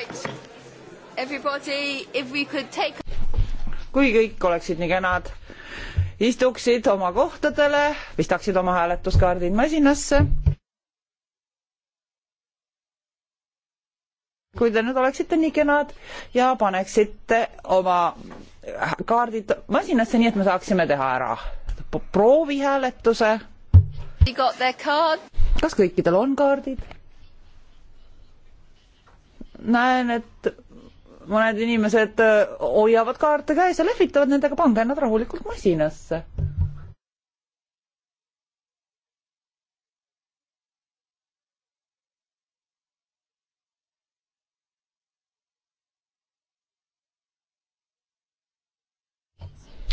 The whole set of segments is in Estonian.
Right. Everybody, if we could take... kui kõik oleksid nii kenad, istuksid oma kohtadele, pistaksid oma hääletuskaardid masinasse. kui te nüüd oleksite nii kenad ja paneksite oma kaardid masinasse, nii et me saaksime teha ära proovihääletuse. kas kõikidel on kaardid? näen, et mõned inimesed äh, hoiavad kaarte käes ja lehvitavad nendega, pange nad rahulikult masinasse.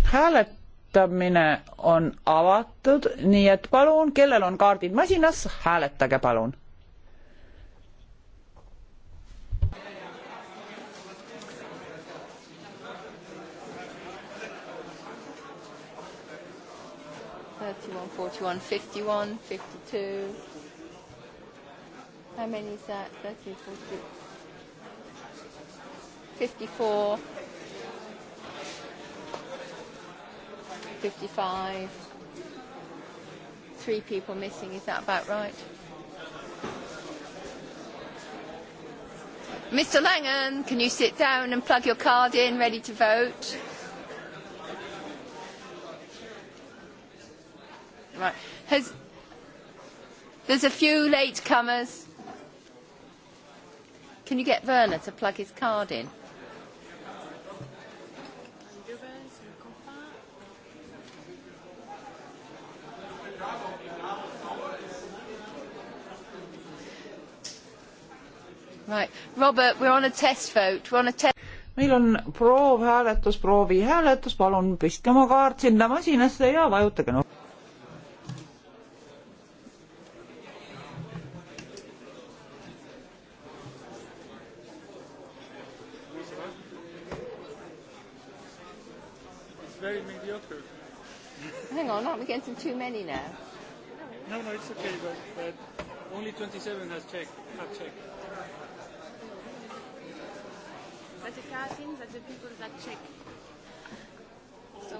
hääletamine on avatud, nii et palun, kellel on kaardid masinas, hääletage palun 41, 41, 51, 52. How many is that? 13, 14. 54. 55. Three people missing. Is that about right? Mr. Langan, can you sit down and plug your card in, ready to vote? Right. Has, there's a few latecomers. Can you get Werner to plug his card in? Right. Robert, we're on a test vote. We're on a test meil on proovhääletus, proovihääletus, palun pistke oma kaart sinna masinasse ja vajutage nuppu. Aren't we getting too many now? No, no, it's okay, but, but only 27 has checked, have checked. But the counting, but the people that check. So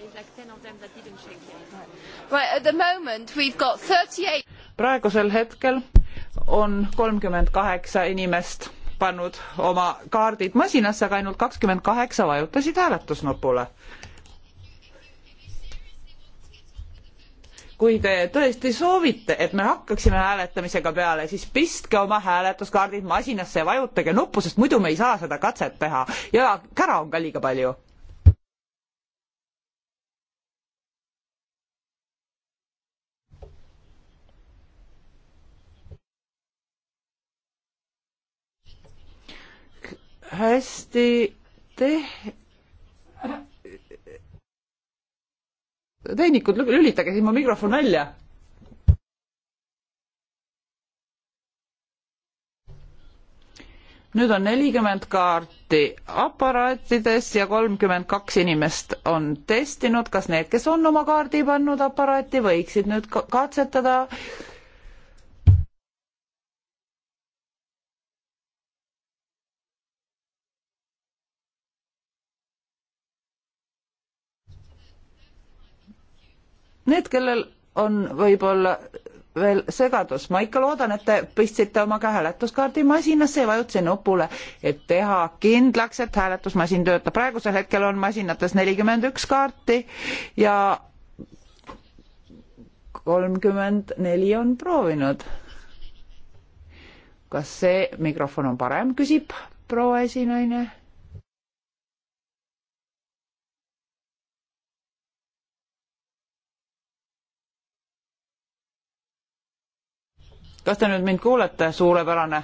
there's like 10 of them that didn't check yet. Right, right at the moment we've got 38. praegusel hetkel on kolmkümmend kaheksa inimest pannud oma kaardid masinasse, aga ainult kakskümmend kaheksa vajutasid hääletusnupule kui te tõesti soovite, et me hakkaksime hääletamisega peale, siis pistke oma hääletuskaardid masinasse ja vajutage nuppu, sest muidu me ei saa seda katset teha ja kära on ka liiga palju. hästi teh-, teenikud, lülitage siin mu mikrofon välja. nüüd on nelikümmend kaarti aparaatides ja kolmkümmend kaks inimest on testinud, kas need, kes on oma kaardi pannud aparaati, võiksid nüüd katsetada Need, kellel on võib-olla veel segadus, ma ikka loodan, et te pistsite oma ka hääletuskaardi masinasse ja vajutasin nupule, et teha kindlaks, et hääletusmasin töötab. praegusel hetkel on masinates nelikümmend üks kaarti ja kolmkümmend neli on proovinud. kas see mikrofon on parem, küsib proua esinaine kas te nüüd mind kuulete, suurepärane?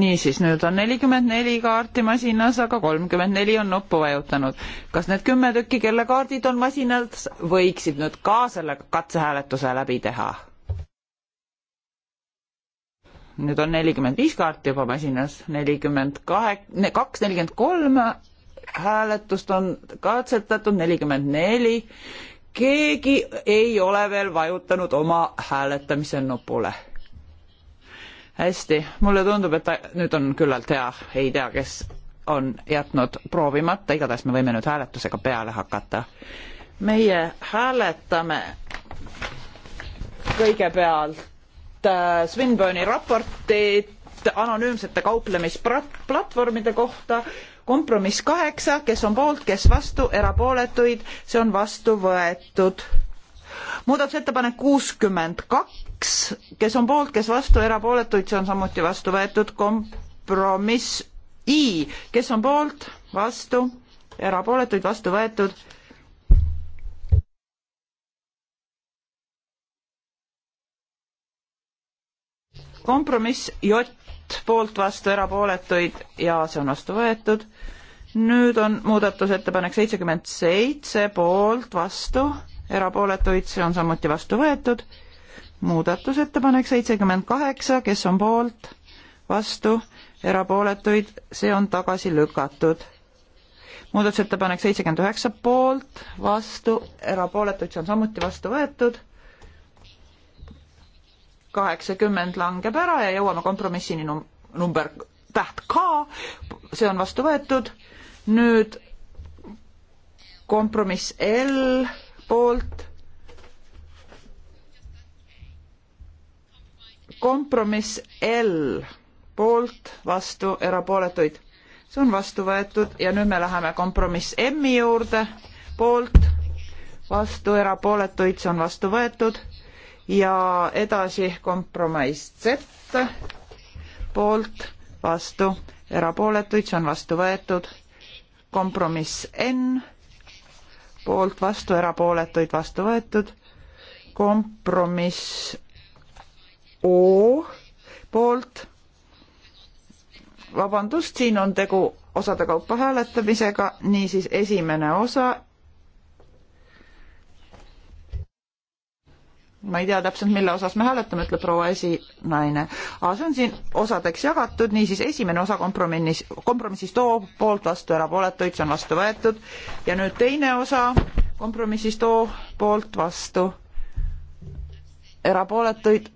niisiis, nüüd on nelikümmend neli kaarti masinas, aga kolmkümmend neli on nuppu vajutanud. kas need kümme tükki, kelle kaardid on masinas, võiksid nüüd ka selle katsehääletuse läbi teha? nüüd on nelikümmend viis kaarti juba masinas, nelikümmend kahe, kaks, nelikümmend kolm hääletust on katsetatud nelikümmend neli. keegi ei ole veel vajutanud oma hääletamise nupule. hästi, mulle tundub, et ta, nüüd on küllalt hea, ei tea, kes on jätnud proovimata, igatahes me võime nüüd hääletusega peale hakata. meie hääletame kõigepealt äh, Swinburne'i raportit anonüümsete kauplemisplatvormide kohta kompromiss kaheksa, kes on poolt, kes vastu, erapooletuid, see on vastu võetud. muudatusettepanek kuuskümmend kaks, kes on poolt, kes vastu, erapooletuid, see on samuti vastu võetud, kompromiss I, kes on poolt, vastu, erapooletuid, vastu võetud kompromiss J tuhat poolt vastu, erapooletuid ja see on vastu võetud. nüüd on muudatusettepanek seitsekümmend seitse poolt vastu, erapooletuid, see on samuti vastu võetud. muudatusettepanek seitsekümmend kaheksa, kes on poolt, vastu, erapooletuid, see on tagasi lükatud. muudatusettepanek seitsekümmend üheksa poolt, vastu, erapooletuid, see on samuti vastu võetud kaheksakümmend langeb ära ja jõuame kompromissini num-, number täht K, see on vastu võetud, nüüd kompromiss L poolt, kompromiss L poolt, vastu, erapooletuid. see on vastu võetud ja nüüd me läheme kompromiss M-i juurde, poolt, vastu, erapooletuid, see on vastu võetud ja edasi kompromiss Z poolt, vastu, erapooletuid, see on vastu võetud. kompromiss N poolt, vastu, erapooletuid, vastu võetud. kompromiss O poolt. vabandust, siin on tegu osade kaupa hääletamisega, niisiis esimene osa ma ei tea täpselt, mille osas me hääletame, ütleb proua esinaine. aga see on siin osadeks jagatud, niisiis esimene osa kompromissis, kompromissis too poolt vastu erapooletuid, see on vastu võetud. ja nüüd teine osa kompromissis too poolt vastu erapooletuid.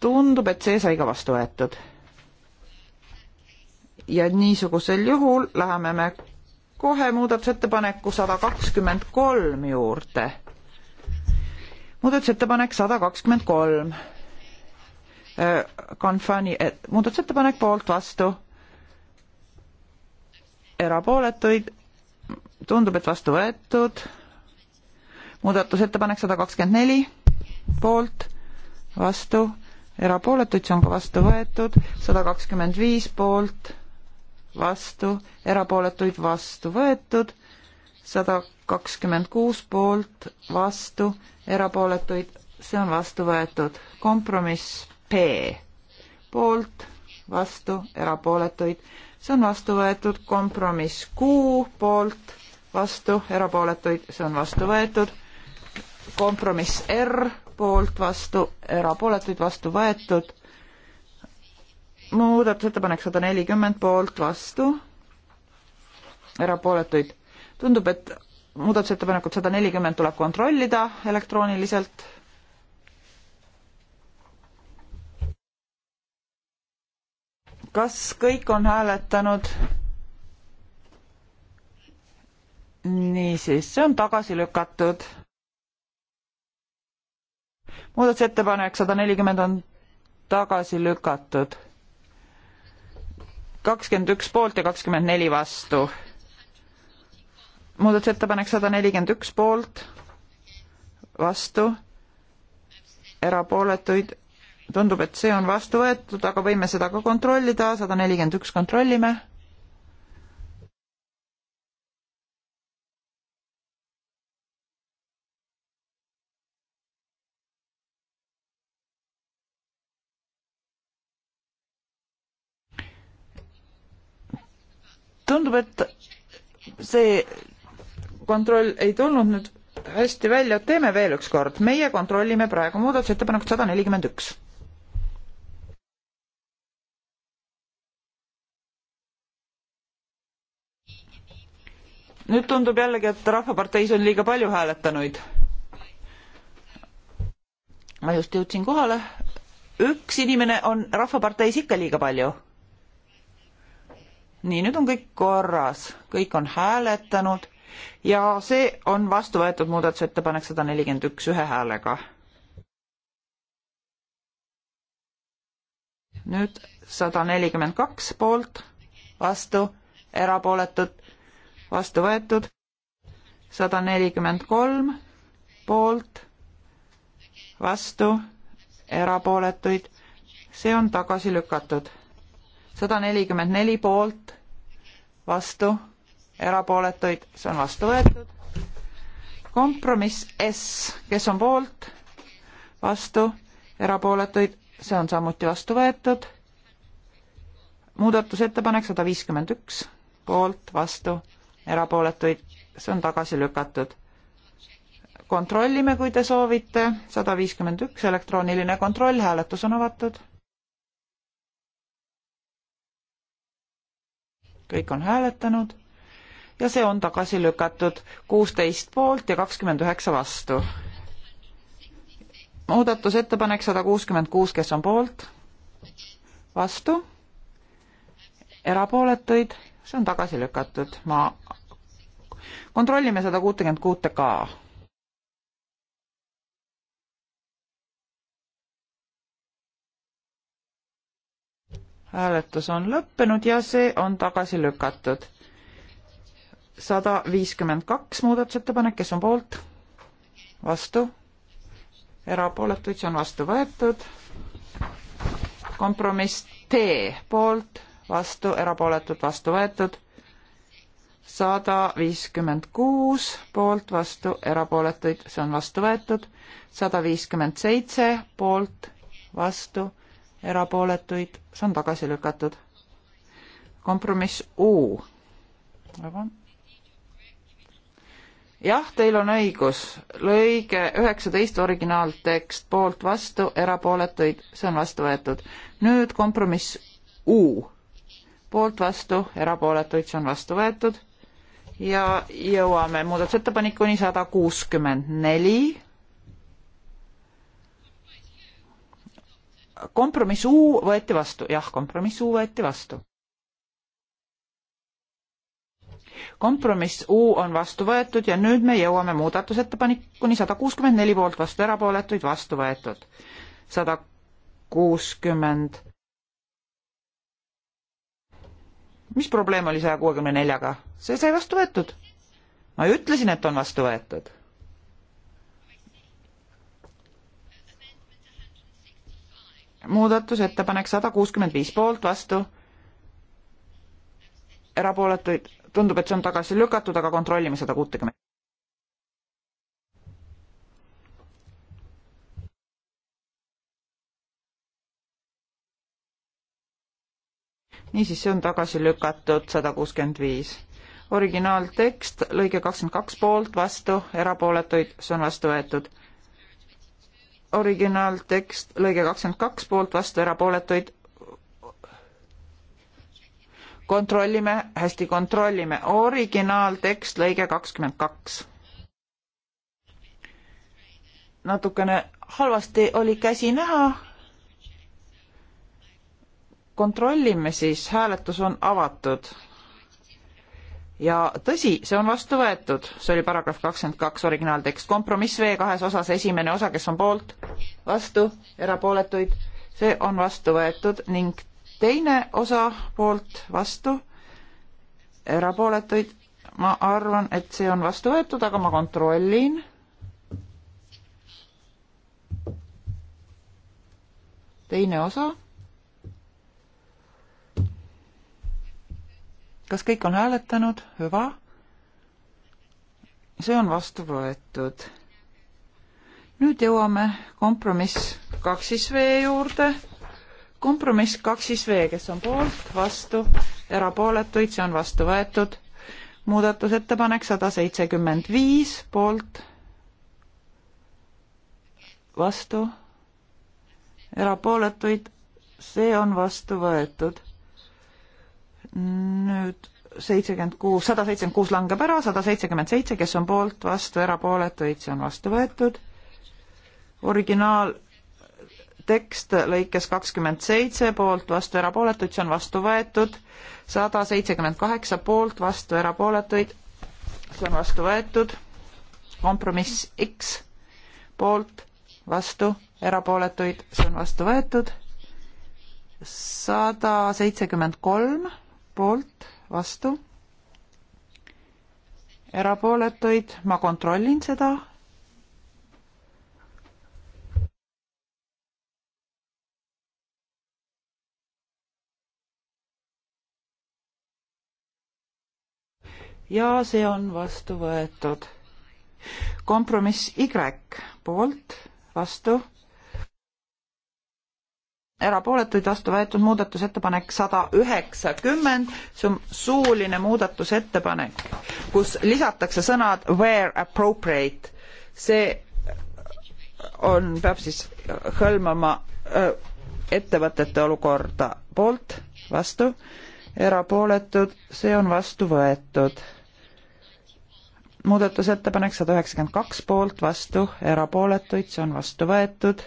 tundub, et see sai ka vastu võetud. ja niisugusel juhul läheme me kohe muudatusettepaneku sada kakskümmend kolm juurde muudatusettepanek sada kakskümmend kolm. Kanfani äh, muudatusettepanek poolt, vastu, erapooletuid, tundub, et vastu võetud. muudatusettepanek sada kakskümmend neli, poolt, vastu, erapooletuid, see on ka vastu võetud, sada kakskümmend viis poolt, vastu, erapooletuid vastu võetud, sada kakskümmend kuus poolt, vastu, erapooletuid, see on vastu võetud. kompromiss P poolt, vastu, erapooletuid, see on vastu võetud. kompromiss Q poolt, vastu, erapooletuid, see on vastu võetud. kompromiss R poolt, vastu, erapooletuid, vastu võetud. muudatusettepanek sada nelikümmend poolt, vastu, erapooletuid. tundub, et muudatusettepanekut sada nelikümmend tuleb kontrollida elektrooniliselt. kas kõik on hääletanud? niisiis, see on tagasi lükatud. muudatusettepanek sada nelikümmend on tagasi lükatud. kakskümmend üks poolt ja kakskümmend neli vastu muudatusettepanek sada nelikümmend üks poolt, vastu, erapooletuid, tundub, et see on vastu võetud, aga võime seda ka kontrollida, sada nelikümmend üks kontrollime. tundub, et see kontroll ei tulnud nüüd hästi välja, teeme veel üks kord, meie kontrollime praegu muudatusettepanekut sada nelikümmend üks. nüüd tundub jällegi, et Rahvaparteis on liiga palju hääletanuid. ma just jõudsin kohale. üks inimene on Rahvaparteis ikka liiga palju. nii, nüüd on kõik korras, kõik on hääletanud ja see on vastu võetud muudatusettepanek sada nelikümmend üks ühe häälega. nüüd sada nelikümmend kaks poolt, vastu, erapooletud, vastu võetud, sada nelikümmend kolm poolt, vastu, erapooletuid, see on tagasi lükatud. sada nelikümmend neli poolt, vastu erapooletuid, see on vastu võetud. kompromiss S, kes on poolt, vastu, erapooletuid, see on samuti vastu võetud. muudatusettepanek sada viiskümmend üks, poolt, vastu, erapooletuid, see on tagasi lükatud. kontrollime, kui te soovite, sada viiskümmend üks, elektrooniline kontroll, hääletus on avatud kõik on hääletanud ja see on tagasi lükatud kuusteist poolt ja kakskümmend üheksa vastu. muudatusettepanek sada kuuskümmend kuus, kes on poolt, vastu, erapooletuid, see on tagasi lükatud, ma kontrollime sada kuutekümmet kuute ka. hääletus on lõppenud ja see on tagasi lükatud sada viiskümmend kaks muudatusettepanek, kes on poolt? vastu? erapooletuid, see on vastu võetud. kompromiss T poolt, vastu, erapooletud, vastu võetud. sada viiskümmend kuus poolt, vastu, erapooletuid, see on vastu võetud. sada viiskümmend seitse poolt, vastu, erapooletuid, see on tagasi lükatud. kompromiss U. vabandust jah, teil on õigus, lõige üheksateist originaaltekst poolt vastu, erapooletuid, see on vastu võetud. nüüd kompromiss U, poolt vastu, erapooletuid, see on vastu võetud ja jõuame muudatusettepanekuni sada kuuskümmend neli. kompromiss U võeti vastu, jah, kompromiss U võeti vastu kompromiss U on vastu võetud ja nüüd me jõuame muudatusettepanekuni sada kuuskümmend neli poolt vastu erapooletuid vastu võetud. sada kuuskümmend. mis probleem oli saja kuuekümne neljaga? see sai vastu võetud. ma ju ütlesin, et on vastu võetud. muudatusettepanek sada kuuskümmend viis poolt vastu erapooletuid tundub, et see on tagasi lükatud, aga kontrollime sada kuutekümmet. niisiis, see on tagasi lükatud sada kuuskümmend viis. originaaltekst, lõige kakskümmend kaks poolt, vastu, erapooletuid, see on vastu võetud. originaaltekst, lõige kakskümmend kaks poolt, vastu, erapooletuid, kontrollime, hästi kontrollime, originaaltekst lõige kakskümmend kaks. natukene halvasti oli käsi näha. kontrollime siis, hääletus on avatud. ja tõsi, see on vastu võetud, see oli paragrahv kakskümmend kaks originaaltekst, kompromiss V kahes osas, esimene osa, kes on poolt, vastu, erapooletuid, see on vastu võetud ning teine osa poolt vastu, erapooletuid, ma arvan, et see on vastu võetud, aga ma kontrollin. teine osa. kas kõik on hääletanud? hüva. see on vastu võetud. nüüd jõuame kompromiss kaks siis vee juurde kompromiss kaks siis V, kes on poolt, vastu, erapooletuid, see on vastu võetud. muudatusettepanek sada seitsekümmend viis, poolt, vastu, erapooletuid, see on vastu võetud. nüüd seitsekümmend kuus, sada seitsekümmend kuus langeb ära, sada seitsekümmend seitse, kes on poolt, vastu, erapooletuid, see on vastu võetud. originaal tekst lõikes kakskümmend seitse poolt, vastu erapooletuid, see on vastu võetud, sada seitsekümmend kaheksa poolt, vastu erapooletuid, see on vastu võetud, kompromiss X poolt, vastu erapooletuid, see on vastu võetud, sada seitsekümmend kolm poolt, vastu, erapooletuid, ma kontrollin seda ja see on vastu võetud. kompromiss Y poolt, vastu, erapooletuid vastu võetud muudatusettepanek sada üheksakümmend, see on suuline muudatusettepanek, kus lisatakse sõnad where appropriate. see on, peab siis hõlmama öö, äh, ettevõtete olukorda poolt, vastu, erapooletud, see on vastu võetud muudatusettepanek sada üheksakümmend kaks poolt, vastu, erapooletuid, see on vastu võetud.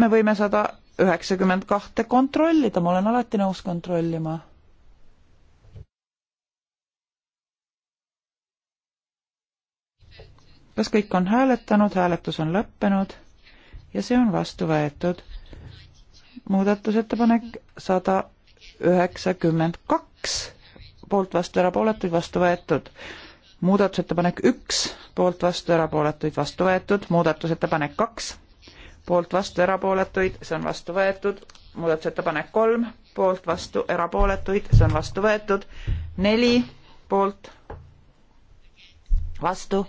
me võime sada üheksakümmend kahte kontrollida, ma olen alati nõus kontrollima. kas kõik on hääletanud, hääletus on lõppenud ja see on vastu võetud. muudatusettepanek sada üheksakümmend kaks poolt vastu erapooletuid vastu võetud muudatusettepanek üks, poolt, vastu, erapooletuid, vastu võetud, muudatusettepanek kaks, poolt, vastu, erapooletuid, see on vastu võetud, muudatusettepanek kolm, poolt, vastu, erapooletuid, see on vastu võetud, neli, poolt, vastu,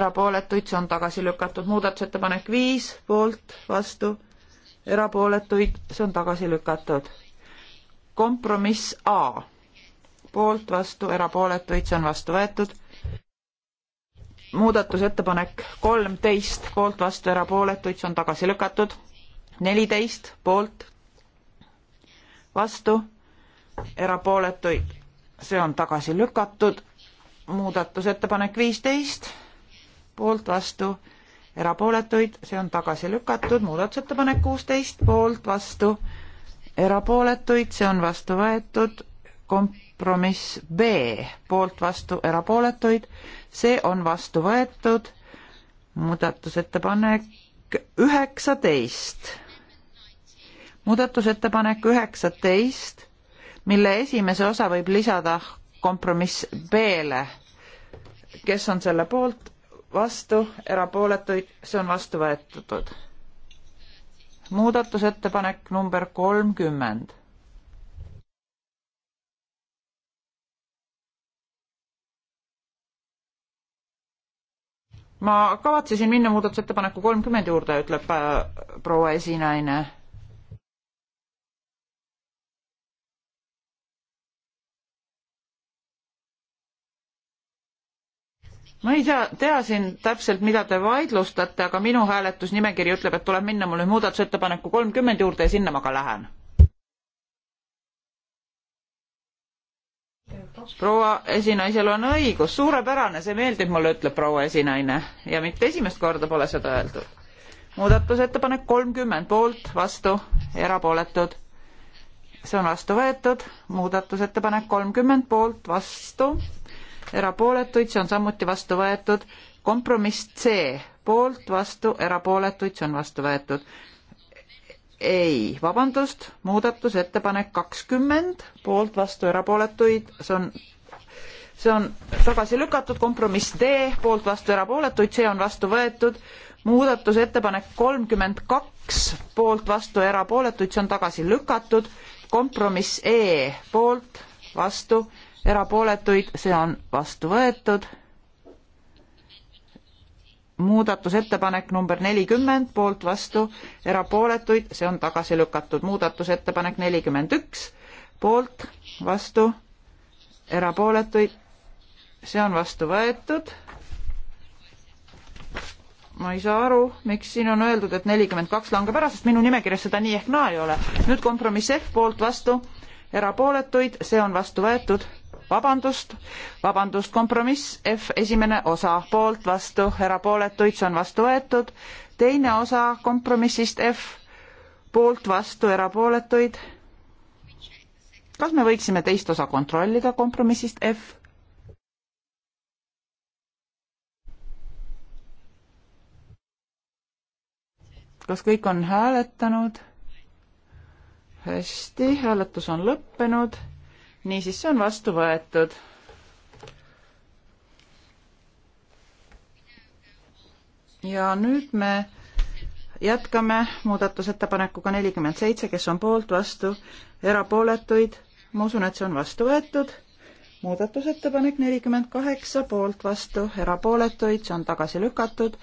erapooletuid, see on tagasi lükatud, muudatusettepanek viis, poolt, vastu, erapooletuid, see on tagasi lükatud. kompromiss A, poolt, vastu, erapooletuid, see on vastu võetud muudatusettepanek kolmteist poolt vastu erapooletuid, see on tagasi lükatud. neliteist poolt vastu erapooletuid, see on tagasi lükatud. muudatusettepanek viisteist poolt vastu erapooletuid, see on tagasi lükatud. muudatusettepanek kuusteist poolt vastu erapooletuid, see on vastu võetud. kompromiss B poolt vastu erapooletuid see on vastu võetud. muudatusettepanek üheksateist. muudatusettepanek üheksateist, mille esimese osa võib lisada kompromiss B-le. kes on selle poolt, vastu, erapooletuid, see on vastu võetud muudatusettepanek number kolmkümmend. ma kavatsesin minna muudatusettepaneku kolmkümmend juurde, ütleb äh, proua esinaine. ma ei tea, tea siin täpselt, mida te vaidlustate, aga minu hääletusnimekiri ütleb, et tuleb minna mul nüüd muudatusettepaneku kolmkümmend juurde ja sinna ma ka lähen proua esinaisel on õigus, suurepärane, see meeldib mulle, ütleb proua esinaine ja mitte esimest korda pole seda öeldud. muudatusettepanek kolmkümmend poolt, vastu, erapooletud. see on vastu võetud, muudatusettepanek kolmkümmend poolt, vastu, erapooletuid, see on samuti vastu võetud, kompromiss C poolt, vastu, erapooletuid, see on vastu võetud ei, vabandust, muudatusettepanek kakskümmend, poolt, vastu, erapooletuid, see on, see on tagasi lükatud, kompromiss D, poolt, vastu, erapooletuid, see on vastu võetud, muudatusettepanek kolmkümmend kaks, poolt, vastu, erapooletuid, see on tagasi lükatud, kompromiss E, poolt, vastu, erapooletuid, see on vastu võetud muudatusettepanek number nelikümmend, poolt, vastu, erapooletuid, see on tagasi lükatud. muudatusettepanek nelikümmend üks, poolt, vastu, erapooletuid, see on vastu võetud. ma ei saa aru, miks siin on öeldud, et nelikümmend kaks langeb ära, sest minu nimekirjas seda nii ehk naa ei ole. nüüd kompromiss F poolt, vastu, erapooletuid, see on vastu võetud vabandust, vabandust, kompromiss F esimene osa poolt, vastu, erapooletuid, see on vastu võetud. teine osa kompromissist F poolt, vastu, erapooletuid. kas me võiksime teist osa kontrollida kompromissist F? kas kõik on hääletanud? hästi, hääletus on lõppenud niisiis, see on vastu võetud. ja nüüd me jätkame muudatusettepanekuga nelikümmend seitse, kes on poolt, vastu, erapooletuid. ma usun, et see on vastu võetud. muudatusettepanek nelikümmend kaheksa, poolt, vastu, erapooletuid, see on tagasi lükatud.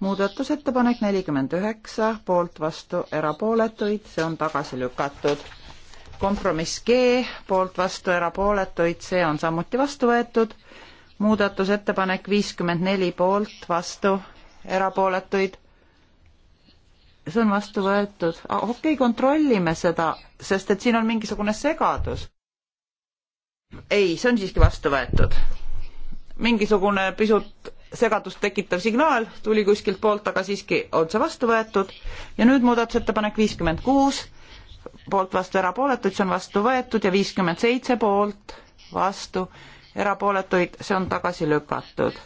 muudatusettepanek nelikümmend üheksa, poolt, vastu, erapooletuid, see on tagasi lükatud kompromiss G poolt vastu erapooletuid, see on samuti vastu võetud. muudatusettepanek viiskümmend neli poolt vastu erapooletuid. see on vastu võetud, okei okay,, kontrollime seda, sest et siin on mingisugune segadus. ei, see on siiski vastu võetud. mingisugune pisut segadust tekitav signaal tuli kuskilt poolt, aga siiski on see vastu võetud ja nüüd muudatusettepanek viiskümmend kuus poolt vastu erapooletuid, see on vastu võetud ja viiskümmend seitse poolt vastu erapooletuid, see on tagasi lükatud.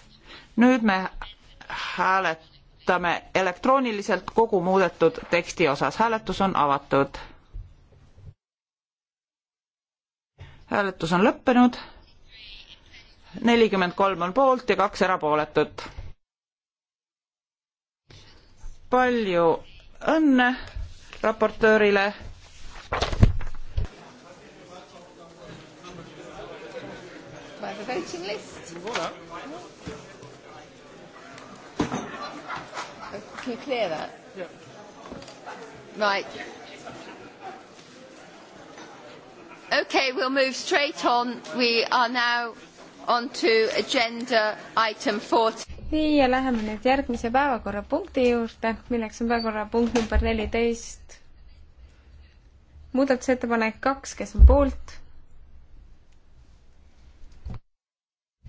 nüüd me hääletame elektrooniliselt kogu muudetud teksti osas, hääletus on avatud. hääletus on lõppenud, nelikümmend kolm on poolt ja kaks erapooletut. palju õnne raportöörile Do I have a voting list? Voilà. Can you clear that? Yeah. Right. Okay, we'll move straight on. We are now on to agenda item 40 nii ja läheme nüüd järgmise päevakorrapunkti juurde, milleks on päevakorrapunkt number neliteist muudatusettepanek kaks, kes on poolt?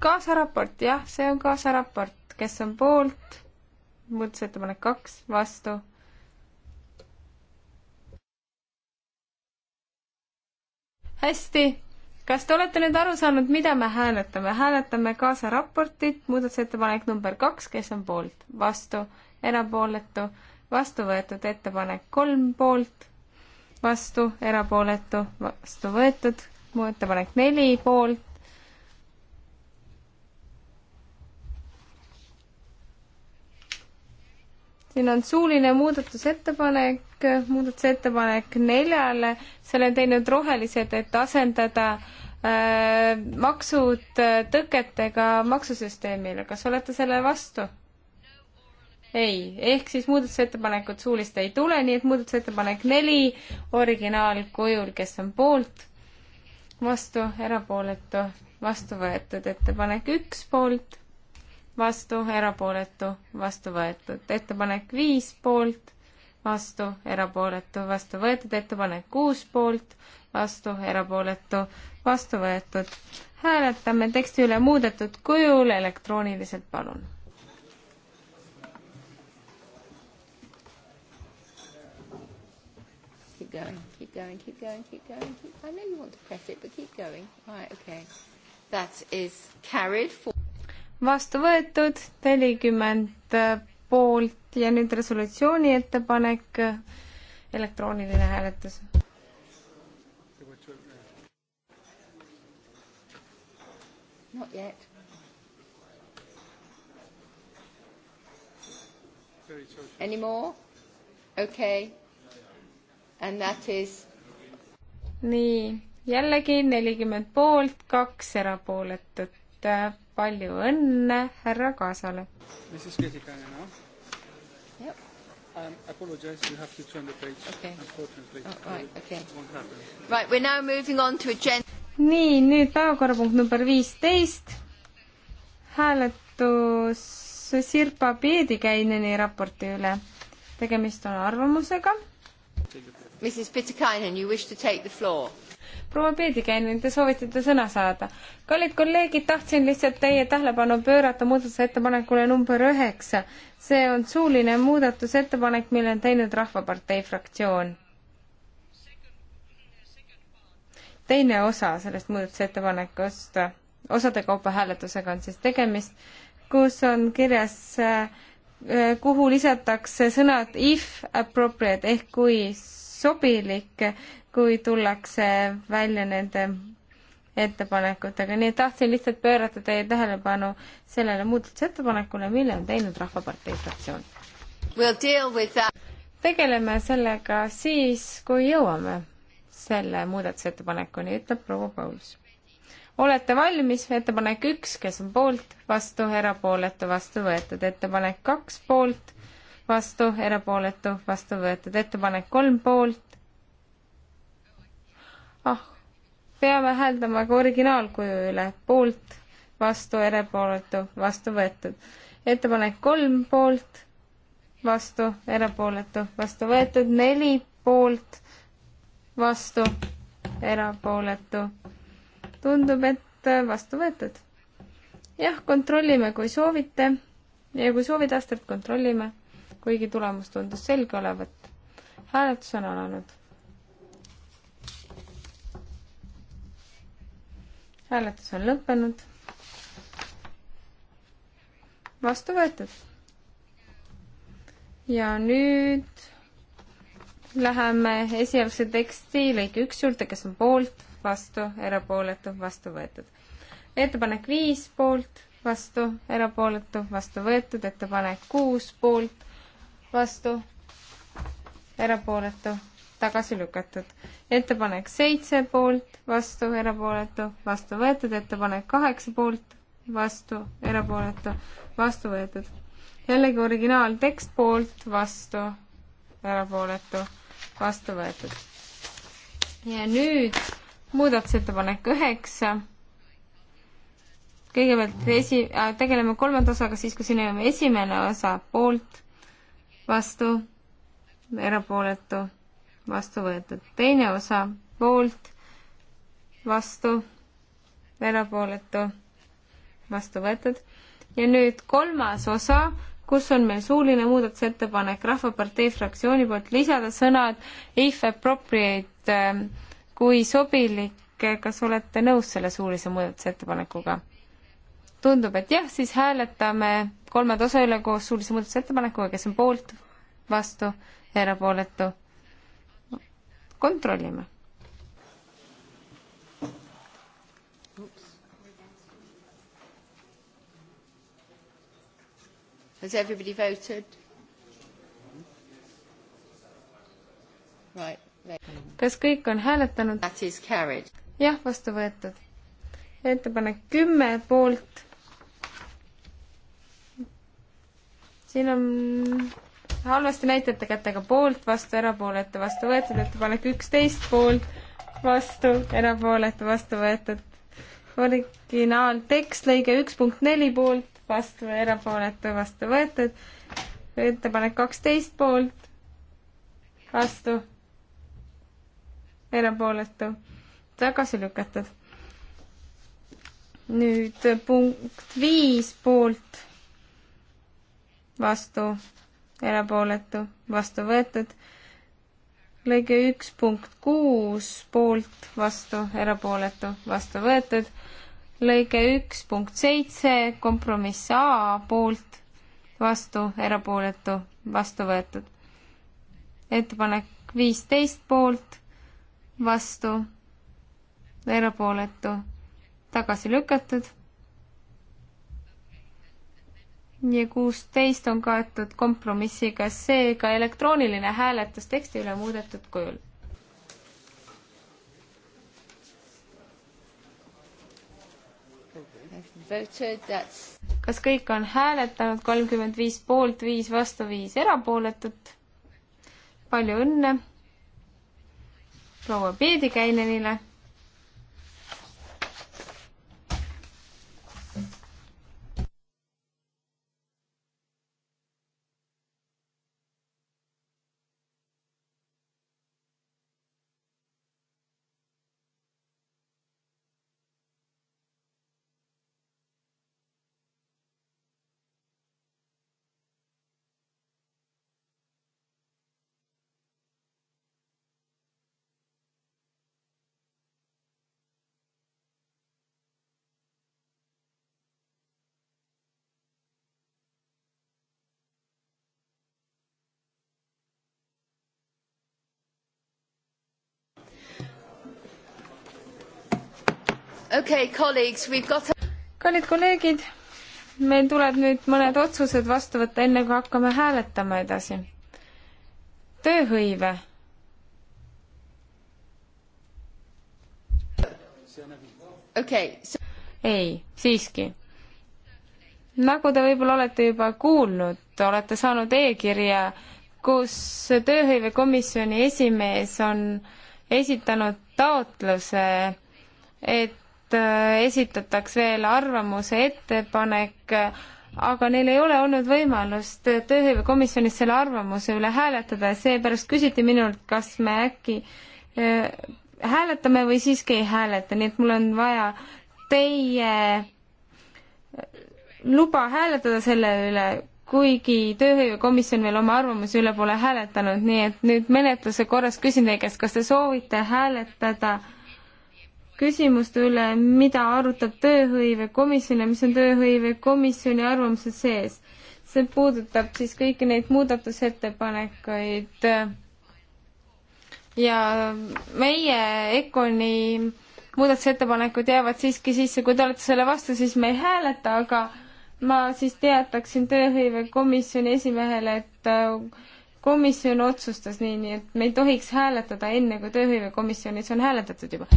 kaasaraport, jah, see on kaasaraport, kes on poolt? muudatusettepanek kaks, vastu. hästi, kas te olete nüüd aru saanud, mida me hääletame? hääletame kaasaraportit, muudatusettepanek number kaks, kes on poolt, vastu, erapooletu, vastu võetud ettepanek kolm poolt vastu, erapooletu, vastu võetud, muudatusettepanek neli poolt, siin on suuline muudatusettepanek, muudatusettepanek neljale, selle on teinud rohelised, et asendada äh, maksud äh, tõketega maksusüsteemile, kas olete selle vastu? ei, ehk siis muudatusettepanekut suulist ei tule, nii et muudatusettepanek neli originaalkujul, kes on poolt, vastu, erapooletu, vastu võetud, ettepanek üks poolt, vastu, erapooletu, vastu võetud, ettepanek viis poolt, vastu, erapooletu, vastu võetud, ettepanek kuus poolt, vastu, erapooletu, vastu võetud. hääletame teksti üle muudetud kujul elektrooniliselt, palun going, keep going, keep going, keep going. Keep, I know you want to press it, but keep going. Right, okay. That is carried for... vastu võetud nelikümmend äh, poolt ja nüüd resolutsiooni ettepanek, äh, elektrooniline hääletus. Not yet. Any more? Okay and that is nii, jällegi nelikümmend poolt, kaks erapooletut. palju õnne härra Kaasale. This is Ketikane now. Yep. Um, I apologize, you have to turn the page okay., unfortunately oh,. Right, okay. Won't happen. Right, we are now moving on to agenda. nii, nüüd päevakorrapunkt number viisteist. hääletus Sirpa Peedikäineni raporti üle. tegemist on arvamusega Mrs Pitikainen, you wish to take the floor? proua Peedikäinen, te soovitate sõna saada. kallid kolleegid, tahtsin lihtsalt teie tähelepanu pöörata muudatusettepanekule number üheksa. see on suuline muudatusettepanek, mille on teinud Rahvapartei fraktsioon. teine osa sellest muudatusettepanekust, osade kaupa hääletusega on siis tegemist, kus on kirjas, eh, kuhu lisatakse sõnad if appropriate ehk kui sobilik, kui tullakse välja nende ettepanekutega, nii et tahtsin lihtsalt pöörata teie tähelepanu sellele muudatusettepanekule, mille on teinud Rahvapartei fraktsioon we'll. tegeleme sellega siis, kui jõuame selle muudatusettepanekuni, ütleb proua Pauls. olete valmis, ettepanek üks, kes on poolt, vastu, erapooletu, vastu võetud, ettepanek kaks, poolt, vastu, erapooletu, vastu võetud. ettepanek kolm poolt. ah, peame hääldama ka originaalkuju üle. poolt, vastu, erapooletu, vastu võetud. ettepanek kolm poolt, vastu, erapooletu, vastu võetud. neli poolt, vastu, erapooletu. tundub, et vastu võetud. jah, kontrollime, kui soovite ja kui soovid, astmed kontrollime kuigi tulemus tundus selge olevat. hääletus on alanud. hääletus on lõppenud. vastu võetud. ja nüüd läheme esialgse teksti lõike üks juurde, kes on poolt, vastu, erapooletu, vastu võetud. ettepanek viis poolt, vastu, erapooletu, vastu võetud, ettepanek kuus poolt vastu, erapooletu, tagasi lükatud. ettepanek seitse poolt, vastu, erapooletu, vastu võetud, ettepanek kaheksa poolt, vastu, erapooletu, vastu võetud. jällegi originaaltekst poolt, vastu, erapooletu, vastu võetud. ja nüüd muudatusettepanek üheksa kõigepealt esi- äh,, tegeleme kolmanda osaga siis, kui siin on esimene osa poolt, vastu, erapooletu, vastu võetud. teine osa poolt, vastu, erapooletu, vastu võetud. ja nüüd kolmas osa, kus on meil suuline muudatusettepanek Rahvapartei fraktsiooni poolt lisada sõnad if appropriate eh, kui sobilik, kas olete nõus selle suulise muudatusettepanekuga? tundub, et jah, siis hääletame kolmanda osa üle koos suulise muudatusettepanekuga, kes on poolt, vastu, erapooletu. kontrollime. Has everybody voted? Right. kas kõik on hääletanud? jah, vastu võetud. ettepanek kümme poolt siin on halvasti näitajate kätega poolt, vastu, erapooletu, vastu võetud, ettepanek üksteist poolt, vastu, erapooletu, vastu võetud. originaaltekst, lõige üks punkt neli poolt, vastu, erapooletu, vastu võetud. ettepanek kaksteist poolt, vastu, erapooletu, tagasi lükatud. nüüd punkt viis poolt vastu, erapooletu, vastu võetud. lõige üks punkt kuus, poolt, vastu, erapooletu, vastu võetud. lõige üks punkt seitse, kompromiss A, poolt, vastu, erapooletu, vastu võetud. ettepanek viisteist poolt, vastu, erapooletu, tagasi lükatud ja kuusteist on kaetud kompromissiga, seega elektrooniline hääletus teksti üle muudetud kujul. kas kõik on hääletanud, kolmkümmend viis poolt, viis vastu, viis erapooletut? palju õnne proua Peedikäinenile okay, colleagues, we've got a... kallid kolleegid, meil tuleb nüüd mõned otsused vastu võtta, enne kui hakkame hääletama edasi. tööhõive. Okay, so... ei, siiski. nagu te võib-olla olete juba kuulnud, olete saanud e-kirja, kus tööhõivekomisjoni esimees on esitanud taotluse, et Äh, esitataks veel arvamuse ettepanek, aga neil ei ole olnud võimalust tööhõivekomisjonis selle arvamuse üle hääletada ja seepärast küsiti minult, kas me äkki äh, hääletame või siiski ei hääleta, nii et mul on vaja teie äh, luba hääletada selle üle, kuigi tööhõivekomisjon veel oma arvamuse üle pole hääletanud, nii et nüüd menetluse korras küsin teie käest, kas te soovite hääletada küsimuste üle, mida arutab tööhõivekomisjon ja mis on tööhõivekomisjoni arvamused sees. see puudutab siis kõiki neid muudatusettepanekuid. ja meie EKONi muudatusettepanekud jäävad siiski sisse, kui te olete selle vastu, siis me ei hääleta, aga ma siis teataksin tööhõivekomisjoni esimehele, et komisjon otsustas nii, nii et me ei tohiks hääletada enne, kui tööhõivekomisjonis on hääletatud juba.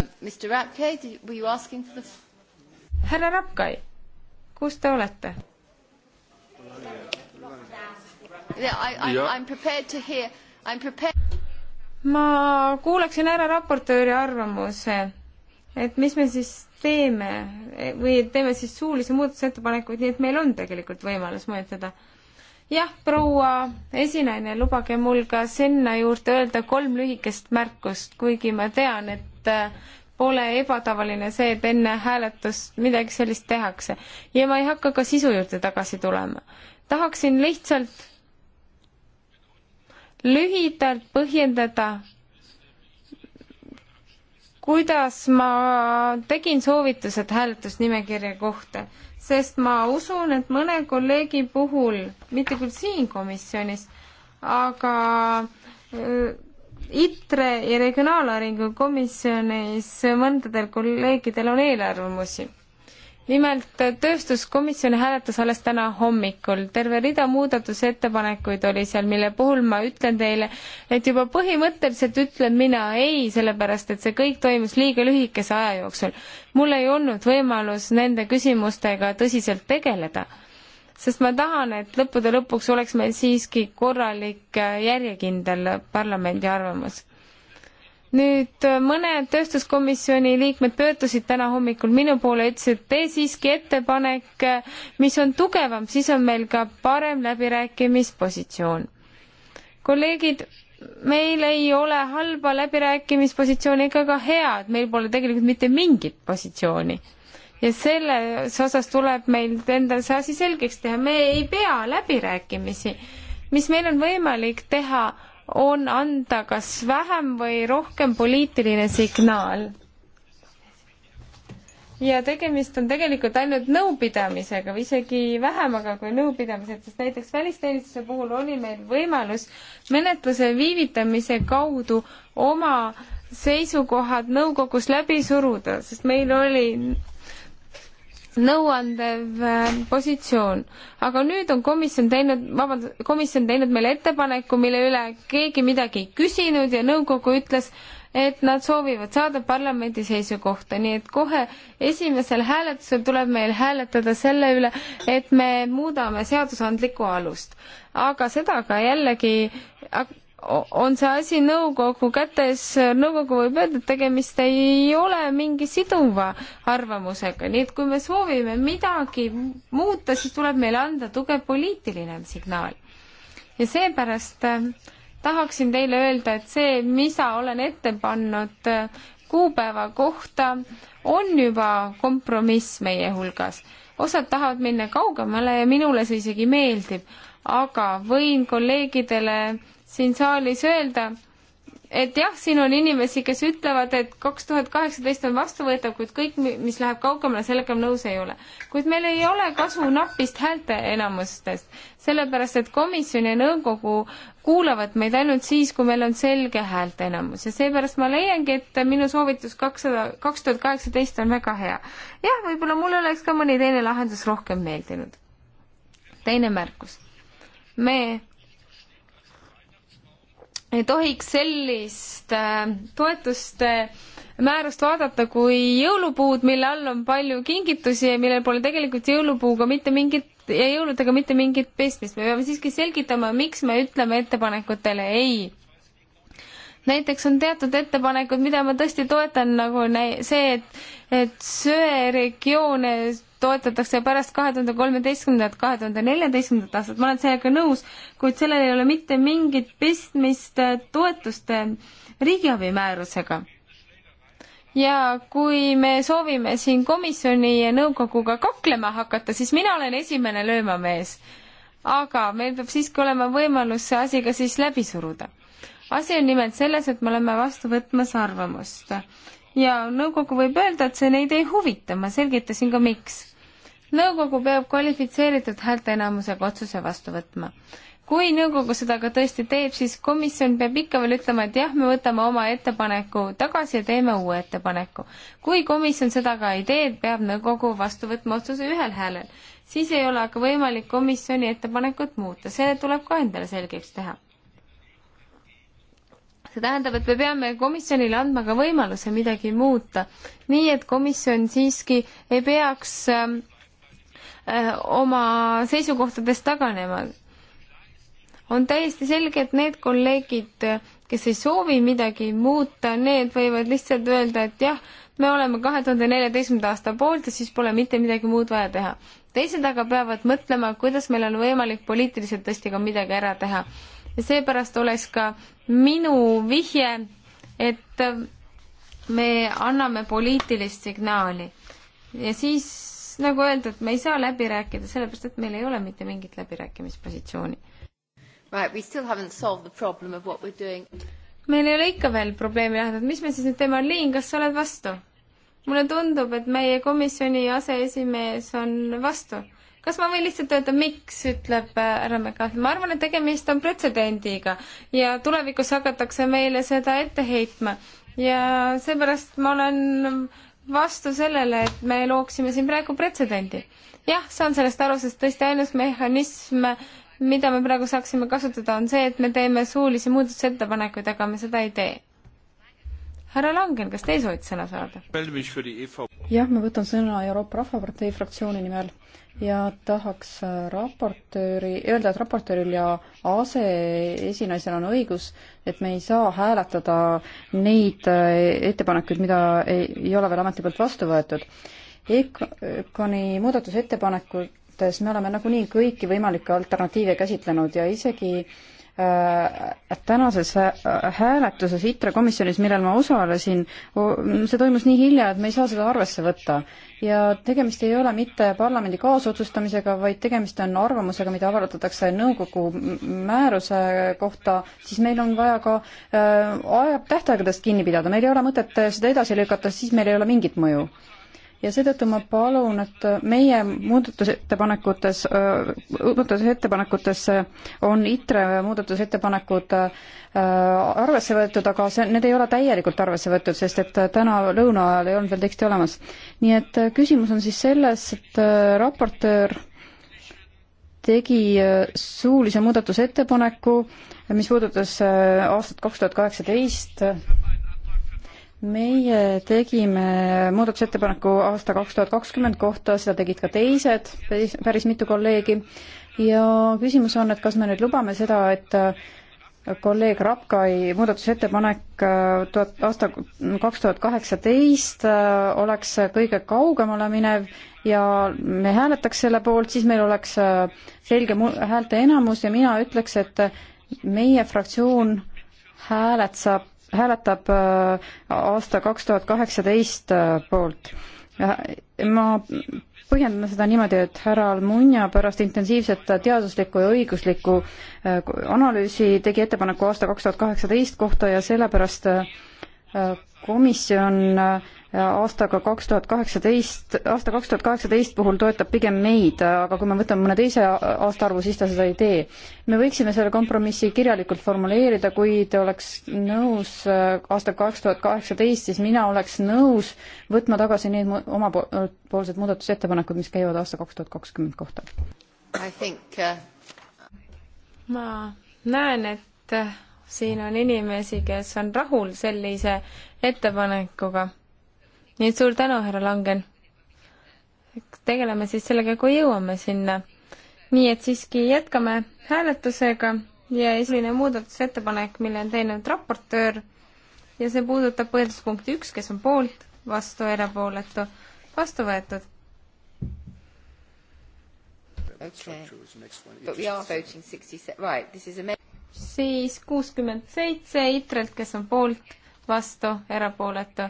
härra Rapkai, kus te olete? ma kuulaksin ära raportööri arvamuse, et mis me siis teeme või teeme siis suulisi muudatusettepanekuid, nii et meil on tegelikult võimalus mõjutada jah, proua esinaine, lubage mul ka sinna juurde öelda kolm lühikest märkust, kuigi ma tean, et äh, pole ebatavaline see, et enne hääletust midagi sellist tehakse. ja ma ei hakka ka sisu juurde tagasi tulema. tahaksin lihtsalt lühidalt põhjendada, kuidas ma tegin soovitused hääletusnimekirja kohta sest ma usun, et mõne kolleegi puhul, mitte küll siin komisjonis, aga äh, ITRE ja Regionaalarengu komisjonis mõndadel kolleegidel on eelarvamusi nimelt tööstuskomisjon hääletas alles täna hommikul, terve rida muudatusettepanekuid oli seal, mille puhul ma ütlen teile, et juba põhimõtteliselt ütlen mina ei, sellepärast et see kõik toimus liiga lühikese aja jooksul. mul ei olnud võimalus nende küsimustega tõsiselt tegeleda, sest ma tahan, et lõppude lõpuks oleks meil siiski korralik äh, järjekindel parlamendi arvamus nüüd äh, mõned tööstuskomisjoni liikmed pöördusid täna hommikul minu poole, ütlesid, et tee siiski ettepanek, äh, mis on tugevam, siis on meil ka parem läbirääkimispositsioon. kolleegid, meil ei ole halba läbirääkimispositsiooni ega ka head, meil pole tegelikult mitte mingit positsiooni. ja selles osas tuleb meil endal see asi selgeks teha, me ei pea läbirääkimisi. mis meil on võimalik teha, on anda kas vähem või rohkem poliitiline signaal. ja tegemist on tegelikult ainult nõupidamisega või isegi vähemaga kui nõupidamised, sest näiteks välisteenistuse puhul oli meil võimalus menetluse viivitamise kaudu oma seisukohad nõukogus läbi suruda, sest meil oli nõuandev äh, positsioon. aga nüüd on komisjon teinud, vabandust, komisjon teinud meile ettepaneku, mille üle keegi midagi ei küsinud ja nõukogu ütles, et nad soovivad saada parlamendi seisukohta, nii et kohe esimesel hääletusel tuleb meil hääletada selle üle, et me muudame seadusandlikku alust. aga seda ka jällegi on see asi nõukogu kätes, nõukogu võib öelda, et tegemist ei ole mingi siduva arvamusega, nii et kui me soovime midagi muuta, siis tuleb meile anda tugev poliitiline signaal. ja seepärast äh, tahaksin teile öelda, et see, mida olen ette pannud äh, kuupäeva kohta, on juba kompromiss meie hulgas. osad tahavad minna kaugemale ja minule see isegi meeldib, aga võin kolleegidele siin saalis öelda, et jah, siin on inimesi, kes ütlevad, et kaks tuhat kaheksateist on vastuvõetav, kuid kõik, mis läheb kaugemale, sellega nõus ei ole. kuid meil ei ole kasu napist häälte enamustest, sellepärast et komisjon ja nõukogu kuulavad meid ainult siis, kui meil on selge häälte enamus ja seepärast ma leiangi, et minu soovitus kakssada, kaks tuhat kaheksateist on väga hea. jah, võib-olla mul oleks ka mõni teine lahendus rohkem meeldinud. teine märkus. me ei tohiks sellist äh, toetuste määrust vaadata kui jõulupuud, mille all on palju kingitusi ja millel pole tegelikult jõulupuuga mitte mingit ja jõuludega mitte mingit pistmist. me peame siiski selgitama, miks me ütleme ettepanekutele ei näiteks on teatud ettepanekud, mida ma tõesti toetan, nagu see, et, et söeregioone toetatakse pärast kahe tuhande kolmeteistkümnendat, kahe tuhande neljateistkümnendat aastat, ma olen sellega nõus, kuid sellel ei ole mitte mingit pistmist toetuste riigiabi määrusega. ja kui me soovime siin komisjoni ja nõukoguga kaklema hakata, siis mina olen esimene löömamees. aga meil peab siiski olema võimalus see asi ka siis läbi suruda asi on nimelt selles, et me oleme vastu võtmas arvamust ja nõukogu võib öelda, et see neid ei huvita, ma selgitasin ka miks. nõukogu peab kvalifitseeritud häälteenamusega otsuse vastu võtma. kui nõukogu seda ka tõesti teeb, siis komisjon peab ikka veel ütlema, et jah, me võtame oma ettepaneku tagasi ja teeme uue ettepaneku. kui komisjon seda ka ei tee, peab nõukogu vastu võtma otsuse ühel häälel. siis ei ole aga võimalik komisjoni ettepanekut muuta, see tuleb ka endale selgeks teha see tähendab, et me peame komisjonile andma ka võimaluse midagi muuta, nii et komisjon siiski ei peaks ähm, äh, oma seisukohtadest taganema. on täiesti selge, et need kolleegid, kes ei soovi midagi muuta, need võivad lihtsalt öelda, et jah, me oleme kahe tuhande neljateistkümnenda aasta poolt ja siis pole mitte midagi muud vaja teha. teised aga peavad mõtlema, kuidas meil on võimalik poliitiliselt tõesti ka midagi ära teha ja seepärast oleks ka minu vihje, et me anname poliitilist signaali. ja siis, nagu öeldud, me ei saa läbi rääkida, sellepärast et meil ei ole mitte mingit läbirääkimispositsiooni. Right, we still haven't solved the problem of what we're doing. meil ei ole ikka veel probleemi lahendatud, mis me siis nüüd teeme, Liin, kas sa oled vastu? mulle tundub, et meie komisjoni aseesimees on vastu kas ma võin lihtsalt öelda, miks, ütleb äh, härra McCarthy, ma arvan, et tegemist on pretsedendiga ja tulevikus hakatakse meile seda ette heitma ja seepärast ma olen vastu sellele, et me looksime siin praegu pretsedendi. jah, saan sellest aru, sest tõesti ainus mehhanism, mida me praegu saaksime kasutada, on see, et me teeme suulisi muudatusettepanekuid, aga me seda ei tee härra Langen, kas teie soovite sõna saada? E jah, ma võtan sõna Euroopa Rahvapartei fraktsiooni nimel ja tahaks äh, raportööri, öelda, et raportööril ja aseesinaisel on õigus, et me ei saa hääletada neid äh, ettepanekuid, mida ei, ei ole veel ameti poolt vastu võetud e. EKONi muudatusettepanekutes me oleme nagunii kõiki võimalikke alternatiive käsitlenud ja isegi äh, tänases hääletuses ITRE komisjonis, millel ma osalesin, see toimus nii hilja, et me ei saa seda arvesse võtta ja tegemist ei ole mitte parlamendi kaasotsustamisega, vaid tegemist on arvamusega, mida avaldatakse nõukogu määruse kohta, siis meil on vaja ka äh, aja, tähtaegadest kinni pidada, meil ei ole mõtet seda edasi lükata, siis meil ei ole mingit mõju ja seetõttu ma palun, et meie muudatusettepanekutes, muudatusettepanekutes on ITRE muudatusettepanekud arvesse võetud, aga see, need ei ole täielikult arvesse võetud, sest et täna lõuna ajal ei olnud veel teksti olemas. nii et küsimus on siis selles, et raportöör tegi suulise muudatusettepaneku, mis puudutas aastat kaks tuhat kaheksateist meie tegime muudatusettepaneku aasta kaks tuhat kakskümmend kohta, seda tegid ka teised, päris mitu kolleegi, ja küsimus on, et kas me nüüd lubame seda, et äh, kolleeg Rapkai muudatusettepanek äh, tuhat, aasta kaks tuhat kaheksateist äh, oleks kõige kaugemale minev ja me hääletaks selle poolt, siis meil oleks selge häälte enamus ja mina ütleks, et meie fraktsioon hääletab hääletab äh, aasta kaks tuhat kaheksateist äh, poolt. ma põhjendan seda niimoodi, et härra Almunia pärast intensiivset teaduslikku ja õiguslikku äh, analüüsi tegi ettepaneku aasta kaks tuhat kaheksateist kohta ja sellepärast komisjon äh, aastaga kaks tuhat kaheksateist, aasta kaks tuhat kaheksateist puhul toetab pigem meid, aga kui me võtame mõne teise aastaarvu, siis ta seda ei tee. me võiksime selle kompromissi kirjalikult formuleerida, kui te oleks nõus äh, aastal kaks tuhat kaheksateist, siis mina oleks nõus võtma tagasi need omapoolsed muudatusettepanekud, mis käivad aasta kaks tuhat kakskümmend kohta. Uh, ma näen, et äh, siin on inimesi, kes on rahul sellise ettepanekuga nii et suur tänu, härra Langen. tegeleme siis sellega, kui jõuame sinna. nii et siiski jätkame hääletusega ja esimene muudatusettepanek, mille on teinud raportöör ja see puudutab põhjenduspunkti üks, kes on poolt, vastu, erapooletu, vastu võetud. siis kuuskümmend seitse ITRE-lt, kes on poolt, vastu, erapooletu,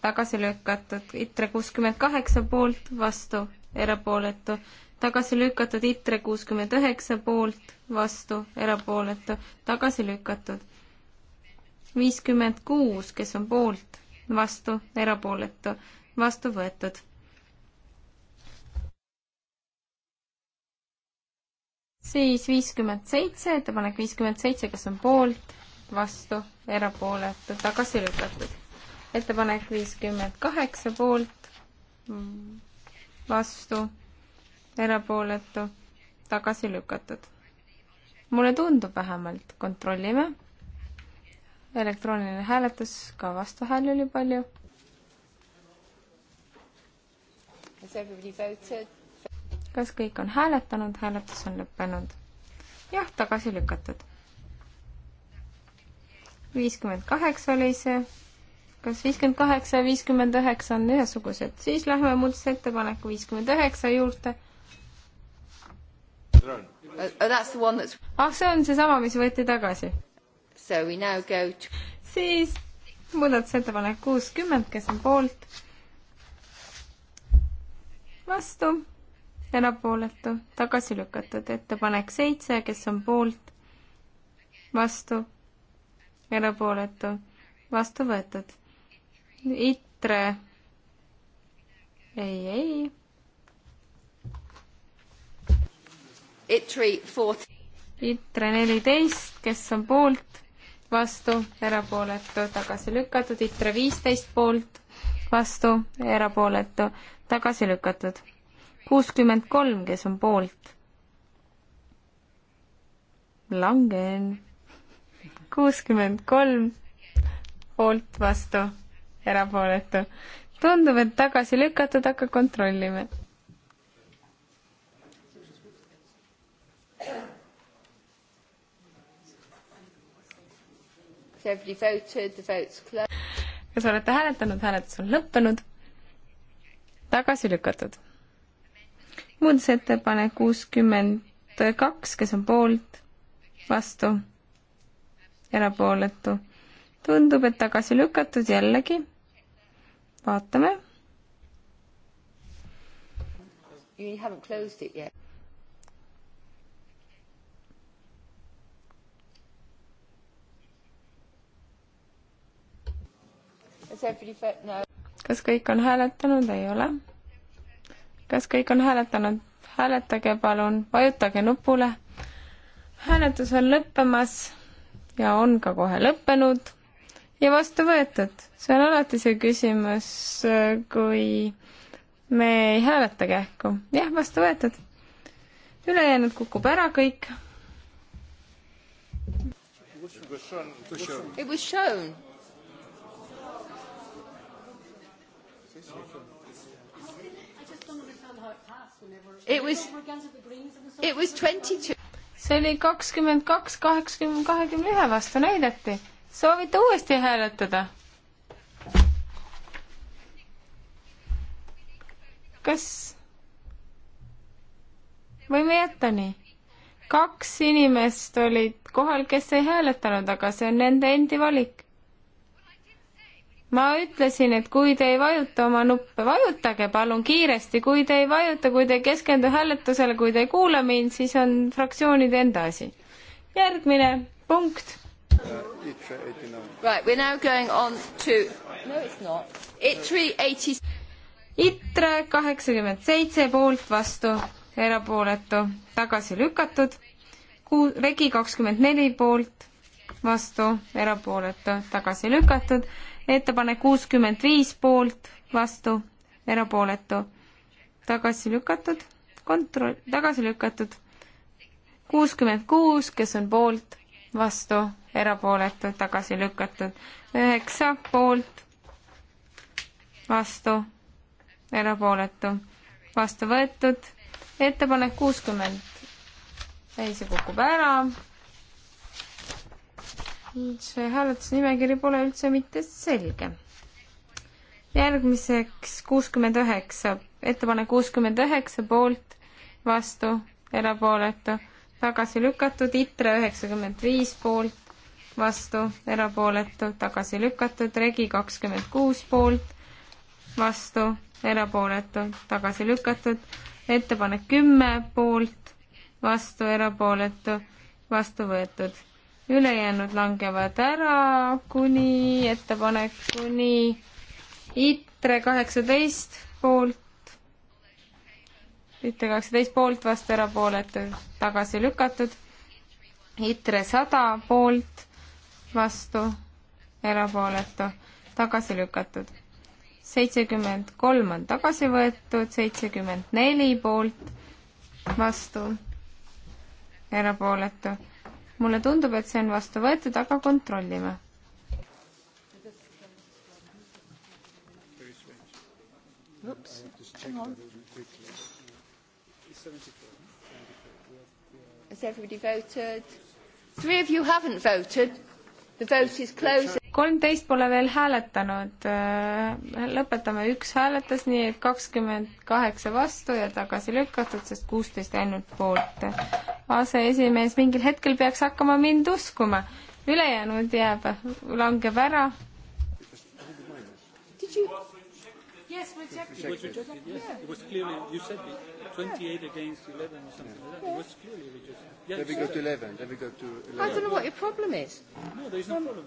tagasi lükatud, ITRE kuuskümmend kaheksa poolt, vastu, erapooletu, tagasi lükatud, ITRE kuuskümmend üheksa poolt, vastu, erapooletu, tagasi lükatud. viiskümmend kuus, kes on poolt, vastu, erapooletu, vastu võetud. siis viiskümmend seitse, ettepanek viiskümmend seitse, kes on poolt, vastu, erapooletu, tagasi lükatud ettepanek viiskümmend kaheksa poolt, vastu, erapooletu, tagasi lükatud. mulle tundub vähemalt, kontrollime. elektrooniline hääletus, ka vastuhääli oli palju. kas kõik on hääletanud, hääletus on lõppenud? jah, tagasi lükatud. viiskümmend kaheksa oli see kas viiskümmend kaheksa ja viiskümmend üheksa on ühesugused, siis lähme muudatusettepaneku viiskümmend üheksa juurde. Uh, uh, ah, see on seesama, mis võeti tagasi. To... siis muudatusettepanek kuuskümmend, kes on poolt? vastu, erapooletu, tagasi lükatud, ettepanek seitse, kes on poolt? vastu, erapooletu, vastu võetud ITRE. ei, ei. ITRE neliteist, kes on poolt, vastu, erapooletu, tagasi lükatud, ITRE viisteist poolt, vastu, erapooletu, tagasi lükatud. kuuskümmend kolm, kes on poolt. langen. kuuskümmend kolm poolt, vastu erapooletu. tundub, et tagasi lükatud, aga kontrollime. kas olete hääletanud, hääletus on lõppenud, tagasi lükatud. muudatusettepanek kuuskümmend kaks, kes on poolt, vastu, erapooletu. tundub, et tagasi lükatud jällegi vaatame. You haven't closed it yet. kas kõik on hääletanud, ei ole? kas kõik on hääletanud? hääletage palun, vajutage nupule. hääletus on lõppemas ja on ka kohe lõppenud ja vastu võetud. see on alati see küsimus, kui me ei hääleta kähku. jah, vastu võetud. ülejäänud kukub ära kõik. It was shown. It was, it was 22. see oli kakskümmend kaks, kaheksakümne, kahekümne ühe vastu näidati soovite uuesti hääletada? kas võime jätta nii? kaks inimest olid kohal, kes ei hääletanud, aga see on nende endi valik. ma ütlesin, et kui te ei vajuta oma nuppe, vajutage palun kiiresti, kui te ei vajuta, kui te ei keskendu hääletusele, kui te ei kuula mind, siis on fraktsioonide enda asi. järgmine punkt Right, we are now going on to no it's not. ITRE eighty ITRE kaheksakümmend seitse poolt vastu, erapooletu, tagasi lükatud. Kuu-, Regi kakskümmend neli poolt vastu, erapooletu, tagasi lükatud. ettepanek kuuskümmend viis poolt vastu, erapooletu, tagasi lükatud. kontroll, tagasi lükatud. kuuskümmend kuus, kes on poolt, vastu, erapooletud, tagasi lükatud. üheksa poolt, vastu, erapooletu, vastu võetud. ettepanek kuuskümmend. ei, see kukub ära. see hääletusnimekiri pole üldse mitte selge. järgmiseks kuuskümmend üheksa, ettepanek kuuskümmend üheksa poolt, vastu, erapooletu, tagasi lükatud, ITRE üheksakümmend viis poolt, vastu, erapooletu, tagasi lükatud, regi kakskümmend kuus poolt, vastu, erapooletu, tagasi lükatud, ettepanek kümme poolt, vastu, erapooletu, vastu võetud. ülejäänud langevad ära kuni ettepanek kuni ITRE kaheksateist poolt, ITRE kaheksateist poolt, vastu, erapooletu, tagasi lükatud ITRE sada poolt, vastu, erapooletu, tagasi lükatud. seitsekümmend kolm on tagasi võetud, seitsekümmend neli poolt, vastu, erapooletu. mulle tundub, et see on vastu võetud, aga kontrollime Oops. Hang on. Has everybody voted? Three of you haven't voted kolmteist pole veel hääletanud. Äh, lõpetame, üks hääletas, nii et kakskümmend kaheksa vastu ja tagasi lükatud, sest kuusteist ainult poolt. aseesimees mingil hetkel peaks hakkama mind uskuma. ülejäänud jääb, langeb ära. Did you? Yes, we checked it. It was rejected, yes. Yeah. It was clearly, you said it, 28 yeah. against 11 or something yeah. like that. Yeah. It was clearly rejected. Yeah, then we go to 11, then we go to 11. I don't know what your problem is. No, there is no um, problem.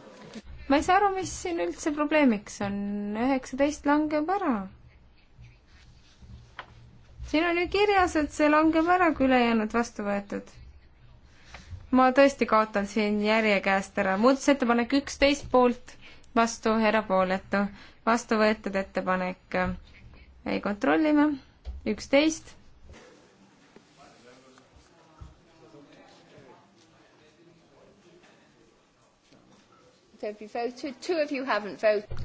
ma ei saa aru, mis siin üldse probleemiks on, üheksateist langeb ära. siin on ju kirjas, et see langeb ära, kui ülejäänud vastu võetud ma tõesti kaotan siin järje käest ära. muudatusettepanek üksteist poolt, vastu, erapooletu, vastu võetud ettepanek. ei, kontrollime, üksteist.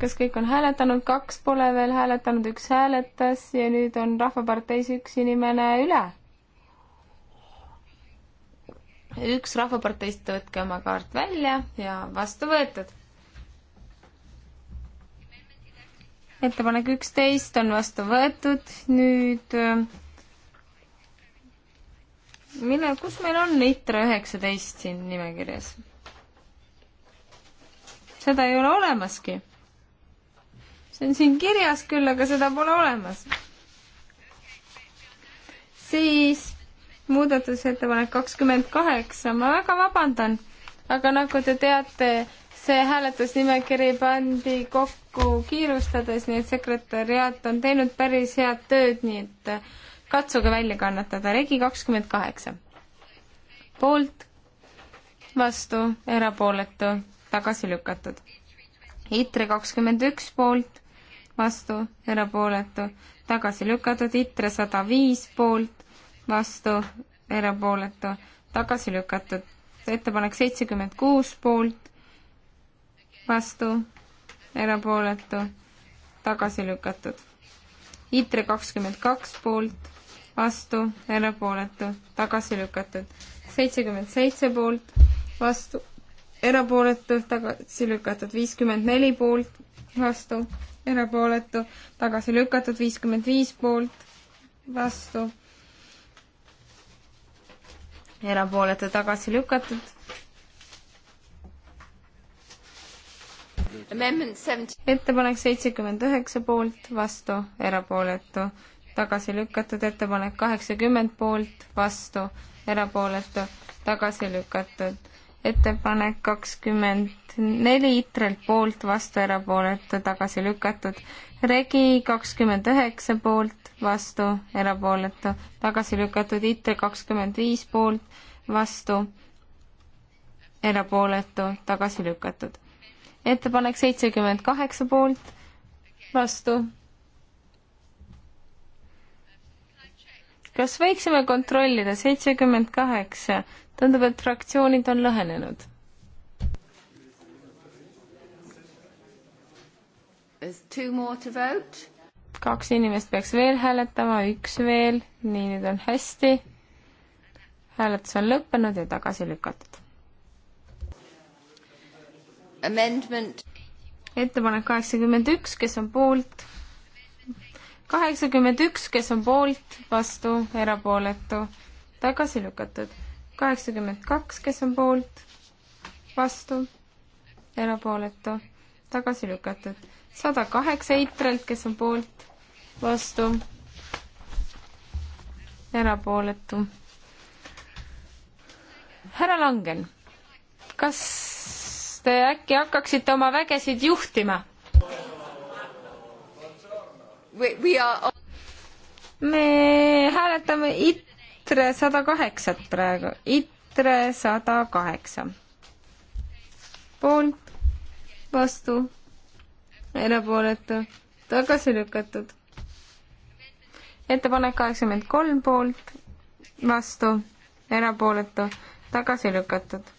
kas kõik on hääletanud, kaks pole veel hääletanud, üks hääletas ja nüüd on Rahvaparteis üks inimene üle üks Rahvaparteist võtke oma kaart välja ja vastu võetud. ettepanek üksteist on vastu võetud, nüüd äh, mille, kus meil on ITRA üheksateist siin nimekirjas? seda ei ole olemaski. see on siin kirjas küll, aga seda pole olemas. siis muudatusettepanek kakskümmend kaheksa, ma väga vabandan, aga nagu te teate, see hääletusnimekiri pandi kokku kokku kiirustades, nii et sekretäriaat on teinud päris head tööd, nii et äh, katsuge välja kannatada. regi kakskümmend kaheksa. poolt, vastu, erapooletu, tagasi lükatud. ITRE kakskümmend üks poolt, vastu, erapooletu, tagasi lükatud. ITRE sada viis poolt, vastu, erapooletu, tagasi lükatud. ettepanek seitsekümmend kuus poolt, vastu, erapooletu, tagasi lükatud. ITRE kakskümmend kaks poolt, vastu, erapooletu, tagasi lükatud. seitsekümmend seitse poolt, vastu, erapooletu, tagasi lükatud. viiskümmend neli poolt, vastu, erapooletu, tagasi lükatud. viiskümmend viis poolt, vastu, erapooletu, tagasi lükatud ettepanek seitsekümmend üheksa poolt, vastu, erapooletu. tagasi lükatud ettepanek kaheksakümmend poolt, vastu, erapooletu, tagasi lükatud. ettepanek kakskümmend neli ITRE-lt poolt, vastu, erapooletu, tagasi lükatud. Regi kakskümmend üheksa poolt, vastu, erapooletu, tagasi lükatud. ITRE kakskümmend viis poolt, vastu, erapooletu, tagasi lükatud ettepanek seitsekümmend kaheksa poolt, vastu. kas võiksime kontrollida seitsekümmend kaheksa, tundub, et fraktsioonid on lõhenenud. kaks inimest peaks veel hääletama, üks veel, nii nüüd on hästi. hääletus on lõppenud ja tagasi lükatud Amendment. ettepanek kaheksakümmend üks, kes on poolt? kaheksakümmend üks, kes on poolt, vastu, erapooletu, tagasi lükatud. kaheksakümmend kaks, kes on poolt, vastu, erapooletu, tagasi lükatud. sada kaheksa eitralt, kes on poolt, vastu, erapooletu. härra Langen, kas te äkki hakkaksite oma vägesid juhtima? me hääletame ITRE sada kaheksat praegu, ITRE sada kaheksa. poolt, vastu, erapooletu, tagasi lükatud. ettepanek kaheksakümmend kolm poolt, vastu, erapooletu, tagasi lükatud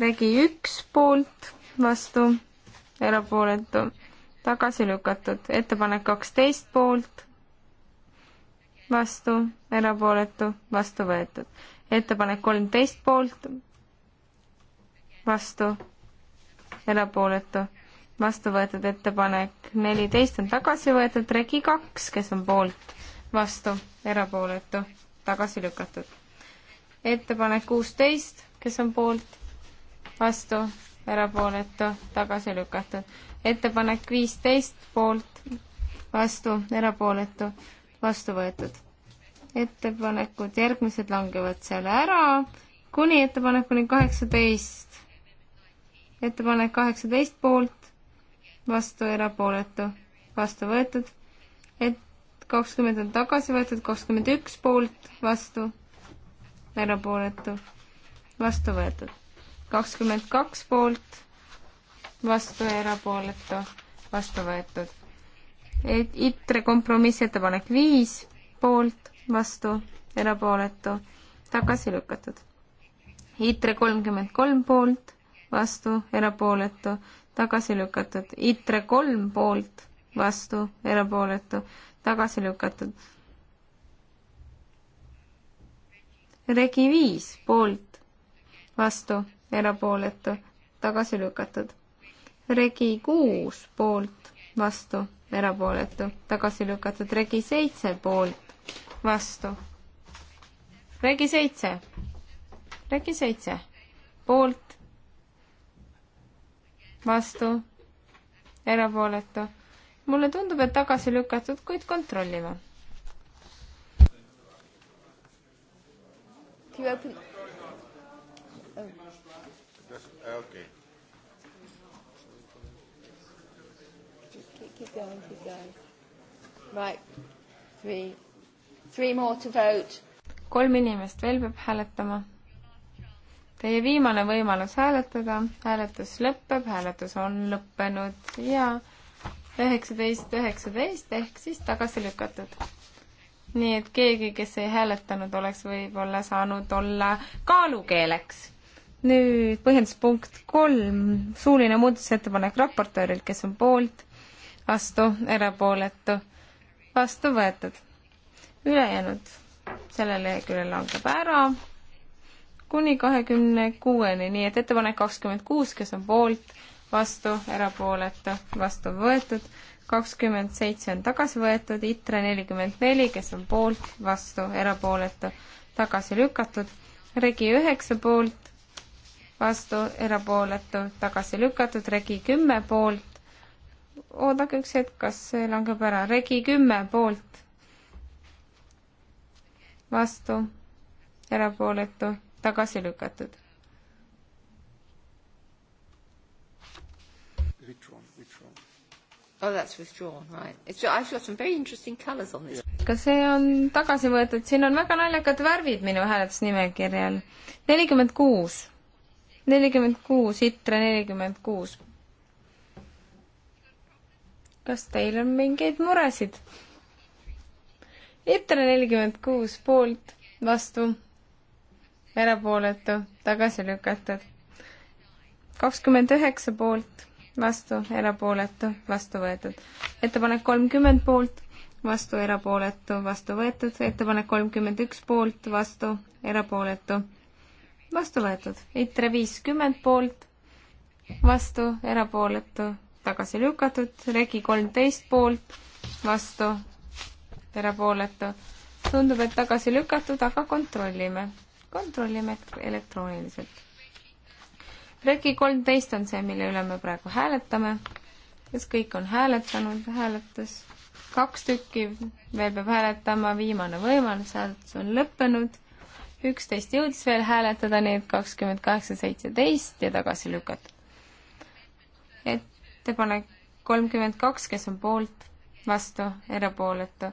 regi üks poolt, vastu, erapooletu, tagasi lükatud. ettepanek kaksteist poolt, vastu, erapooletu, vastu võetud. ettepanek kolmteist poolt, vastu, erapooletu, vastu võetud ettepanek neliteist on tagasi võetud, regi kaks, kes on poolt, vastu, erapooletu, tagasi lükatud. ettepanek kuusteist, kes on poolt vastu, erapooletu, tagasi lükatud. ettepanek viisteist poolt, vastu, erapooletu, vastu võetud. ettepanekud järgmised langevad seal ära, kuni ettepanekuni kaheksateist. ettepanek kaheksateist poolt, vastu, erapooletu, vastu võetud. et kakskümmend on tagasi võetud, kakskümmend üks poolt, vastu, erapooletu, vastu võetud kakskümmend kaks poolt, vastu ja erapooletu, vastu võetud. ITRE kompromissettepanek viis poolt, vastu, erapooletu, tagasi lükatud. ITRE kolmkümmend kolm poolt, vastu, erapooletu, tagasi lükatud. ITRE kolm poolt, vastu, erapooletu, tagasi lükatud. Regi viis poolt, vastu, erapooletu, tagasi lükatud. regi kuus poolt, vastu, erapooletu, tagasi lükatud. regi seitse poolt, vastu. regi seitse, regi seitse, poolt, vastu, erapooletu. mulle tundub, et tagasi lükatud, kuid kontrollime. Do you open? Ah, okay. Just keep, keep going, keep going. Right. Three. Three more to vote. kolm inimest veel peab hääletama. Teie viimane võimalus hääletada, hääletus lõpeb, hääletus on lõppenud ja üheksateist, üheksateist ehk siis tagasi lükatud nii et keegi, kes ei hääletanud, oleks võib-olla saanud olla kaalukeeleks nüüd põhjenduspunkt kolm, suuline muudatusettepanek raportöörilt, kes on poolt, vastu, erapooletu, vastu võetud. ülejäänud selle lehekülje langeb ära kuni kahekümne kuueni, nii et ettepanek kakskümmend kuus, kes on poolt, vastu, erapooletu, vastu võetud, kakskümmend seitse on tagasi võetud, ITRE nelikümmend neli, kes on poolt, vastu, erapooletu, tagasi lükatud, Regi üheksa poolt, vastu, erapooletu, tagasi lükatud, regi kümme poolt. oodake üks hetk, kas see langeb ära, regi kümme poolt. vastu, erapooletu, tagasi lükatud. Oh, that's withdrawn, right. It's, I've got some very interesting colours on this. ka see on tagasi võetud, siin on väga naljakad värvid minu hääletusnimekirjal. nelikümmend kuus nelikümmend kuus, ITRE nelikümmend kuus. kas teil on mingeid muresid? ITRE nelikümmend kuus poolt, vastu, erapooletu, tagasi lükatud. kakskümmend üheksa poolt, vastu, erapooletu, vastu võetud. ettepanek kolmkümmend poolt, vastu, erapooletu, vastu võetud. ettepanek kolmkümmend üks poolt, vastu, erapooletu vastu võetud. ITRE viiskümmend poolt, vastu, erapooletu, tagasi lükatud. Regi kolmteist poolt, vastu, erapooletu. tundub, et tagasi lükatud, aga kontrollime. kontrollime elektrooniliselt. Regi kolmteist on see, mille üle me praegu hääletame. kas kõik on hääletanud, hääletas kaks tükki, veel peab hääletama, viimane võimalus, hääletus on lõppenud üksteist jõudis veel hääletada, nii et kakskümmend kaheksa, seitseteist ja tagasi lükata. ettepanek kolmkümmend kaks, kes on poolt, vastu, erapooletu,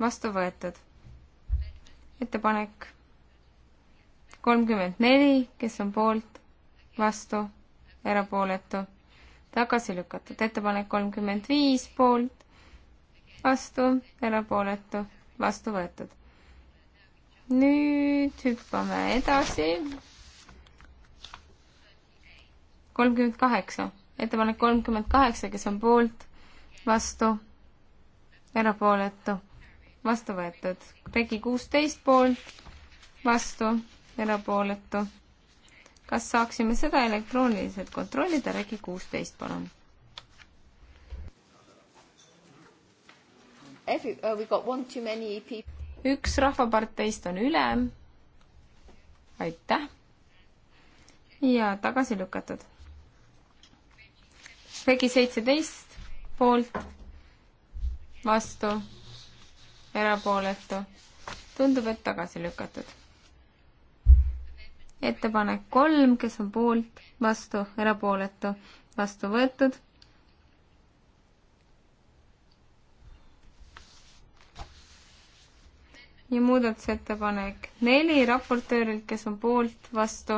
vastu võetud. ettepanek kolmkümmend neli, kes on poolt, vastu, erapooletu, tagasi lükatud. ettepanek kolmkümmend viis, poolt, vastu, erapooletu, vastu võetud nüüd hüppame edasi. kolmkümmend kaheksa, ettepanek kolmkümmend kaheksa, kes on poolt, vastu, erapooletu, vastu võetud. regi kuusteist poolt, vastu, erapooletu. kas saaksime seda elektrooniliselt kontrollida, regi kuusteist, palun Every, uh, we got one too many people üks rahvaparteist on üle. aitäh. ja tagasi lükatud. Regi seitseteist poolt, vastu, erapooletu. tundub, et tagasi lükatud. ettepanek kolm, kes on poolt, vastu, erapooletu, vastu võetud ja muudatusettepanek neli raportöörilt, kes on poolt, vastu.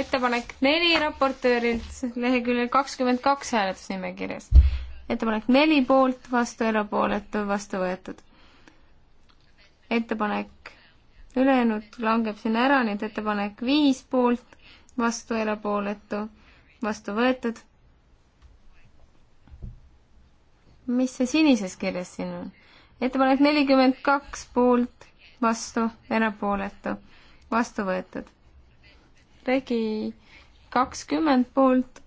ettepanek neli raportöörilt leheküljel kakskümmend kaks hääletusnimekirjas. ettepanek neli poolt, vastu, erapooletu, vastu võetud. ettepanek ülejäänud langeb siin ära, nii et ettepanek viis poolt, vastu, erapooletu, vastu võetud. mis see sinises kirjas siin on? ettepanek nelikümmend kaks poolt, vastu, erapooletu, vastu võetud. regi kakskümmend poolt,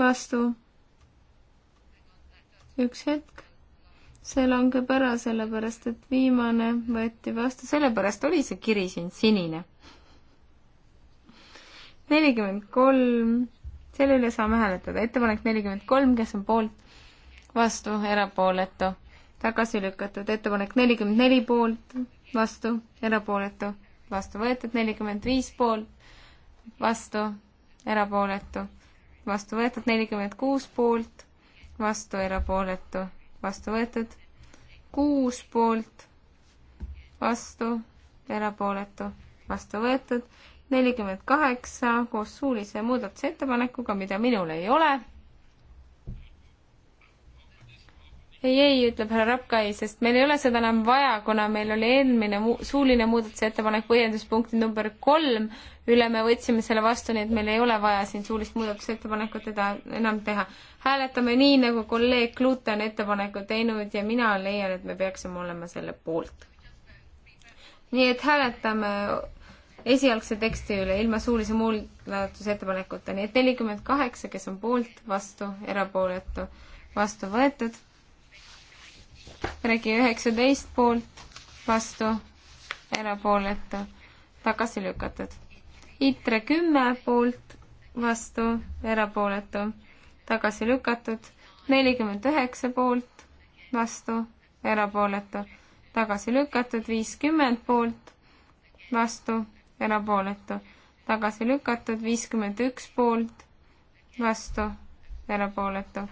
vastu. üks hetk, see langeb ära, sellepärast et viimane võeti vastu, sellepärast oli see kiri siin sinine. nelikümmend kolm, selle üle saame hääletada, ettepanek nelikümmend kolm, kes on poolt, vastu, erapooletu, tagasi lükatud. ettepanek nelikümmend neli poolt, vastu, erapooletu, vastu võetud. nelikümmend viis poolt, vastu, erapooletu, vastu võetud. nelikümmend kuus poolt, vastu, erapooletu, vastu võetud. kuus poolt, vastu, erapooletu, vastu võetud nelikümmend kaheksa koos suulise muudatusettepanekuga, mida minul ei ole. ei, ei, ütleb härra Rapkai, sest meil ei ole seda enam vaja, kuna meil oli eelmine mu suuline muudatusettepanek põhjenduspunkti number kolm üle, me võtsime selle vastu, nii et meil ei ole vaja siin suulist muudatusettepanekut teda enam teha. hääletame nii, nagu kolleeg Klute on ettepaneku teinud ja mina leian, et me peaksime olema selle poolt. nii et hääletame esialgse teksti üle ilma suulise muudatusettepanekuta, nii et nelikümmend kaheksa, kes on poolt, vastu, erapooletu, vastu võetud regi üheksateist poolt, vastu, erapooletu, tagasi lükatud. ITRE kümme poolt, vastu, erapooletu, tagasi lükatud. nelikümmend üheksa poolt, vastu, erapooletu, tagasi lükatud. viiskümmend poolt, vastu, erapooletu, tagasi lükatud. viiskümmend üks poolt, vastu, erapooletu,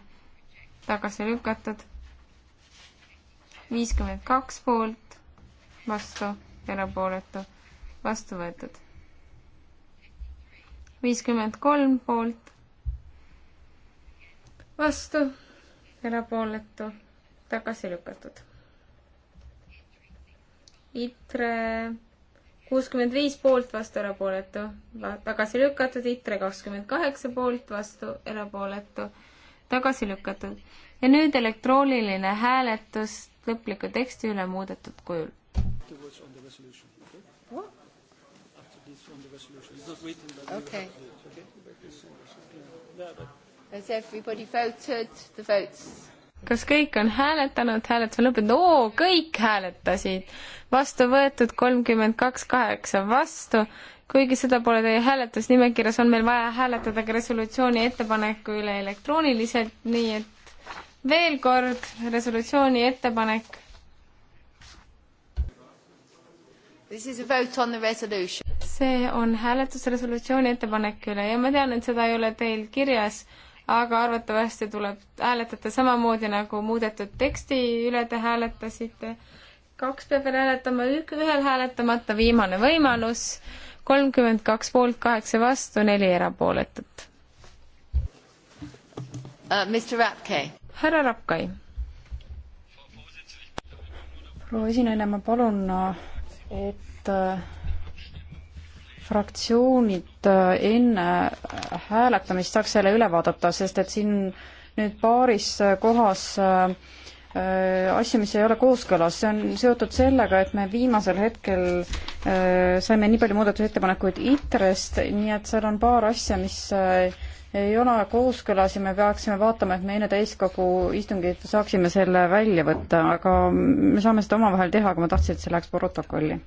tagasi lükatud viiskümmend kaks poolt, vastu, erapooletu, vastu võetud. viiskümmend kolm poolt, vastu, erapooletu, tagasi lükatud. ITRE kuuskümmend viis poolt, vastu, erapooletu, tagasi lükatud, ITRE kakskümmend kaheksa poolt, vastu, erapooletu, tagasi lükatud. ja nüüd elektrooniline hääletus lõpliku teksti üle muudetud kujul. Okay. kas kõik on hääletanud, hääletus on lõppenud, oo, kõik hääletasid, vastu võetud kolmkümmend kaks kaheksa vastu, kuigi seda pole teie hääletusnimekirjas, on meil vaja hääletada ka resolutsiooni ettepaneku üle elektrooniliselt, nii et veel kord resolutsiooni ettepanek. see on hääletus resolutsiooni ettepaneku üle ja ma tean, et seda ei ole teil kirjas, aga arvatavasti tuleb, hääletate samamoodi nagu muudetud teksti üle te hääletasite. kaks peab veel hääletama, ühel hääletamata, viimane võimalus, kolmkümmend kaks poolt, kaheksa vastu, neli erapooletut uh,. Mr Rapke härra Rapkai. proua esinaine, ma palun, et äh, fraktsioonid äh, enne äh, hääletamist saaks selle üle vaadata, sest et siin nüüd paaris kohas äh, asju, mis ei ole kooskõlas, see on seotud sellega, et me viimasel hetkel äh, saime nii palju muudatusettepanekuid ITRE-st, nii et seal on paar asja, mis äh, ei ole kooskõlas ja me peaksime vaatama, et me enne täiskogu istungit saaksime selle välja võtta, aga me saame seda omavahel teha, aga ma tahtsin, et see läheks protokolli.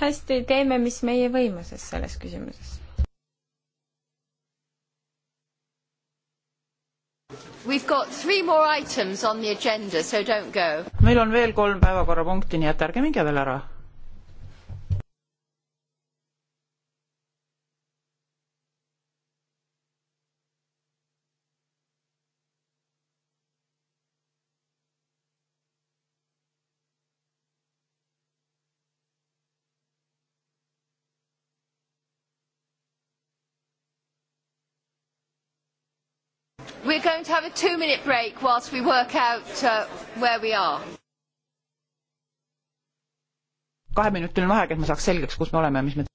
hästi, teeme, mis meie võimuses selles küsimuses. meil on veel kolm päevakorrapunkti, nii et ärge minge veel ära We're going to have a two minute break whilst we work out uh, where we are. kaheminutiline vaheaeg, et ma saaks selgeks, kus me oleme ja mis me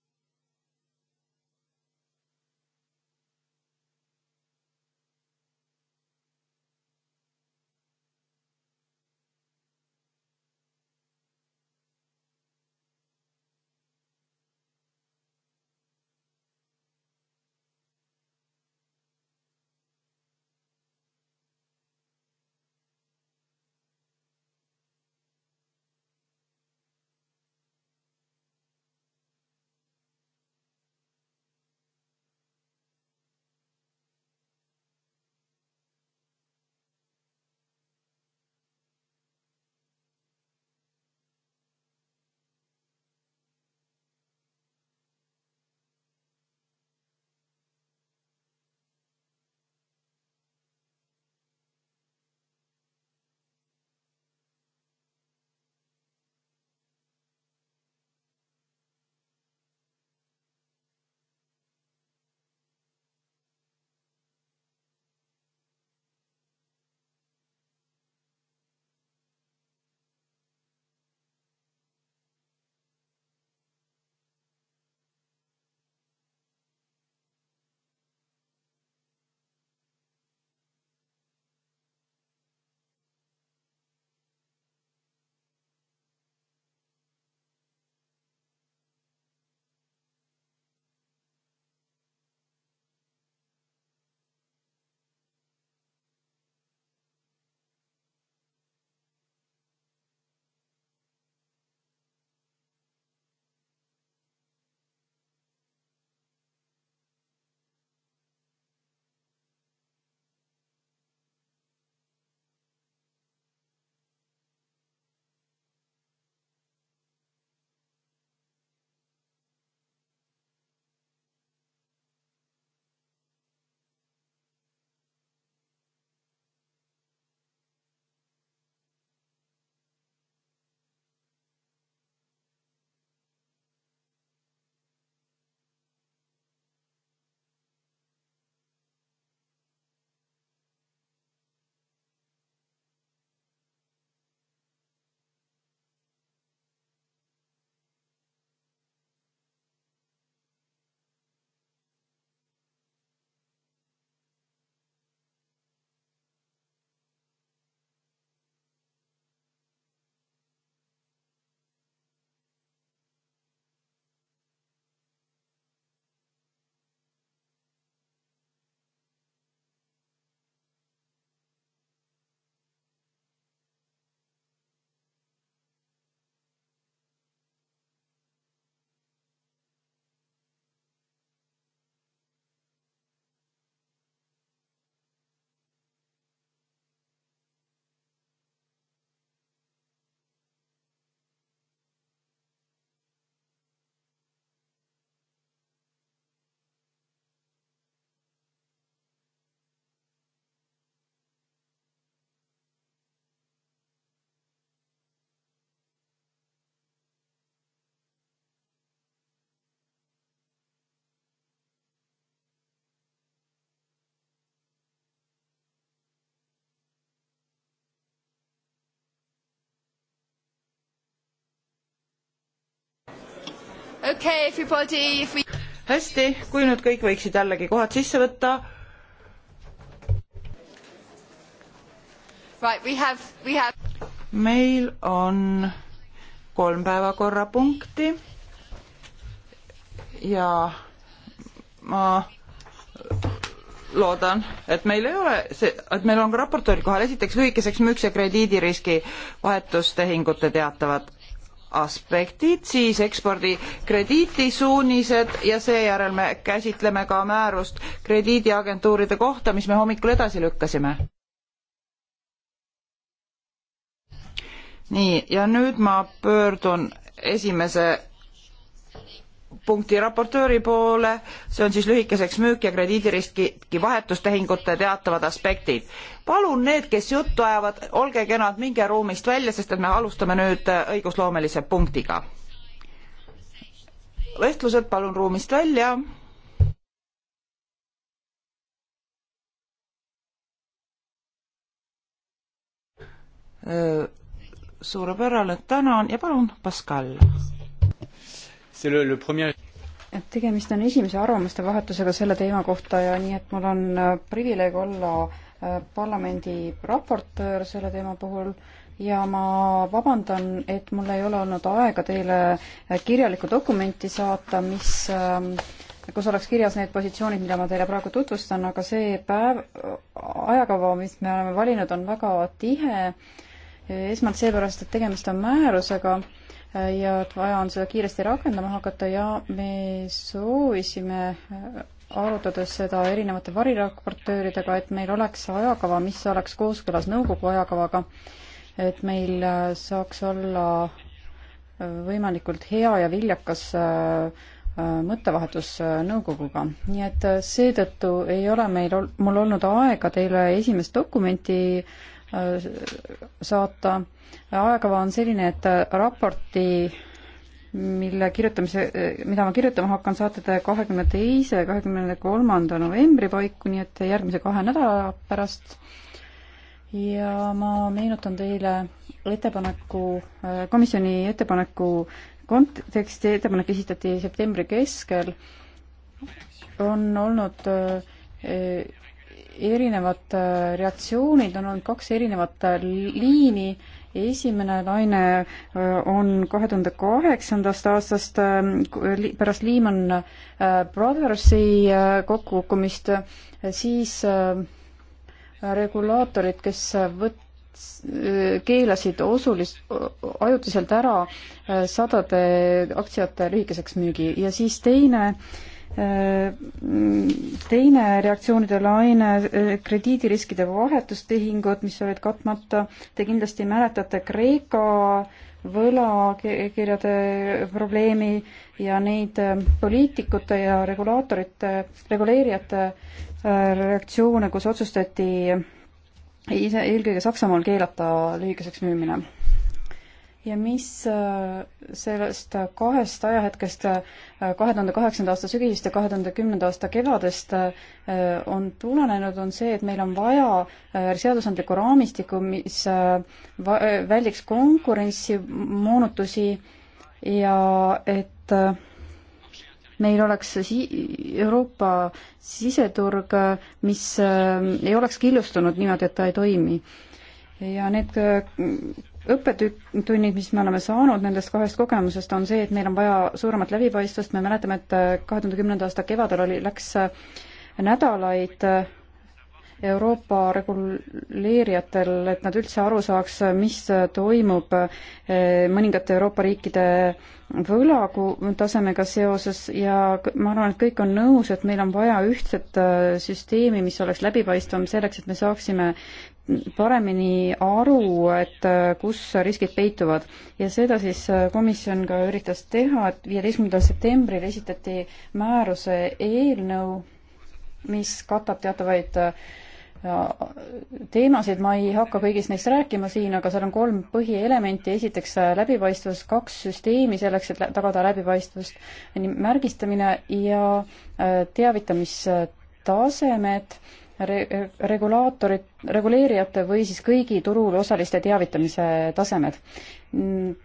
okay, everybody, if we... hästi, kui nüüd kõik võiksid jällegi kohad sisse võtta. Right, we have, we have... meil on kolm päevakorrapunkti ja ma loodan, et meil ei ole see, et meil on ka raportööril kohal esiteks lühikeseks müüks- ja krediidiriski vahetustehingute teatavad aspektid, siis ekspordikrediidisuunised ja seejärel me käsitleme ka määrust krediidiagentuuride kohta, mis me hommikul edasi lükkasime. nii, ja nüüd ma pöördun esimese punkti raportööri poole, see on siis lühikeseks müük ja krediidiriski vahetustehingute teatavad aspektid. palun need, kes juttu ajavad, olge kenad, minge ruumist välja, sest et me alustame nüüd äh, õigusloomelise punktiga. vestlused palun ruumist välja äh, suurepärane, tänan ja palun, Pascal et tegemist on esimese arvamuste vahetusega selle teema kohta ja nii, et mul on äh, privileeg olla äh, parlamendi raportöör selle teema puhul ja ma vabandan, et mul ei ole olnud aega teile äh, kirjalikku dokumenti saata, mis, ähm, kus oleks kirjas need positsioonid, mida ma teile praegu tutvustan, aga see päev, ajakava, mis me oleme valinud, on väga tihe. esmalt seepärast, et tegemist on määrusega ja et vaja on seda kiiresti rakendama hakata ja me soovisime äh, arutades seda erinevate variraportööridega, et meil oleks ajakava, mis oleks kooskõlas nõukogu ajakavaga, et meil äh, saaks olla äh, võimalikult hea ja viljakas mõttevahetus nõukoguga. nii et seetõttu ei ole meil, mul olnud aega teile esimest dokumenti äh, Äh, saata. ajakava on selline, et äh, raporti mille kirjutamise, äh, mida ma kirjutama hakkan, saate te kahekümne teise, kahekümne kolmanda novembri paiku, nii et järgmise kahe nädala pärast. ja ma meenutan teile ettepaneku, komisjoni ettepaneku konteksti, ettepanek esitati septembri keskel, on olnud erinevad äh, reaktsioonid, on olnud kaks erinevat äh, liini esimene laine äh, on kahe tuhande kaheksandast aastast pärast Lehman Brothersi kokkukukkumist, siis regulaatorid, kes võts-, keelasid osulis-, ajutiselt ära sadade aktsiate lühikeseks müügi ja siis teine äh, teine reaktsioonide laine, krediidiriskide vahetustehingud, mis olid katmata, te kindlasti mäletate Kreeka võlakirjade probleemi ja neid poliitikute ja regulaatorite, reguleerijate äh, reaktsioone, kus otsustati ise, eelkõige Saksamaal keelata lühikeseks müümine ja mis äh, sellest kahest ajahetkest, äh, kahe tuhande kaheksanda aasta sügisest ja kahe tuhande kümnenda aasta kevadest äh, on tulenenud, on see, et meil on vaja seadusandlikku raamistikku, mis väldiks konkurentsimoonutusi ja et meil oleks si-, Euroopa siseturg, mis ei oleks killustunud niimoodi, et ta ei toimi. ja need õppetunnid, mis me oleme saanud nendest kahest kogemusest, on see, et meil on vaja suuremat läbipaistvust, me mäletame, et äh, kahe tuhande kümnenda aasta kevadel oli, läks äh, nädalaid äh, Euroopa reguleerijatel, et nad üldse aru saaks, mis toimub mõningate Euroopa riikide võlagu tasemega seoses ja ma arvan, et kõik on nõus, et meil on vaja ühtset süsteemi, mis oleks läbipaistvam selleks, et me saaksime paremini aru, et äh, kus riskid peituvad. ja seda siis äh, komisjon ka üritas teha, et viieteistkümnendal septembril esitati määruse eelnõu, mis katab teatavaid äh, teemasid, ma ei hakka kõigist neist rääkima siin, aga seal on kolm põhielementi, esiteks läbipaistvus, kaks süsteemi selleks, et tagada läbipaistvust, märgistamine ja teavitamistasemed re-, regulaatorid, reguleerijate või siis kõigi turul osaliste teavitamise tasemed.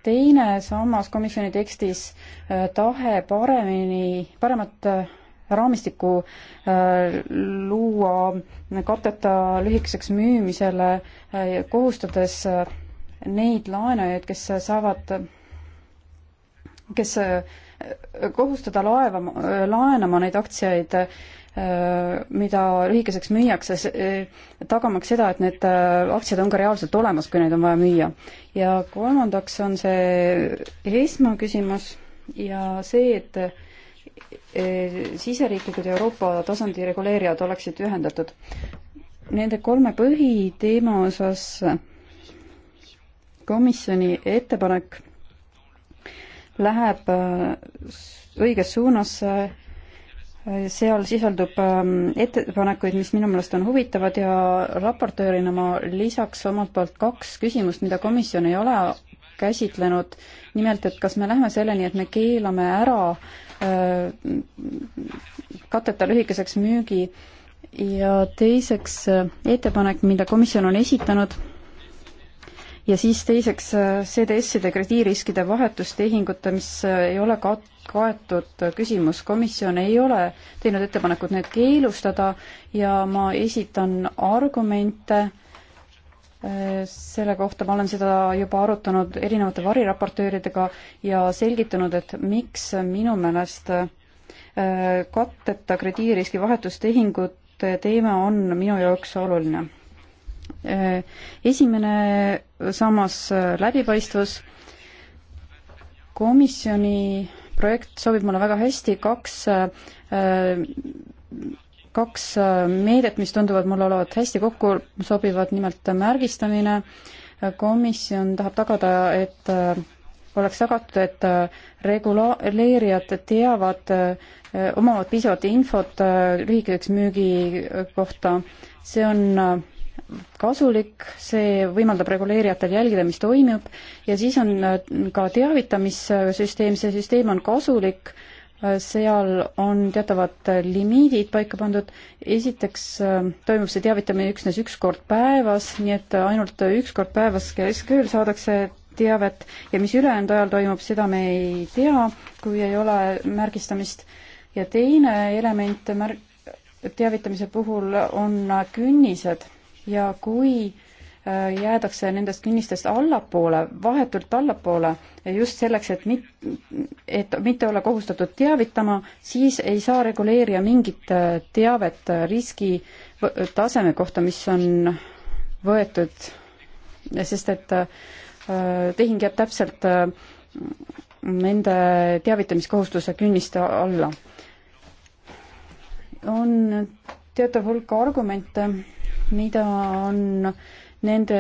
teine sammas komisjoni tekstis äh, tahe paremini, paremat äh, raamistikku äh, luua katteta lühikeseks müümisele, kohustades neid laenajaid, kes saavad, kes kohustada laeva, laenama neid aktsiaid Äh, mida lühikeseks müüakse, äh, tagamaks seda, et need äh, aktsiad on ka reaalselt olemas, kui neid on vaja müüa. ja kolmandaks on see esmaküsimus ja see, et siseriiklikud ja Euroopa tasandi reguleerijad oleksid ühendatud. Nende kolme põhiteema osas komisjoni ettepanek läheb õiges suunas seal sisaldub ähm, ettepanekuid, mis minu meelest on huvitavad ja raportöörina ma lisaks omalt poolt kaks küsimust, mida komisjon ei ole käsitlenud. nimelt, et kas me läheme selleni, et me keelame ära äh, katteta lühikeseks müügi ja teiseks äh, ettepanek, mida komisjon on esitanud ja siis teiseks äh, CDS-ide krediiriskide vahetustehingute, mis äh, ei ole ka kaetud äh, küsimus, komisjon ei ole teinud ettepanekut need keelustada ja ma esitan argumente selle kohta, ma olen seda juba arutanud erinevate variraportööridega ja selgitanud, et miks minu meelest katteta krediiriski vahetustehingute teema on minu jaoks oluline esimene sammas äh, läbipaistvus. komisjoni projekt sobib mulle väga hästi, kaks äh, kaks äh, meedet, mis tunduvad mulle olevat hästi kokku sobivad, nimelt märgistamine. komisjon tahab tagada, et oleks tagatud, et reguleerijad teavad, omavad piisavalt infot lühikeseks müügi kohta. see on kasulik, see võimaldab reguleerijatel jälgida, mis toimub, ja siis on äh, ka teavitamissüsteem, see süsteem on kasulik, äh, seal on teatavad äh, limiidid paika pandud, esiteks toimub see teavitamine üksnes üks kord päevas, nii et ainult üks kord päevas keskööl saadakse teavet ja mis ülejäänud ajal toimub, seda me ei tea, kui ei ole märgistamist. ja teine element märk-, teavitamise puhul on künnised ja kui äh, jäädakse nendest künnistest allapoole, vahetult allapoole, just selleks, et mit-, et mitte olla kohustatud teavitama, siis ei saa reguleerija mingit äh, teavet riski taseme kohta, mis on võetud, sest et äh, tehing jääb täpselt nende teavitamiskohustuse künniste alla. on teatav hulk argumente mida on nende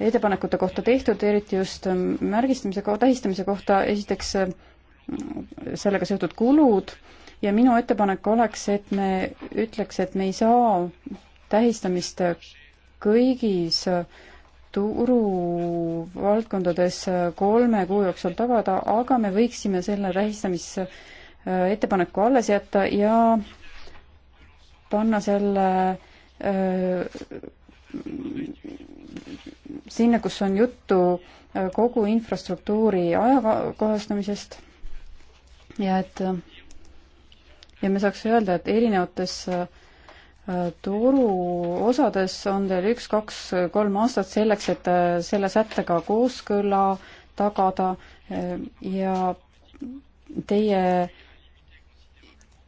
ettepanekute kohta tehtud, eriti just märgistamise, tähistamise kohta, esiteks mm, sellega seotud kulud ja minu ettepanek oleks, et me ütleks, et me ei saa tähistamist kõigis turuvaldkondades kolme kuu jooksul tagada, aga me võiksime selle tähistamisettepaneku alles jätta ja panna selle Äh, sinna, kus on juttu äh, kogu infrastruktuuri ajakohastamisest ja et äh, ja me saaks öelda, et erinevates turu osades on teil üks, kaks, kolm aastat selleks, et selle sättega kooskõla tagada ja teie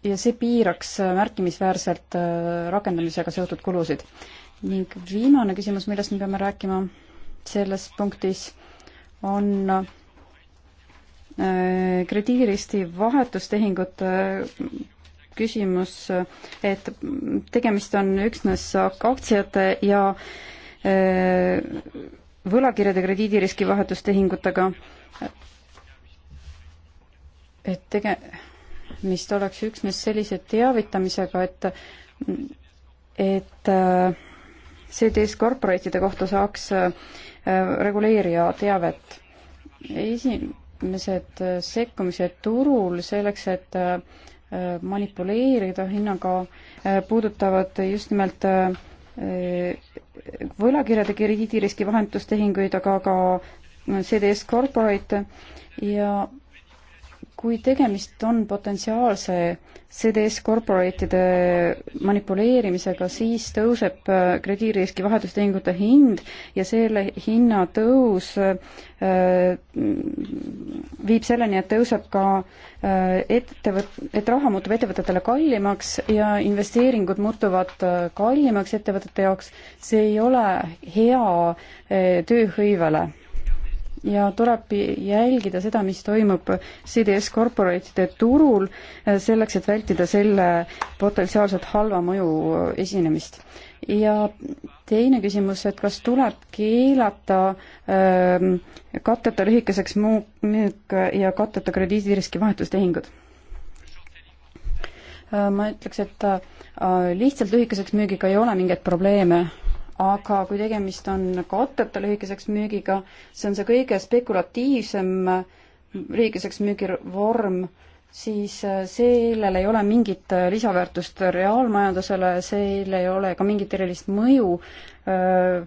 ja see piiraks märkimisväärselt äh, rakendamisega seotud kulusid. ning viimane küsimus, millest me peame rääkima selles punktis, on äh, krediidiristi vahetustehingute äh, küsimus, et tegemist on üksnes aktsiate ja võlakirjade krediidiriski vahetustehingutega, et tege-, mis oleks üksnes sellise teavitamisega, et et äh, CDS korporatide kohta saaks äh, reguleerija teavet. esimesed äh, sekkumised turul selleks, et manipuleerida hinnaga, puudutavad just nimelt võlakirjade krediidiriski vahendustehinguid, aga ka CDS Corporate ja kui tegemist on potentsiaalse CDS korporaatide manipuleerimisega, siis tõuseb äh, krediidiriski vahetustehingute hind ja selle hinna tõus äh, mm, viib selleni, et tõuseb ka äh, ettevõt-, et raha muutub ettevõtetele kallimaks ja investeeringud muutuvad kallimaks ettevõtete jaoks, see ei ole hea tööhõivele ja tuleb jälgida seda, mis toimub CDS korporatide turul, eh, selleks, et vältida selle potentsiaalselt halva mõju eh, esinemist. ja teine küsimus, et kas tuleb keelata öö, eh, katteta lühikeseks müük ja katteta krediidiriski vahetustehingud? ma ütleks, et lihtsalt lühikeseks müügiga ei ole mingeid probleeme aga kui tegemist on katteta lühikeseks müügiga, see on see kõige spekulatiivsem lühikeseks müügivorm, siis äh, sellel ei ole mingit äh, lisaväärtust reaalmajandusele, seal ei ole ka mingit erilist mõju äh,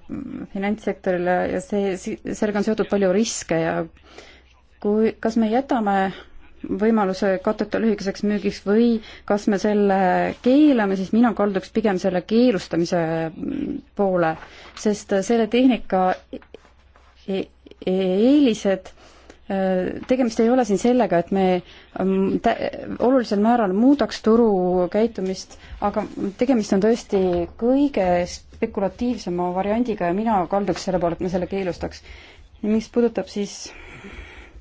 finantssektorile ja see, sellega on seotud palju riske ja kui, kas me jätame võimaluse katteta lühikeseks müügiks või kas me selle keelame, siis mina kalduks pigem selle keelustamise poole, sest selle tehnika e-, e-, eelised tegemist ei ole siin sellega, et me mm, olulisel määral muudaks turu käitumist, aga tegemist on tõesti kõige spekulatiivsema variandiga ja mina kalduks selle poole, et me selle keelustaks. mis puudutab siis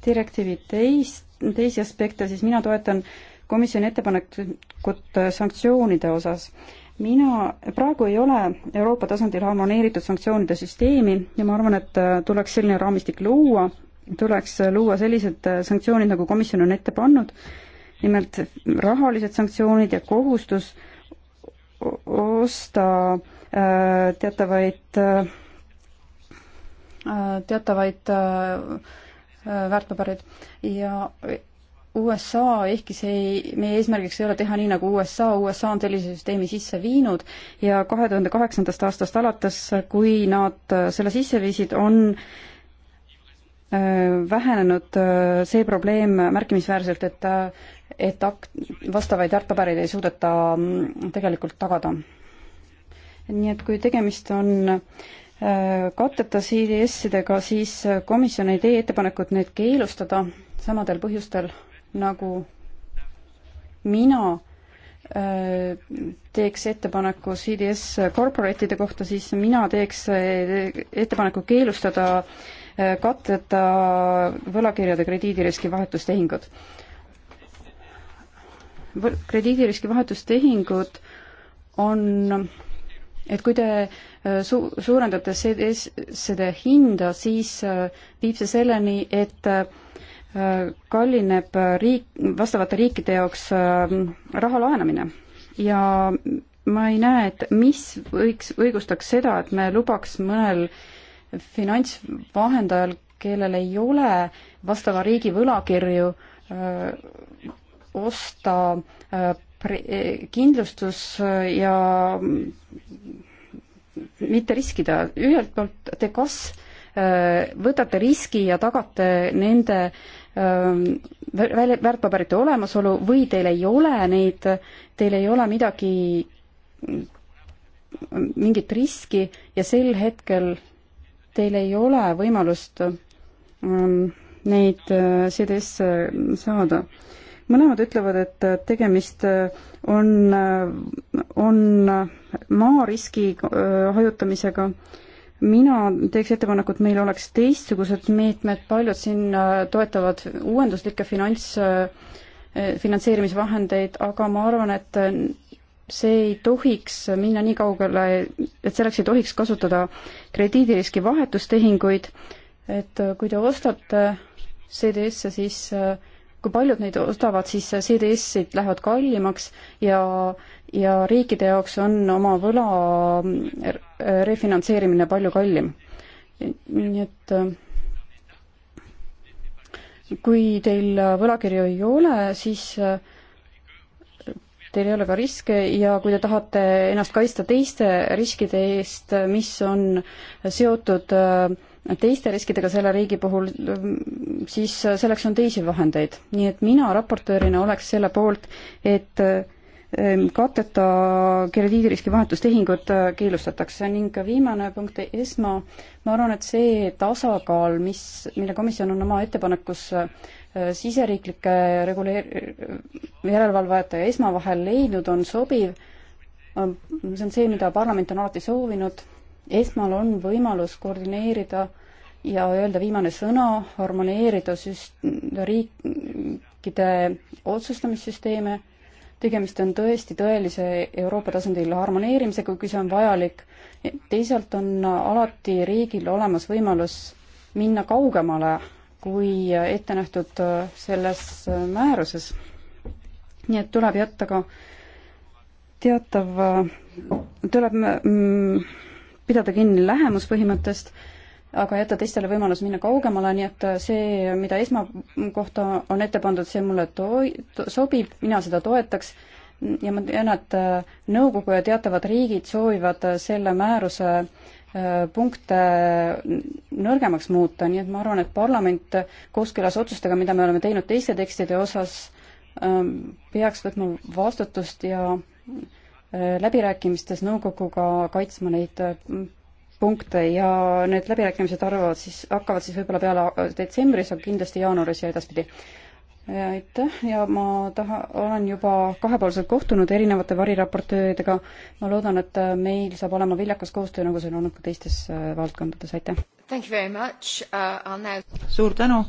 direktiivi teist teisi aspekte, siis mina toetan komisjoni ettepanekut sanktsioonide osas. mina, praegu ei ole Euroopa tasandil harmoneeritud sanktsioonide süsteemi ja ma arvan, et äh, tuleks selline raamistik luua, tuleks äh, luua sellised äh, sanktsioonid, nagu komisjon on ette pannud, nimelt rahalised sanktsioonid ja kohustus osta teatavaid, teatavaid Äh, väärtpaberid ja USA, ehkki see ei, meie eesmärgiks ei ole teha nii nagu USA, USA on sellise süsteemi sisse viinud ja kahe tuhande kaheksandast aastast alates, kui nad äh, selle sisse viisid, on äh, vähenenud see probleem märkimisväärselt, et et akt-, vastavaid väärtpabereid ei suudeta mm, tegelikult tagada. nii et kui tegemist on äh, Äh, katteta CDS-idega, siis äh, komisjon ei tee ettepanekut need keelustada samadel põhjustel, nagu mina äh, teeks ettepaneku CDS corporate'ide kohta, siis mina teeks ettepaneku keelustada katteta võlakirjade krediidiriski vahetustehingud. krediidiriski vahetustehingud on et kui te äh, su-, suurendate CD-de hinda, siis äh, viib see selleni, et äh, kallineb riik, vastavate riikide jaoks raha laenamine. ja ma ei näe, et mis võiks, õigustaks seda, et me lubaks mõnel finantsvahendajal, kellel ei ole vastava riigi võlakirju, osta kindlustus ja mitte riskida, ühelt poolt te kas äh, võtate riski ja tagate nende ähm, väärtpaberite olemasolu või teil ei ole neid, teil ei ole midagi, mingit riski ja sel hetkel teil ei ole võimalust ähm, neid äh, CDS-e saada mõlemad ütlevad, et tegemist äh, on, äh, on äh, maariski hajutamisega mina teeks ettepaneku, et meil oleks teistsugused meetmed, paljud siin toetavad uuenduslikke finants, finantseerimisvahendeid, aga ma arvan, et see ei tohiks minna nii kaugele, et selleks ei tohiks kasutada krediidiriski vahetustehinguid, et kui te ostate CDS-e, siis äh, kui paljud neid ostavad, siis CDS-id lähevad kallimaks ja, ja riikide jaoks on oma võla mm, refinantseerimine palju kallim. nii et äh, kui teil võlakirju ei ole, siis äh, teil ei ole ka riske ja kui te tahate ennast kaitsta teiste riskide eest, mis on seotud äh, teiste riskidega selle riigi puhul, siis selleks on teisi vahendeid. nii et mina raportöörina oleks selle poolt, et ähm, katteta krediidiriski vahetustehingud äh, keelustatakse ning viimane punkt, ESMA, ma arvan, et see tasakaal, mis, mille komisjon on oma ettepanekus äh, siseriiklike reguleer-, järelevalvajate ja ESMA vahel leidnud, on sobiv, äh, see on see, mida parlament on alati soovinud esmal on võimalus koordineerida ja öelda viimane sõna, harmoneerida süst-, riikide otsustamissüsteeme, tegemist on tõesti tõelise Euroopa tasandil harmoneerimisega, kui see on vajalik, teisalt on alati riigil olemas võimalus minna kaugemale kui ette nähtud selles määruses. nii et tuleb jätta ka teatav, tuleb mm, pidada kinni lähemuspõhimõttest, aga jätta teistele võimalus minna kaugemale, nii et äh, see, mida esmakohta on ette pandud, see mulle toi-, sobib, mina seda toetaks ja ma tean, et äh, nõukogu ja teatavad riigid soovivad äh, selle määruse punkte nõrgemaks muuta, nii et ma arvan, et parlament kooskõlas otsustega, mida me oleme teinud teiste tekstide osas, ähm, peaks võtma vastutust ja Äh, läbirääkimistes nõukoguga kaitsma neid äh, punkte ja need läbirääkimised arvavad siis, hakkavad siis võib-olla peale äh, detsembris, aga kindlasti jaanuaris ja edaspidi. aitäh ja ma taha, olen juba kahepoolselt kohtunud erinevate variraportööridega. ma loodan, et meil saab olema viljakas koostöö, nagu see on olnud ka teistes valdkondades, aitäh. Uh, now... suur tänu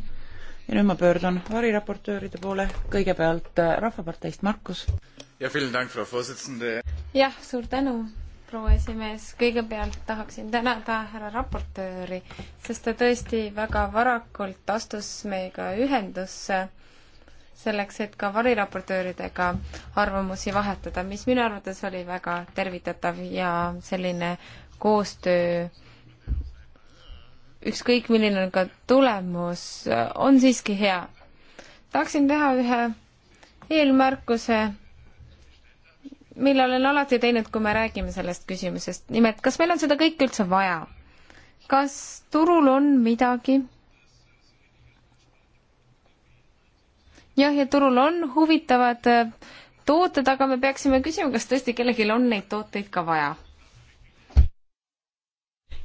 ja nüüd ma pöördun variraportööride poole, kõigepealt Rahvaparteist Markus jah, suur tänu, proua esimees. kõigepealt tahaksin tänada härra raportööri, sest ta tõesti väga varakult astus meiega ühendusse selleks, et ka variraportööridega arvamusi vahetada, mis minu arvates oli väga tervitatav ja selline koostöö ükskõik milline on ka tulemus, on siiski hea. tahaksin teha ühe eelmärkuse mille olen alati teinud, kui me räägime sellest küsimusest, nimelt kas meil on seda kõike üldse vaja? kas turul on midagi? jah, ja turul on huvitavad äh, tooted, aga me peaksime küsima, kas tõesti kellelgi on neid tooteid ka vaja.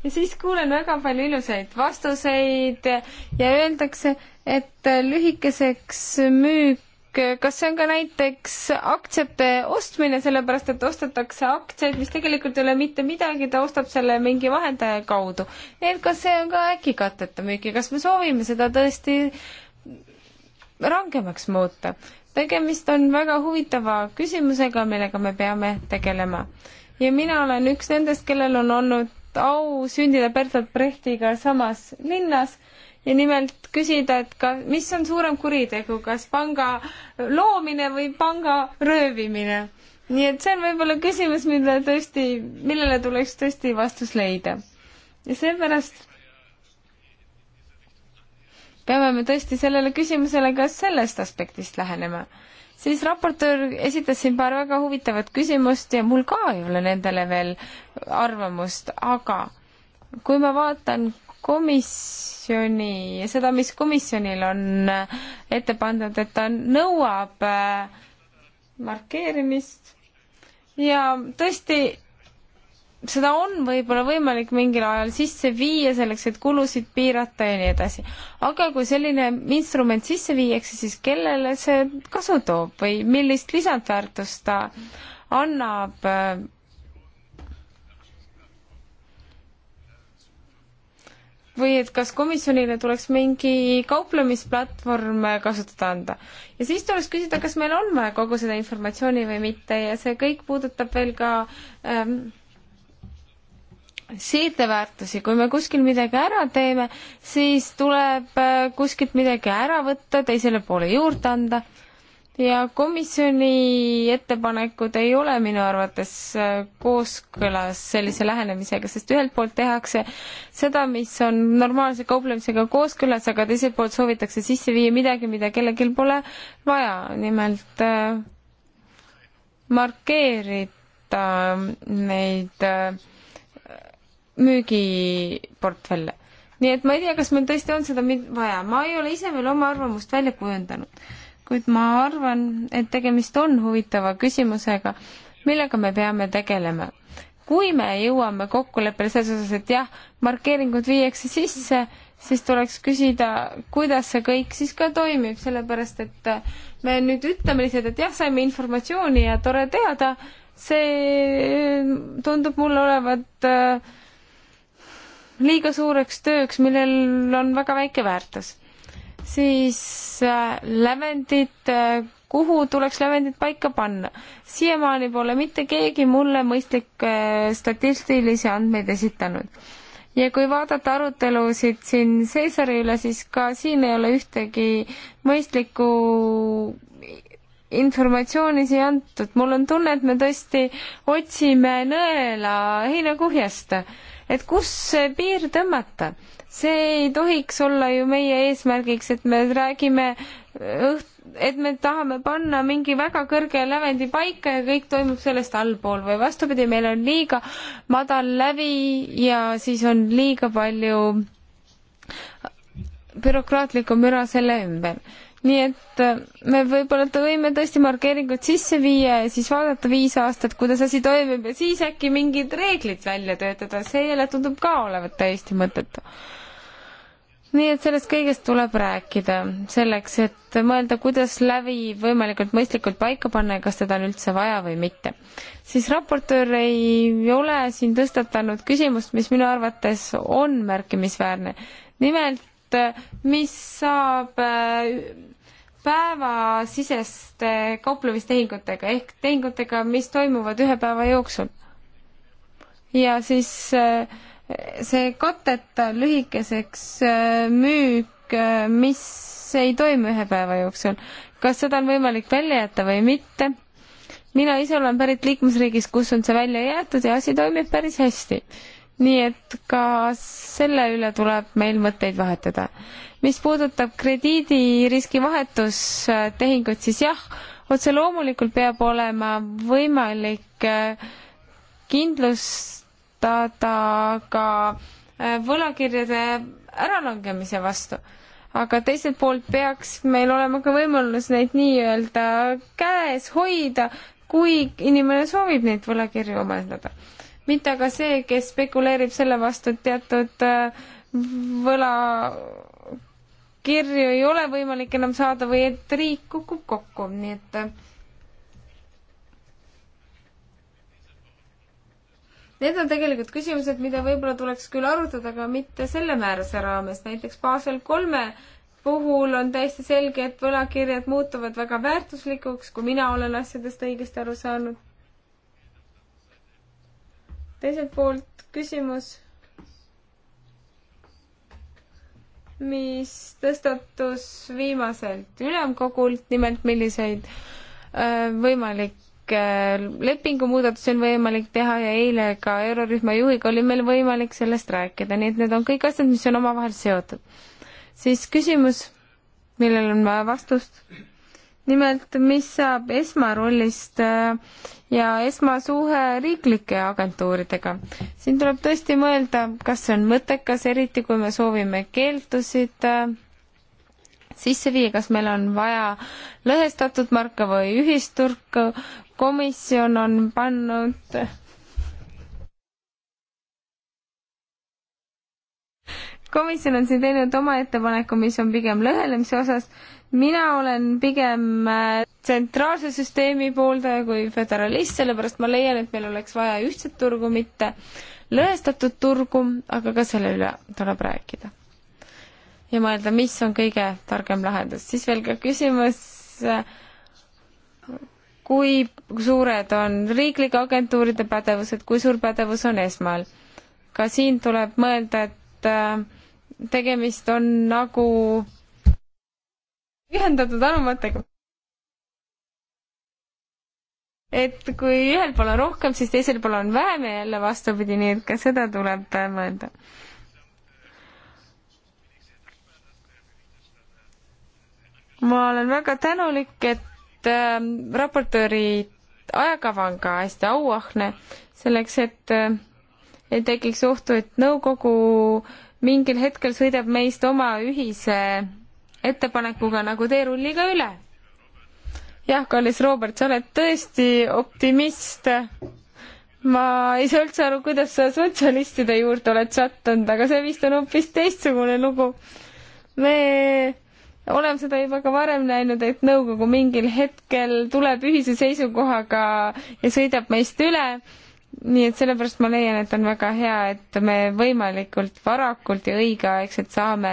ja siis kuulen väga palju ilusaid vastuseid ja öeldakse, et lühikeseks müük Eh, kas see on ka näiteks aktsiate ostmine, sellepärast et ostetakse aktsiaid, mis tegelikult ei ole mitte midagi, ta ostab selle mingi vahendaja kaudu. et kas see on ka äkki katteta müüki, kas me soovime seda tõesti rangemaks muuta? tegemist on väga huvitava küsimusega, millega me peame tegelema. ja mina olen üks nendest, kellel on olnud au sündida Bertolt Brechtiga samas linnas ja nimelt küsida, et ka, mis on suurem kuritegu, kas panga loomine või panga röövimine. nii et see on võib-olla küsimus, mille tõesti, millele tuleks tõesti vastus leida. ja seepärast peame me tõesti sellele küsimusele ka sellest aspektist lähenema. siis raportöör esitas siin paar väga huvitavat küsimust ja mul ka ei ole nendele veel arvamust, aga kui ma vaatan komisjoni ja seda, mis komisjonil on äh, ette pandud, et ta nõuab äh, markeerimist ja tõesti, seda on võib-olla võimalik mingil ajal sisse viia selleks, et kulusid piirata ja nii edasi. aga kui selline instrument sisse viiakse, siis kellele see kasu toob või millist lisandväärtust ta annab äh, või et kas komisjonile tuleks mingi kauplemisplatvorm kasutada anda. ja siis tuleks küsida, kas meil on vaja kogu seda informatsiooni või mitte ja see kõik puudutab veel ka ähm, siirdeväärtusi, kui me kuskil midagi ära teeme, siis tuleb äh, kuskilt midagi ära võtta, teisele poole juurde anda ja komisjoni ettepanekud ei ole minu arvates äh, kooskõlas sellise lähenemisega, sest ühelt poolt tehakse seda, mis on normaalse kauplemisega kooskõlas, aga teiselt poolt soovitakse sisse viia midagi, mida kellelgi pole vaja, nimelt äh, markeerida neid äh, müügiportfelle. nii et ma ei tea, kas meil tõesti on seda vaja, ma ei ole ise veel oma arvamust välja kujundanud kuid ma arvan, et tegemist on huvitava küsimusega, millega me peame tegelema. kui me jõuame kokkuleppele selles osas, et jah, markeeringud viiakse sisse, siis tuleks küsida, kuidas see kõik siis ka toimib, sellepärast et me nüüd ütleme lihtsalt, et jah, saime informatsiooni ja tore teada, see tundub mulle olevat äh, liiga suureks tööks, millel on väga väike väärtus siis äh, lävendit, äh, kuhu tuleks lävendid paika panna. siiamaani pole mitte keegi mulle mõistlikke äh, statistilisi andmeid esitanud. ja kui vaadata arutelusid siin Seesari üle, siis ka siin ei ole ühtegi mõistlikku informatsiooni siia antud. mul on tunne, et me tõesti otsime nõela heinakuhjast, et kus see piir tõmmata see ei tohiks olla ju meie eesmärgiks, et me räägime õht-, et me tahame panna mingi väga kõrge lävendi paika ja kõik toimub sellest allpool või vastupidi, meil on liiga madal lävi ja siis on liiga palju bürokraatlikku müra selle ümber nii et äh, me võib-olla võime tõesti markeeringud sisse viia ja siis vaadata viis aastat, kuidas asi toimib ja siis äkki mingid reeglid välja töötada, see jälle tundub ka olevat täiesti mõttetu nii et sellest kõigest tuleb rääkida selleks, et mõelda, kuidas lävi võimalikult mõistlikult paika panna ja kas teda on üldse vaja või mitte. siis raportöör ei ole siin tõstatanud küsimust, mis minu arvates on märkimisväärne. nimelt, mis saab äh, päevasiseste kauplemistehingutega ehk tehingutega, mis toimuvad ühe päeva jooksul. ja siis äh, see katteta lühikeseks äh, müük, äh, mis ei toimu ühe päeva jooksul. kas seda on võimalik välja jätta või mitte? mina ise olen pärit liikmesriigist, kus on see välja jäetud ja asi toimib päris hästi. nii et ka selle üle tuleb meil mõtteid vahetada. mis puudutab krediidiriski vahetustehingut, siis jah, otse loomulikult peab olema võimalik äh, kindlust kasutada ka äh, võlakirjade äralangemise vastu. aga teiselt poolt peaks meil olema ka võimalus neid nii-öelda käes hoida, kui inimene soovib neid võlakirju omandada. mitte aga see, kes spekuleerib selle vastu, et teatud äh, võlakirju ei ole võimalik enam saada või et riik kukub kokku, nii et äh, Need on tegelikult küsimused, mida võib-olla tuleks küll arutada, aga mitte selle määruse raames. näiteks Basel kolme puhul on täiesti selge, et võlakirjad muutuvad väga väärtuslikuks, kui mina olen asjadest õigesti aru saanud. teiselt poolt küsimus, mis tõstatus viimaselt ülemkogult, nimelt milliseid äh, võimalik Äh, lepingumuudatusi on võimalik teha ja eile ka eurorühma juhiga oli meil võimalik sellest rääkida, nii et need on kõik asjad, mis on omavahel seotud. siis küsimus, millel on vaja vastust. nimelt, mis saab esmarollist äh, ja esmasuhe riiklike agentuuridega. siin tuleb tõesti mõelda, kas see on mõttekas, eriti kui me soovime keeldusid äh, sisse viia, kas meil on vaja lõhestatud marka või ühisturka. komisjon on pannud komisjon on siin teinud oma ettepaneku, mis on pigem lõhelemise osas. mina olen pigem äh, tsentraalse süsteemi pooldaja kui föderalist, sellepärast ma leian, et meil oleks vaja ühtset turgu, mitte lõhestatud turgu, aga ka selle üle tuleb rääkida ja mõelda, mis on kõige targem lahendus. siis veel ka küsimus, kui suured on riiklike agentuuride pädevused, kui suur pädevus on esmal? ka siin tuleb mõelda, et äh, tegemist on nagu ühendatud anumatega. et kui ühel pool on rohkem, siis teisel pool on vähem ja jälle vastupidi, nii et ka seda tuleb äh, mõelda ma olen väga tänulik, et äh, raportööri ajakava on ka hästi auahne, selleks et äh, ei tekiks ohtu, et nõukogu mingil hetkel sõidab meist oma ühise ettepanekuga nagu teerulliga üle. jah, kallis Robert, sa oled tõesti optimist. ma ei saa üldse aru, kuidas sa sotsialistide juurde oled sattunud, aga see vist on hoopis teistsugune lugu. me oleme seda juba ka varem näinud, et nõukogu mingil hetkel tuleb ühise seisukohaga ja sõidab meist üle. nii et sellepärast ma leian, et on väga hea, et me võimalikult varakult ja õigeaegselt saame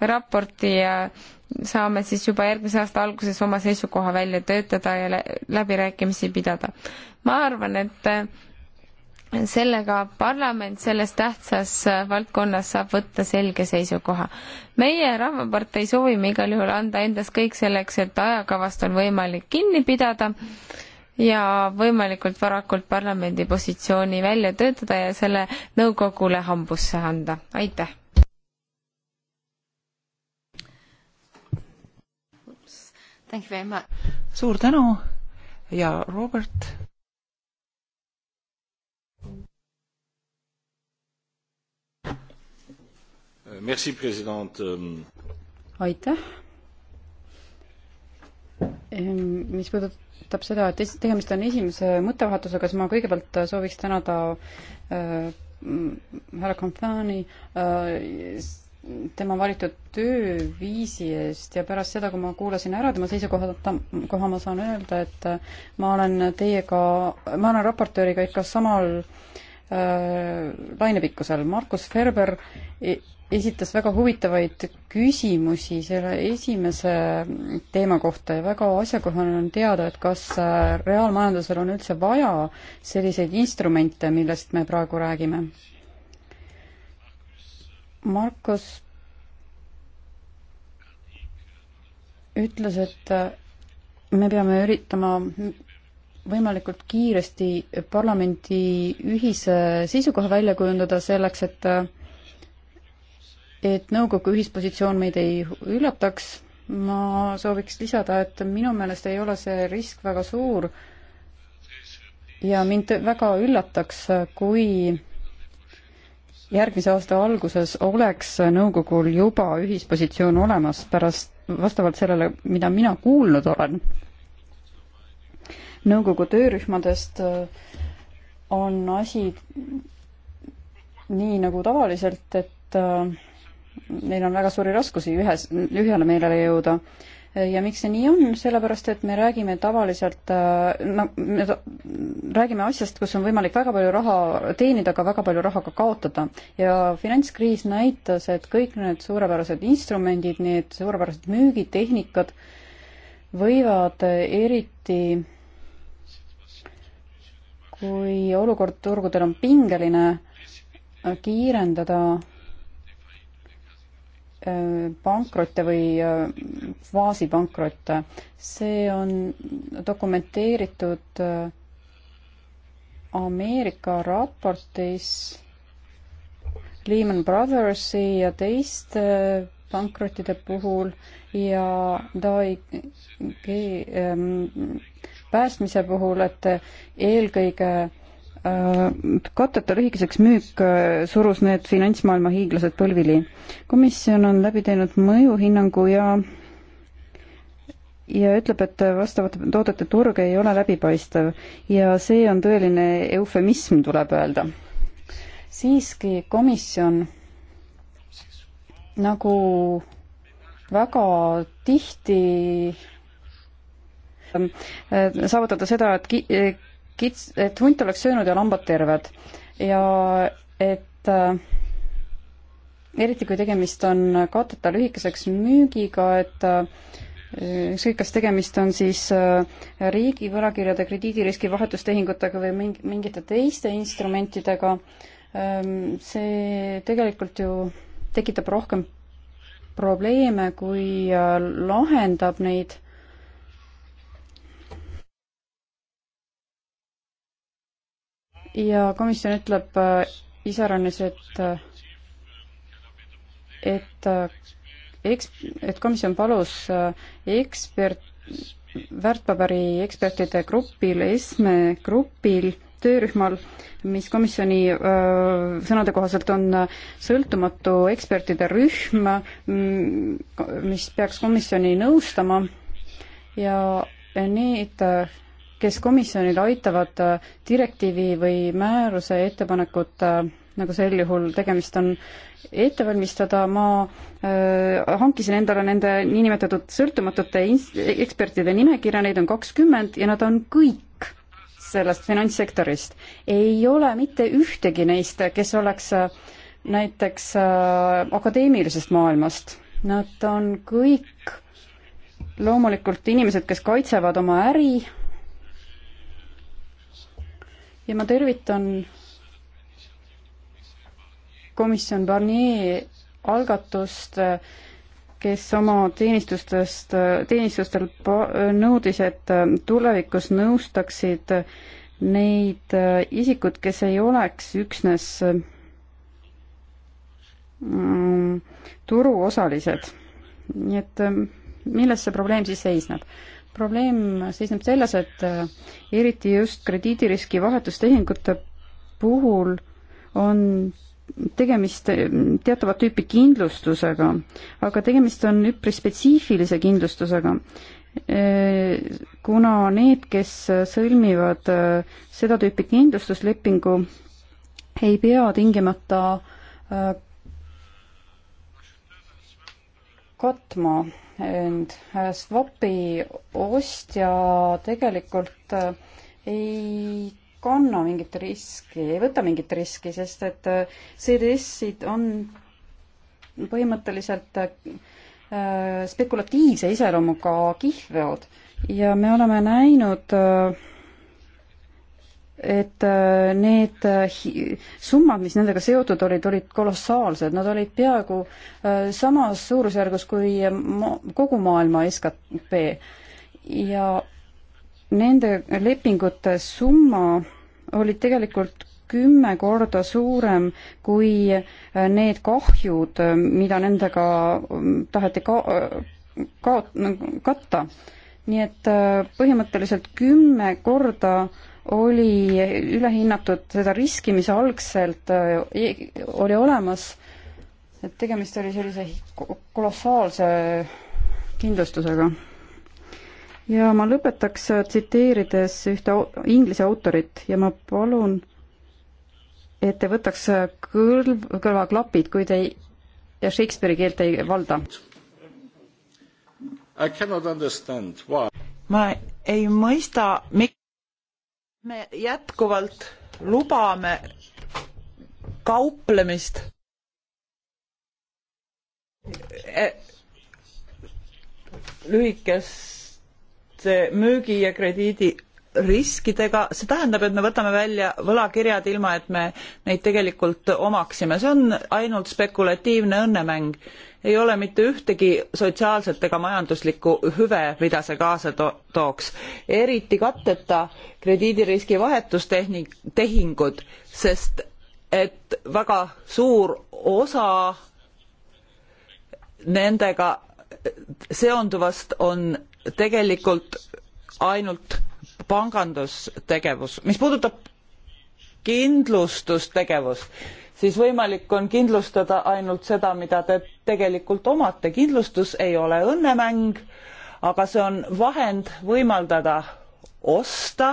raporti ja saame siis juba järgmise aasta alguses oma seisukoha välja töötada ja läbirääkimisi pidada. ma arvan, et sellega parlament selles tähtsas äh, valdkonnas saab võtta selge seisukoha. meie Rahvapartei soovime igal juhul anda endast kõik selleks, et ajakavast on võimalik kinni pidada ja võimalikult varakult parlamendi positsiooni välja töötada ja selle nõukogule hambusse anda. aitäh! suur tänu ja Robert Merci, president. aitäh. mis puudutab seda, et tegemist on esimese mõttevahetusega, siis ma kõigepealt sooviks tänada äh, härra Confani äh, tema valitud tööviisi eest ja pärast seda, kui ma kuulasin ära tema seisukohad, koha ma saan öelda, et äh, ma olen teiega, ma olen raportööriga ikka samal äh, lainepikkusel. Markus Ferber esitas väga huvitavaid küsimusi selle esimese teema kohta ja väga asjakohane on teada, et kas äh, reaalmajandusel on üldse vaja selliseid instrumente, millest me praegu räägime. Markus ütles, et äh, me peame üritama võimalikult kiiresti parlamendi ühise seisukoha välja kujundada selleks, et äh, et nõukogu ühispositsioon meid ei üllataks. ma sooviks lisada, et minu meelest ei ole see risk väga suur ja mind väga üllataks, kui järgmise aasta alguses oleks nõukogul juba ühispositsioon olemas pärast, vastavalt sellele, mida mina kuulnud olen. nõukogu töörühmadest äh, on asi nii nagu tavaliselt, et äh, meil on väga suuri raskusi ühes, ühele meelele jõuda. ja miks see nii on, sellepärast et me räägime tavaliselt, äh, no me räägime asjast, kus on võimalik väga palju raha teenida, aga väga palju raha ka kaotada. ja finantskriis näitas, et kõik need suurepärased instrumendid, need suurepärased müügitehnikad võivad eriti kui olukord turgudel on pingeline, kiirendada pankrotte või äh, kvaasipankrotte. see on dokumenteeritud äh, Ameerika raportis Lehman Brothersi ja teiste äh, pankrottide puhul ja DAIG ähm, päästmise puhul, et eelkõige katteta lühikeseks müük äh, surus need finantsmaailma hiiglased põlvili. komisjon on läbi teinud mõjuhinnangu ja ja ütleb, et vastavate toodete turg ei ole läbipaistev ja see on tõeline eufemism, tuleb öelda. siiski komisjon nagu väga tihti äh, saavutada seda, et kits, et hunt oleks söönud ja lambad terved. ja et äh, eriti kui tegemist on katteta lühikeseks müügiga, et äh, ükskõik, kas tegemist on siis äh, riigi võlakirjade krediidiriski vahetustehingutega või mingi, mingite teiste instrumentidega, ähm, see tegelikult ju tekitab rohkem probleeme, kui äh, lahendab neid ja komisjon ütleb äh, iseäranis, et äh, et äh, eks-, et komisjon palus ekspert, väärtpaberi ekspertide grupil, ESME grupil, töörühmal, mis komisjoni sõnade kohaselt on sõltumatu ekspertide rühm, mm, mis peaks komisjoni nõustama ja need kes komisjonil aitavad äh, direktiivi või määruse ettepanekut äh, nagu sel juhul tegemist on ette valmistada, ma äh, hankisin endale nende niinimetatud sõltumatute ekspertide nimekirja, neid on kakskümmend ja nad on kõik sellest finantssektorist. ei ole mitte ühtegi neist, kes oleks äh, näiteks äh, akadeemilisest maailmast. Nad on kõik loomulikult inimesed, kes kaitsevad oma äri, ja ma tervitan komisjon Barnier algatust, kes oma teenistustest, teenistustel nõudis, et äh, tulevikus nõustaksid neid äh, isikud, kes ei oleks üksnes mm, turuosalised. nii et äh, milles see probleem siis seisneb? probleem seisneb selles, et äh, eriti just krediidiriski vahetustehingute puhul on tegemist äh, teatavat tüüpi kindlustusega, aga tegemist on üpris spetsiifilise kindlustusega. Äh, kuna need, kes sõlmivad seda tüüpi kindlustuslepingu, ei pea tingimata katma end äh, swapi ostja tegelikult äh, ei kanna mingit riski, ei võta mingit riski, sest et äh, CDS-id on põhimõtteliselt spekulatiivse iseloomuga kihlveod ja me oleme näinud äh, et äh, need äh, summad, mis nendega seotud olid, olid kolossaalsed, nad olid peaaegu äh, samas suurusjärgus kui kogu maailma skp ja nende lepingute summa oli tegelikult kümme korda suurem kui need kahjud, mida nendega taheti ka-, ka-, katta. nii et põhimõtteliselt kümme korda äh, oli ülehinnatud seda riski, mis algselt äh, e-, oli olemas, et tegemist oli sellise kolossaalse kindlustusega. ja ma lõpetaks äh, tsiteerides ühte inglise autorit ja ma palun, et te võtaks äh, kõrv, kõrvaklapid, kui te ja Shakespeare'i keelt ei valda. ma ei mõista, miks me jätkuvalt lubame kauplemist e, lühikeste müügi ja krediidi riskidega, see tähendab, et me võtame välja võlakirjad, ilma et me neid tegelikult omaksime, see on ainult spekulatiivne õnnemäng ei ole mitte ühtegi sotsiaalset ega majanduslikku hüve, mida see kaasa to tooks. eriti katteta krediidiriski vahetustehning, tehingud, sest et väga suur osa nendega seonduvast on tegelikult ainult pangandustegevus. mis puudutab kindlustustegevust, siis võimalik on kindlustada ainult seda, mida te tegelikult omate. kindlustus ei ole õnnemäng, aga see on vahend võimaldada osta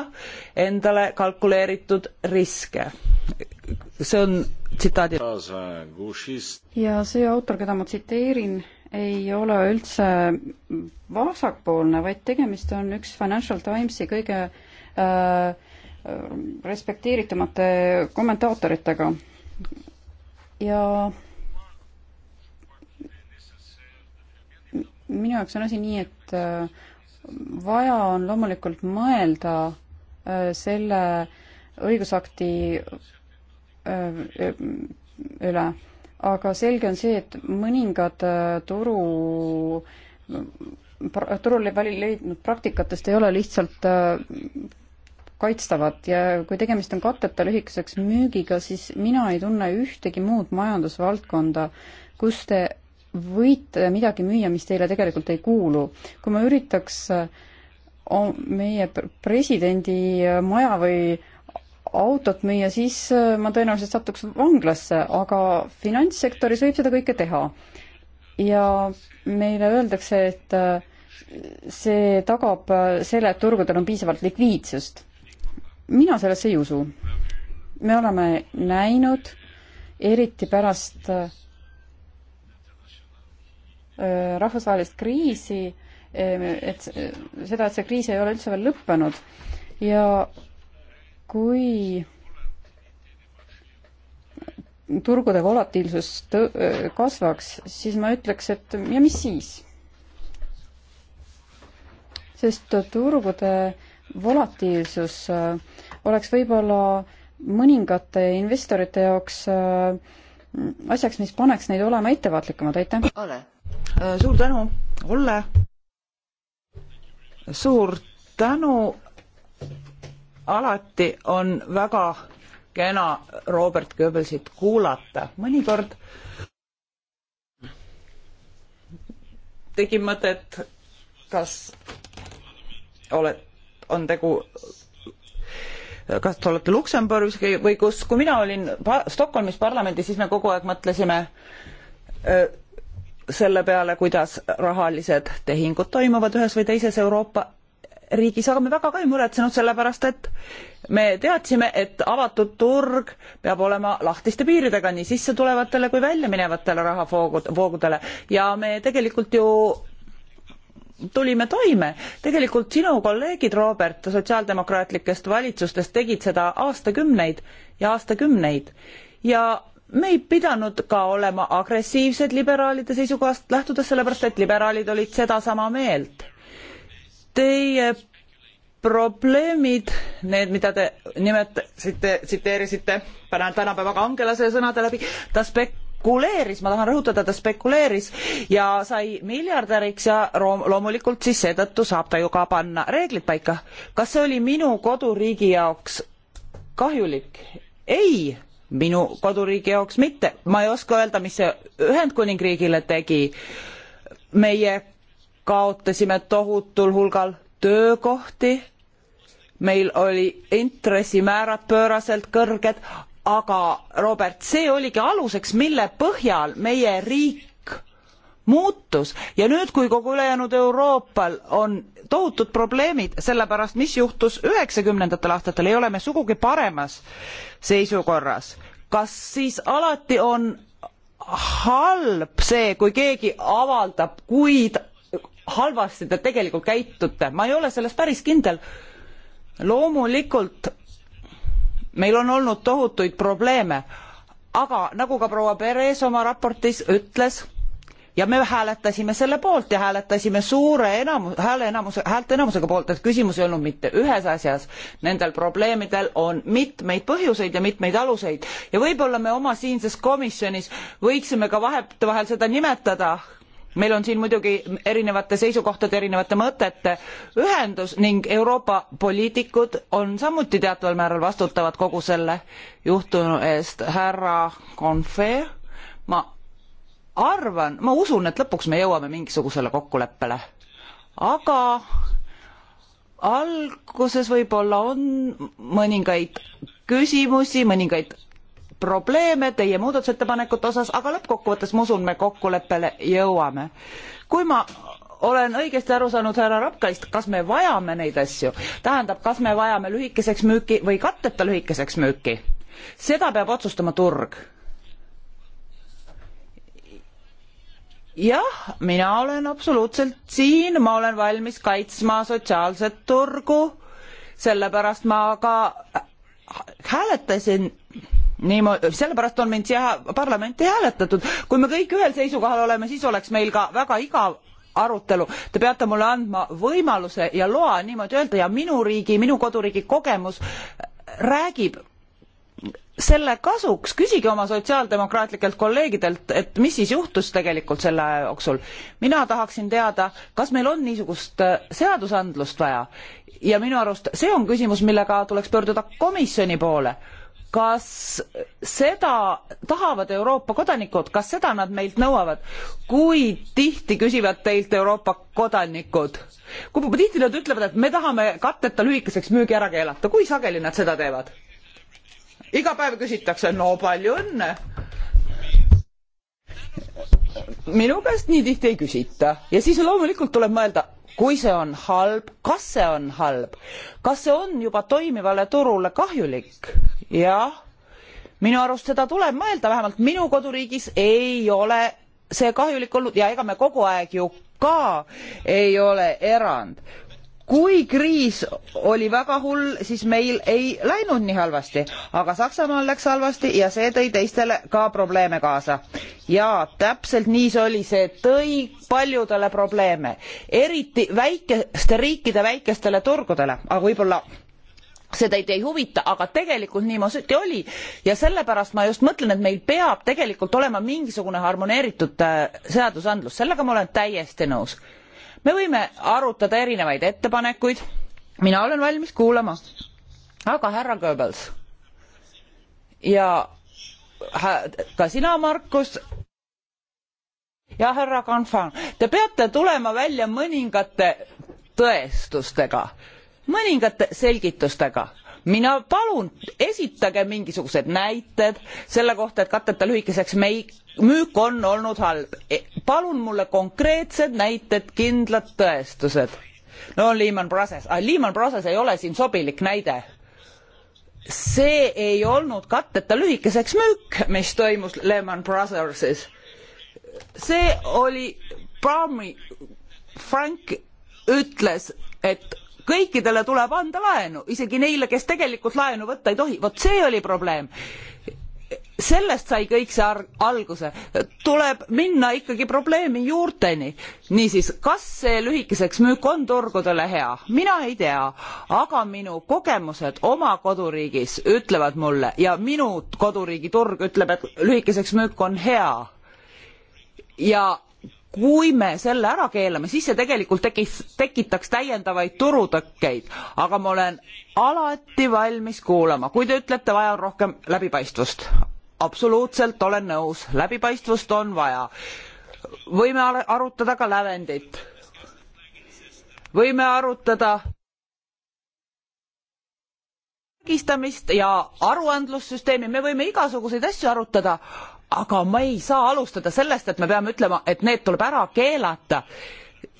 endale kalkuleeritud riske. see on tsitaadi. ja see autor, keda ma tsiteerin, ei ole üldse vasakpoolne, vaid tegemist on üks Financial Timesi kõige äh, respekteeritumate kommentaatoritega ja minu jaoks on asi nii, et äh, vaja on loomulikult mõelda äh, selle õigusakti äh, üle, aga selge on see, et mõningad turu turul leidnud praktikatest ei ole lihtsalt kaitstavat ja kui tegemist on katteta lühikeseks müügiga, siis mina ei tunne ühtegi muud majandusvaldkonda, kus te võite midagi müüa, mis teile tegelikult ei kuulu. kui ma üritaks äh, meie presidendi äh, maja või autot müüa, siis äh, ma tõenäoliselt satuks vanglasse, aga finantssektoris võib seda kõike teha. ja meile öeldakse, et see tagab selle, et turgudel on piisavalt likviidsust mina sellesse ei usu. me oleme näinud, eriti pärast äh, rahvusvahelist kriisi, äh, et äh, seda, et see kriis ei ole üldse veel lõppenud ja kui turgude volatiilsus tõ-, kasvaks, siis ma ütleks, et ja mis siis? sest turgude volatiilsus äh, oleks võib-olla mõningate investorite jaoks äh, asjaks, mis paneks neid olema ettevaatlikumad, aitäh! Äh, suur tänu, Olle! suur tänu, alati on väga kena Robert Goebbelsit kuulata, mõnikord tegin mõtet, kas oled on tegu kas te olete Luksemburgis või kus, kui mina olin pa Stockholmis parlamendis, siis me kogu aeg mõtlesime öö, selle peale, kuidas rahalised tehingud toimuvad ühes või teises Euroopa riigis, aga me väga ka ei muretsenud, sellepärast et me teadsime, et avatud turg peab olema lahtiste piiridega nii sissetulevatele kui väljaminevatele rahavoogudele ja me tegelikult ju tulime toime. tegelikult sinu kolleegid, Robert, sotsiaaldemokraatlikest valitsustest tegid seda aastakümneid ja aastakümneid ja me ei pidanud ka olema agressiivsed liberaalide seisukohast lähtudes, sellepärast et liberaalid olid sedasama meelt. Teie probleemid, need, mida te nimetasite, tsiteerisite tänapäeva kangelase sõnade läbi, aspekt spekuleeris, ma tahan rõhutada, ta spekuleeris ja sai miljardäriks ja loomulikult siis seetõttu saab ta ju ka panna reeglid paika. kas see oli minu koduriigi jaoks kahjulik? ei, minu koduriigi jaoks mitte. ma ei oska öelda, mis see Ühendkuningriigile tegi. meie kaotasime tohutul hulgal töökohti meil oli intressimäärad pööraselt kõrged aga Robert, see oligi aluseks, mille põhjal meie riik muutus ja nüüd, kui kogu ülejäänud Euroopal on tohutud probleemid, sellepärast mis juhtus üheksakümnendatel aastatel, ei ole me sugugi paremas seisukorras. kas siis alati on halb see, kui keegi avaldab, kui halvasti te tegelikult käitute, ma ei ole selles päris kindel. loomulikult meil on olnud tohutuid probleeme, aga nagu ka proua Perez oma raportis ütles, ja me hääletasime selle poolt ja hääletasime suure enamus, hääle enamuse, häälteenamusega poolt, et küsimus ei olnud mitte ühes asjas. Nendel probleemidel on mitmeid põhjuseid ja mitmeid aluseid ja võib-olla me oma siinses komisjonis võiksime ka vahetevahel seda nimetada meil on siin muidugi erinevate seisukohtade erinevate mõtete ühendus ning euroopa poliitikud on samuti teataval määral vastutavad kogu selle juhtunu eest härra confet ma arvan ma usun et lõpuks me jõuame mingisugusele kokkuleppele aga alguses võib-olla on mõningaid küsimusi mõningaid probleeme teie muudatusettepanekute osas, aga lõppkokkuvõttes ma usun, me kokkuleppele jõuame. kui ma olen õigesti aru saanud härra Rapkaist, kas me vajame neid asju, tähendab, kas me vajame lühikeseks müüki või katteta lühikeseks müüki, seda peab otsustama turg jah, mina olen absoluutselt siin, ma olen valmis kaitsma sotsiaalset turgu, sellepärast ma ka hääletasin niimoodi, sellepärast on mind siia parlamenti hääletatud. kui me kõik ühel seisukohal oleme, siis oleks meil ka väga igav arutelu. Te peate mulle andma võimaluse ja loa niimoodi öelda ja minu riigi, minu koduriigi kogemus räägib selle kasuks, küsige oma sotsiaaldemokraatlikelt kolleegidelt, et mis siis juhtus tegelikult selle aja jooksul. mina tahaksin teada, kas meil on niisugust äh, seadusandlust vaja ja minu arust see on küsimus, millega tuleks pöörduda komisjoni poole kas seda tahavad Euroopa kodanikud, kas seda nad meilt nõuavad? kui tihti küsivad teilt Euroopa kodanikud? kui tihti nad ütlevad, et me tahame katteta lühikeseks müügi ära keelata, kui sageli nad seda teevad? iga päev küsitakse, no palju õnne minu käest nii tihti ei küsita ja siis loomulikult tuleb mõelda, kui see on halb, kas see on halb, kas see on juba toimivale turule kahjulik? jah, minu arust seda tuleb mõelda, vähemalt minu koduriigis ei ole see kahjulik olnud ja ega me kogu aeg ju ka ei ole erand kui kriis oli väga hull, siis meil ei läinud nii halvasti, aga Saksamaal läks halvasti ja see tõi teistele ka probleeme kaasa. ja täpselt nii see oli, see tõi paljudele probleeme, eriti väikeste riikide väikestele turgudele, aga võib-olla see teid ei huvita, aga tegelikult niimoodi oli ja sellepärast ma just mõtlen, et meil peab tegelikult olema mingisugune harmoneeritud äh, seadusandlus, sellega ma olen täiesti nõus me võime arutada erinevaid ettepanekuid, mina olen valmis kuulama. aga härra Goebbels ja ka sina, Markus, ja härra Kanfan, te peate tulema välja mõningate tõestustega, mõningate selgitustega mina palun esitage mingisugused näited selle kohta et katteta lühikeseks meik, müük on olnud halb e, palun mulle konkreetsed näited kindlad tõestused no lehman brothers aga ah, lehman brothers ei ole siin sobilik näide see ei olnud katteta lühikeseks müük mis toimus lehman brothersis see oli Palmi Frank ütles et kõikidele tuleb anda laenu, isegi neile, kes tegelikult laenu võtta ei tohi, vot see oli probleem sellest sai kõik see alguse tuleb minna ikkagi probleemi juurteni niisiis kas see lühikeseks müük on turgudele hea mina ei tea aga minu kogemused oma koduriigis ütlevad mulle ja minu koduriigi turg ütleb et lühikeseks müük on hea ja kui me selle ära keelame, siis see tegelikult tekis, tekitaks täiendavaid turutõkkeid, aga ma olen alati valmis kuulama, kui te ütlete, vaja on rohkem läbipaistvust. absoluutselt olen nõus, läbipaistvust on vaja. võime arutada ka lävendit. võime arutada märgistamist ja aruandlussüsteemi, me võime igasuguseid asju arutada, aga ma ei saa alustada sellest, et me peame ütlema, et need tuleb ära keelata.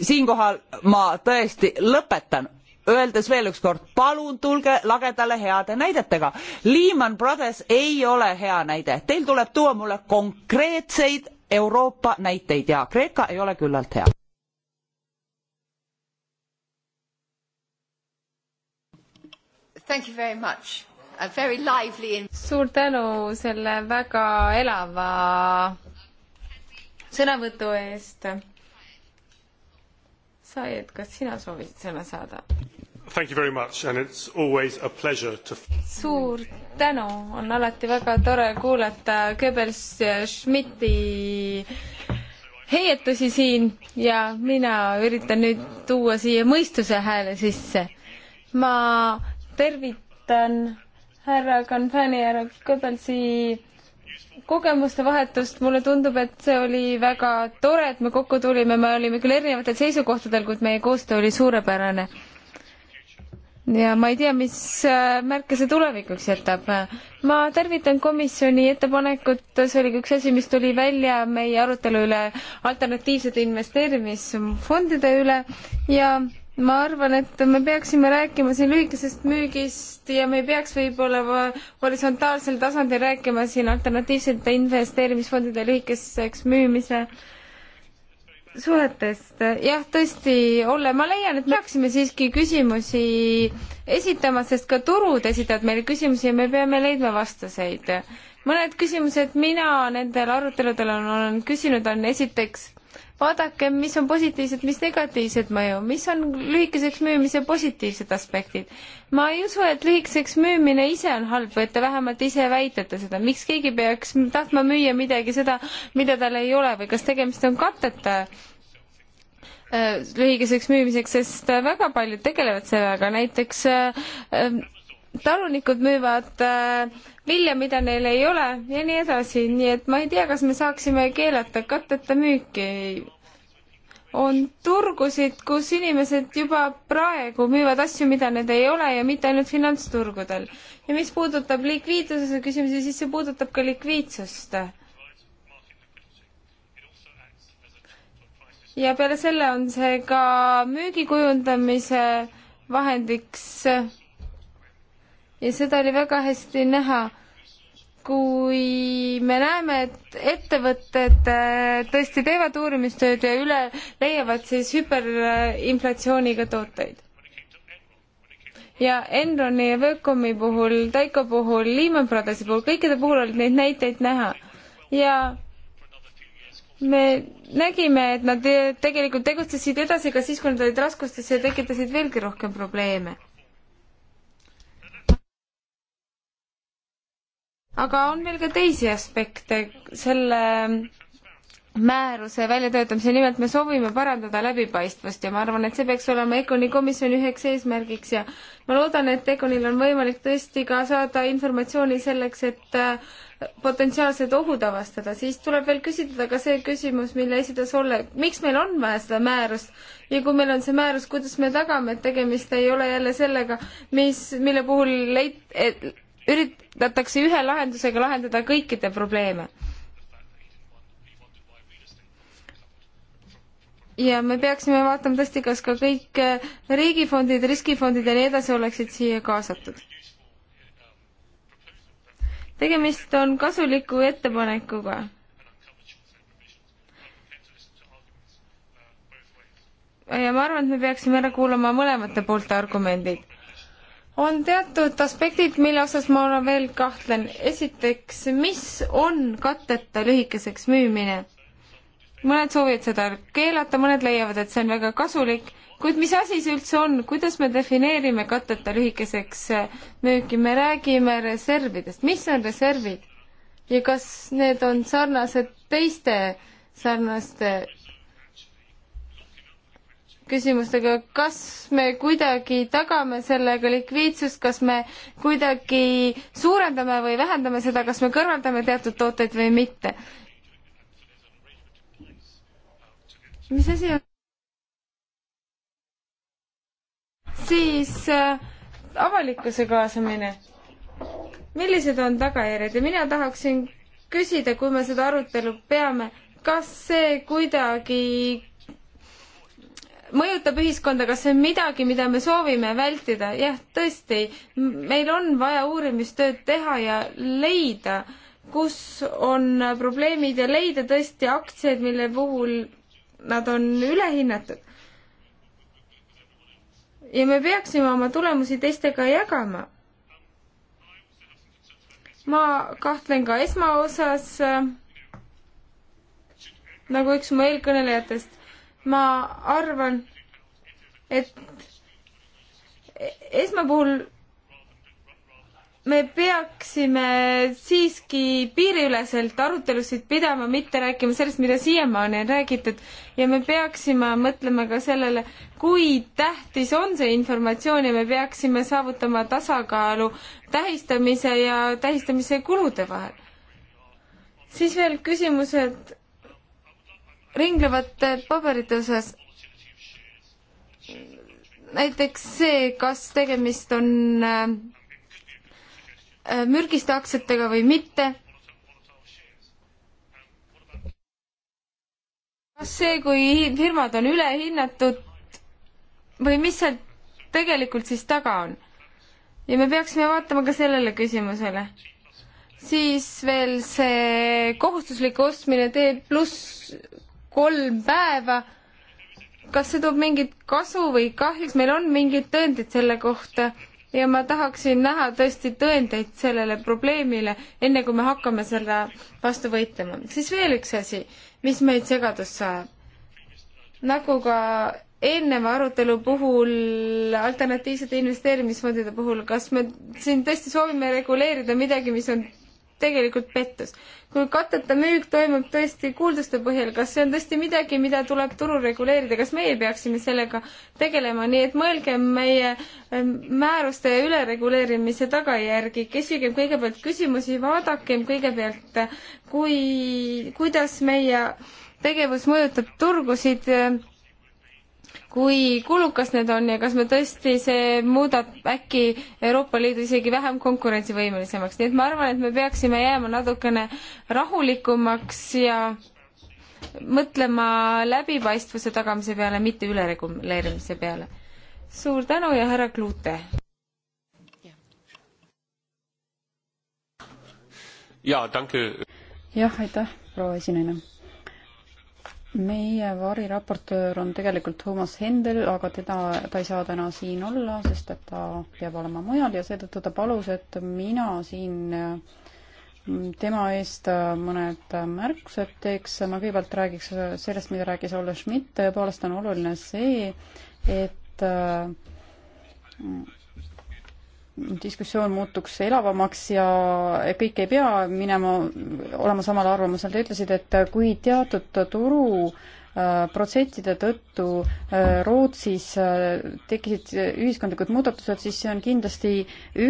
siinkohal ma tõesti lõpetan, öeldes veel ükskord, palun tulge lagedale heade näidetega. Lehman Brothers ei ole hea näide, teil tuleb tuua mulle konkreetseid Euroopa näiteid ja Kreeka ei ole küllalt hea. Thank you very much very lively. suur tänu selle väga elava sõnavõtu eest. Saied, kas sina soovisid sõna saada? Thank you very much and it's always a pleasure to suur tänu, on alati väga tore kuulata Goebbels-Schmidti heietusi siin ja mina üritan nüüd tuua siia mõistuse hääle sisse. ma tervitan härra Kanfani ja härra Kõbelsi kogemuste vahetust, mulle tundub, et see oli väga tore, et me kokku tulime, me olime küll erinevatel seisukohtadel, kuid meie koostöö oli suurepärane. ja ma ei tea, mis äh, märke see tulevikuks jätab. ma tervitan komisjoni ettepanekut, see oli üks asi, mis tuli välja meie arutelu üle alternatiivsete investeerimisfondide üle ja ma arvan, et me peaksime rääkima siin lühikesest müügist ja me ei peaks võib-olla horisontaalsel tasandil rääkima siin alternatiivsete investeerimisfondide lühikeseks müümise suhetest. jah, tõesti, Olle, ma leian, et me peaksime siiski küsimusi esitama, sest ka turud esitavad meile küsimusi ja me peame leidma vastuseid. mõned küsimused mina nendel aruteludel on, olen küsinud, on esiteks vaadake, mis on positiivsed, mis negatiivsed mõju, mis on lühikeseks müümise positiivsed aspektid. ma ei usu, et lühikeseks müümine ise on halb või et te vähemalt ise väitlete seda, miks keegi peaks tahtma müüa midagi seda, mida tal ei ole või kas tegemist on katteta äh, lühikeseks müümiseks, sest väga paljud tegelevad sellega, näiteks äh, äh talunikud müüvad äh, vilja, mida neil ei ole ja nii edasi, nii et ma ei tea, kas me saaksime keelata katteta müüki. on turgusid, kus inimesed juba praegu müüvad asju, mida need ei ole ja mitte ainult finantsturgudel. ja mis puudutab likviidsuse küsimusi, siis see puudutab ka likviidsust. ja peale selle on see ka müügi kujundamise vahendiks ja seda oli väga hästi näha, kui me näeme, et ettevõtted äh, tõesti teevad uurimistööd ja üle leiavad siis hüperinflatsiooniga tooteid. ja Enroni ja Wökomi puhul, Taiko puhul, Lehman Brothersi puhul, kõikide puhul oli neid näiteid näha ja me nägime, et nad tegelikult tegutsesid edasi ka siis, kui nad olid raskustes ja tekitasid veelgi rohkem probleeme aga on veel ka teisi aspekte selle määruse väljatöötamise, nimelt me soovime parandada läbipaistvust ja ma arvan, et see peaks olema EKONi komisjoni üheks eesmärgiks ja ma loodan, et EKONil on võimalik tõesti ka saada informatsiooni selleks, et äh, potentsiaalsed ohud avastada, siis tuleb veel küsitleda ka see küsimus, mille esitas Olle, miks meil on vaja seda määrust ja kui meil on see määrus, kuidas me tagame, et tegemist ei ole jälle sellega, mis, mille puhul leit-, ürit-, üritatakse ühe lahendusega lahendada kõikide probleeme. ja me peaksime vaatama tõesti, kas ka kõik äh, riigifondid, riskifondid ja nii edasi oleksid siia kaasatud. tegemist on kasuliku ettepanekuga ja ma arvan, et me peaksime ära kuulama mõlemate poolte argumendid on teatud aspektid, mille osas ma veel kahtlen. esiteks, mis on katteta lühikeseks müümine? mõned soovivad seda keelata, mõned leiavad, et see on väga kasulik, kuid mis asi see üldse on, kuidas me defineerime katteta lühikeseks müüki, me räägime reservidest, mis on reservid ja kas need on sarnased teiste sarnaste küsimustega, kas me kuidagi tagame sellega likviidsust, kas me kuidagi suurendame või vähendame seda, kas me kõrvaldame teatud tooteid või mitte. mis asi on? siis äh, avalikkuse kaasamine. millised on tagajärjed ja mina tahaksin küsida, kui me seda arutelu peame, kas see kuidagi mõjutab ühiskonda, kas see on midagi, mida me soovime vältida, jah, tõesti, meil on vaja uurimistööd teha ja leida, kus on probleemid ja leida tõesti aktsiaid, mille puhul nad on ülehinnatud. ja me peaksime oma tulemusi teistega jagama. ma kahtlen ka esmaosas, äh, nagu üks mu eelkõnelejatest, ma arvan, et esmapuhul me peaksime siiski piiriüleselt arutelusid pidama, mitte rääkima sellest, mida siiamaani on räägitud ja me peaksime mõtlema ka sellele, kui tähtis on see informatsioon ja me peaksime saavutama tasakaalu tähistamise ja tähistamise kulude vahel. siis veel küsimused ringlevate paberite osas, näiteks see, kas tegemist on äh, mürgiste aktsiatega või mitte. kas see, kui firmad on ülehinnatud või mis seal tegelikult siis taga on? ja me peaksime vaatama ka sellele küsimusele. siis veel see kohustuslik ostmine, tee pluss kolm päeva. kas see toob mingit kasu või kahju, meil on mingid tõendid selle kohta ja ma tahaksin näha tõesti tõendeid sellele probleemile, enne kui me hakkame selle vastu võitlema. siis veel üks asi, mis meid segadusse ajab. nagu ka eelneva arutelu puhul, alternatiivsete investeerimisfondide puhul, kas me siin tõesti soovime reguleerida midagi, mis on tegelikult pettus. kui katteta müük toimub tõesti kuulduste põhjal, kas see on tõesti midagi, mida tuleb turul reguleerida, kas meie peaksime sellega tegelema, nii et mõelgem meie eh, määruste ülereguleerimise tagajärgi, küsigem kõigepealt küsimusi, vaadakem kõigepealt, eh, kui, kuidas meie tegevus mõjutab turgusid eh, kui kulukas need on ja kas me tõesti, see muudab äkki Euroopa Liidu isegi vähem konkurentsivõimelisemaks, nii et ma arvan, et me peaksime jääma natukene rahulikumaks ja mõtlema läbipaistvuse tagamise peale, mitte ülereguleerimise peale. suur tänu ja härra Klute! jah, aitäh, proua esinaine meie variraportöör on tegelikult Thomas Hendel, aga teda, ta ei saa täna siin olla, sest et ta peab olema mujal ja seetõttu ta palus, et mina siin mm, tema eest äh, mõned märkused teeks. ma kõigepealt räägiks sellest, mida rääkis Olle Schmidt. tõepoolest on oluline see, et äh, diskussioon muutuks elavamaks ja kõik ei pea minema, olema samal arvamusel. Te ütlesite, et kui teatud turu äh, protsentide tõttu äh, Rootsis äh, tekkisid ühiskondlikud muudatused, siis see on kindlasti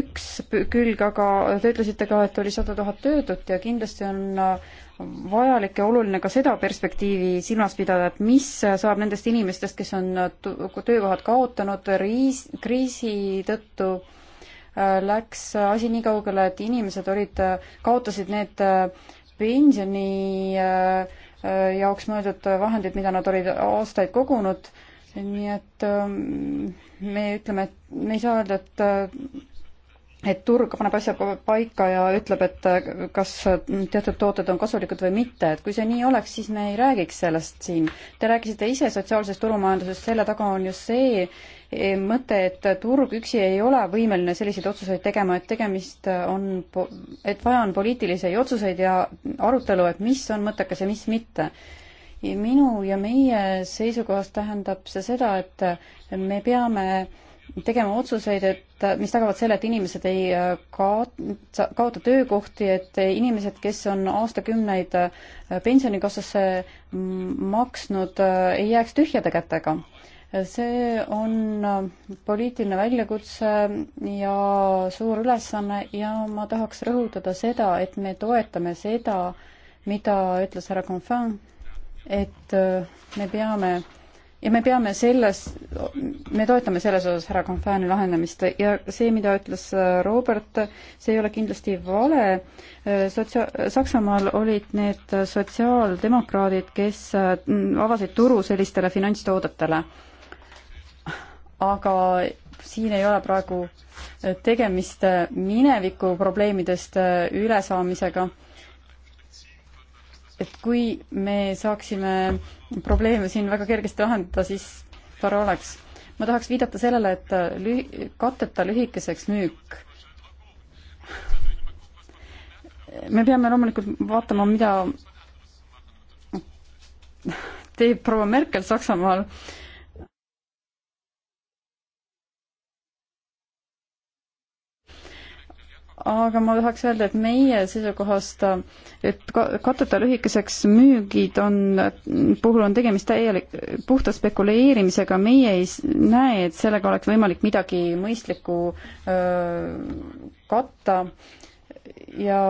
üks külg, aga te ütlesite ka, et oli sada tuhat töötut ja kindlasti on vajalik ja oluline ka seda perspektiivi silmas pidada, et mis saab nendest inimestest, kes on töökohad kaotanud riis, kriisi tõttu Äh, läks asi nii kaugele, et inimesed olid, äh, kaotasid need äh, pensioni jaoks mõeldud vahendid, mida nad olid aastaid kogunud, nii et ähm, me ütleme, et me ei saa öelda, et et turg paneb asja paika ja ütleb, et kas teatud tooted on kasulikud või mitte, et kui see nii oleks, siis me ei räägiks sellest siin. Te rääkisite ise sotsiaalsest turumajandusest, selle taga on ju see, mõte, et turg üksi ei ole võimeline selliseid otsuseid tegema, et tegemist on, et vaja on poliitilisi otsuseid ja arutelu, et mis on mõttekas ja mis mitte ja minu ja meie seisukohast tähendab see seda, et me peame tegema otsuseid, et mis tagavad selle, et inimesed ei äh, kaota, kaota töökohti, et inimesed, kes on aastakümneid äh, pensionikassasse mm, maksnud, äh, ei jääks tühjade kätega see on poliitiline väljakutse ja suur ülesanne ja ma tahaks rõhutada seda, et me toetame seda, mida ütles härra Confin, et äh, me peame ja me peame selles, me toetame selles osas härra Confani lahendamist ja see, mida ütles äh, Robert, see ei ole kindlasti vale. Äh, sotsia-, Saksamaal olid need sotsiaaldemokraadid, kes avasid turu sellistele finantstoodetele aga siin ei ole praegu tegemist mineviku probleemidest ülesaamisega. et kui me saaksime probleeme siin väga kergesti lahendada, siis tore oleks. ma tahaks viidata sellele, et lühi-, katteta lühikeseks müük. me peame loomulikult vaatama, mida teeb proua Merkel Saksamaal äh, aga ma tahaks öelda, et meie seisukohast, et katteta lühikeseks müügid on, puhul on tegemist täielik, puhta spekuleerimisega, meie ei näe, et sellega oleks võimalik midagi mõistlikku öö, katta ja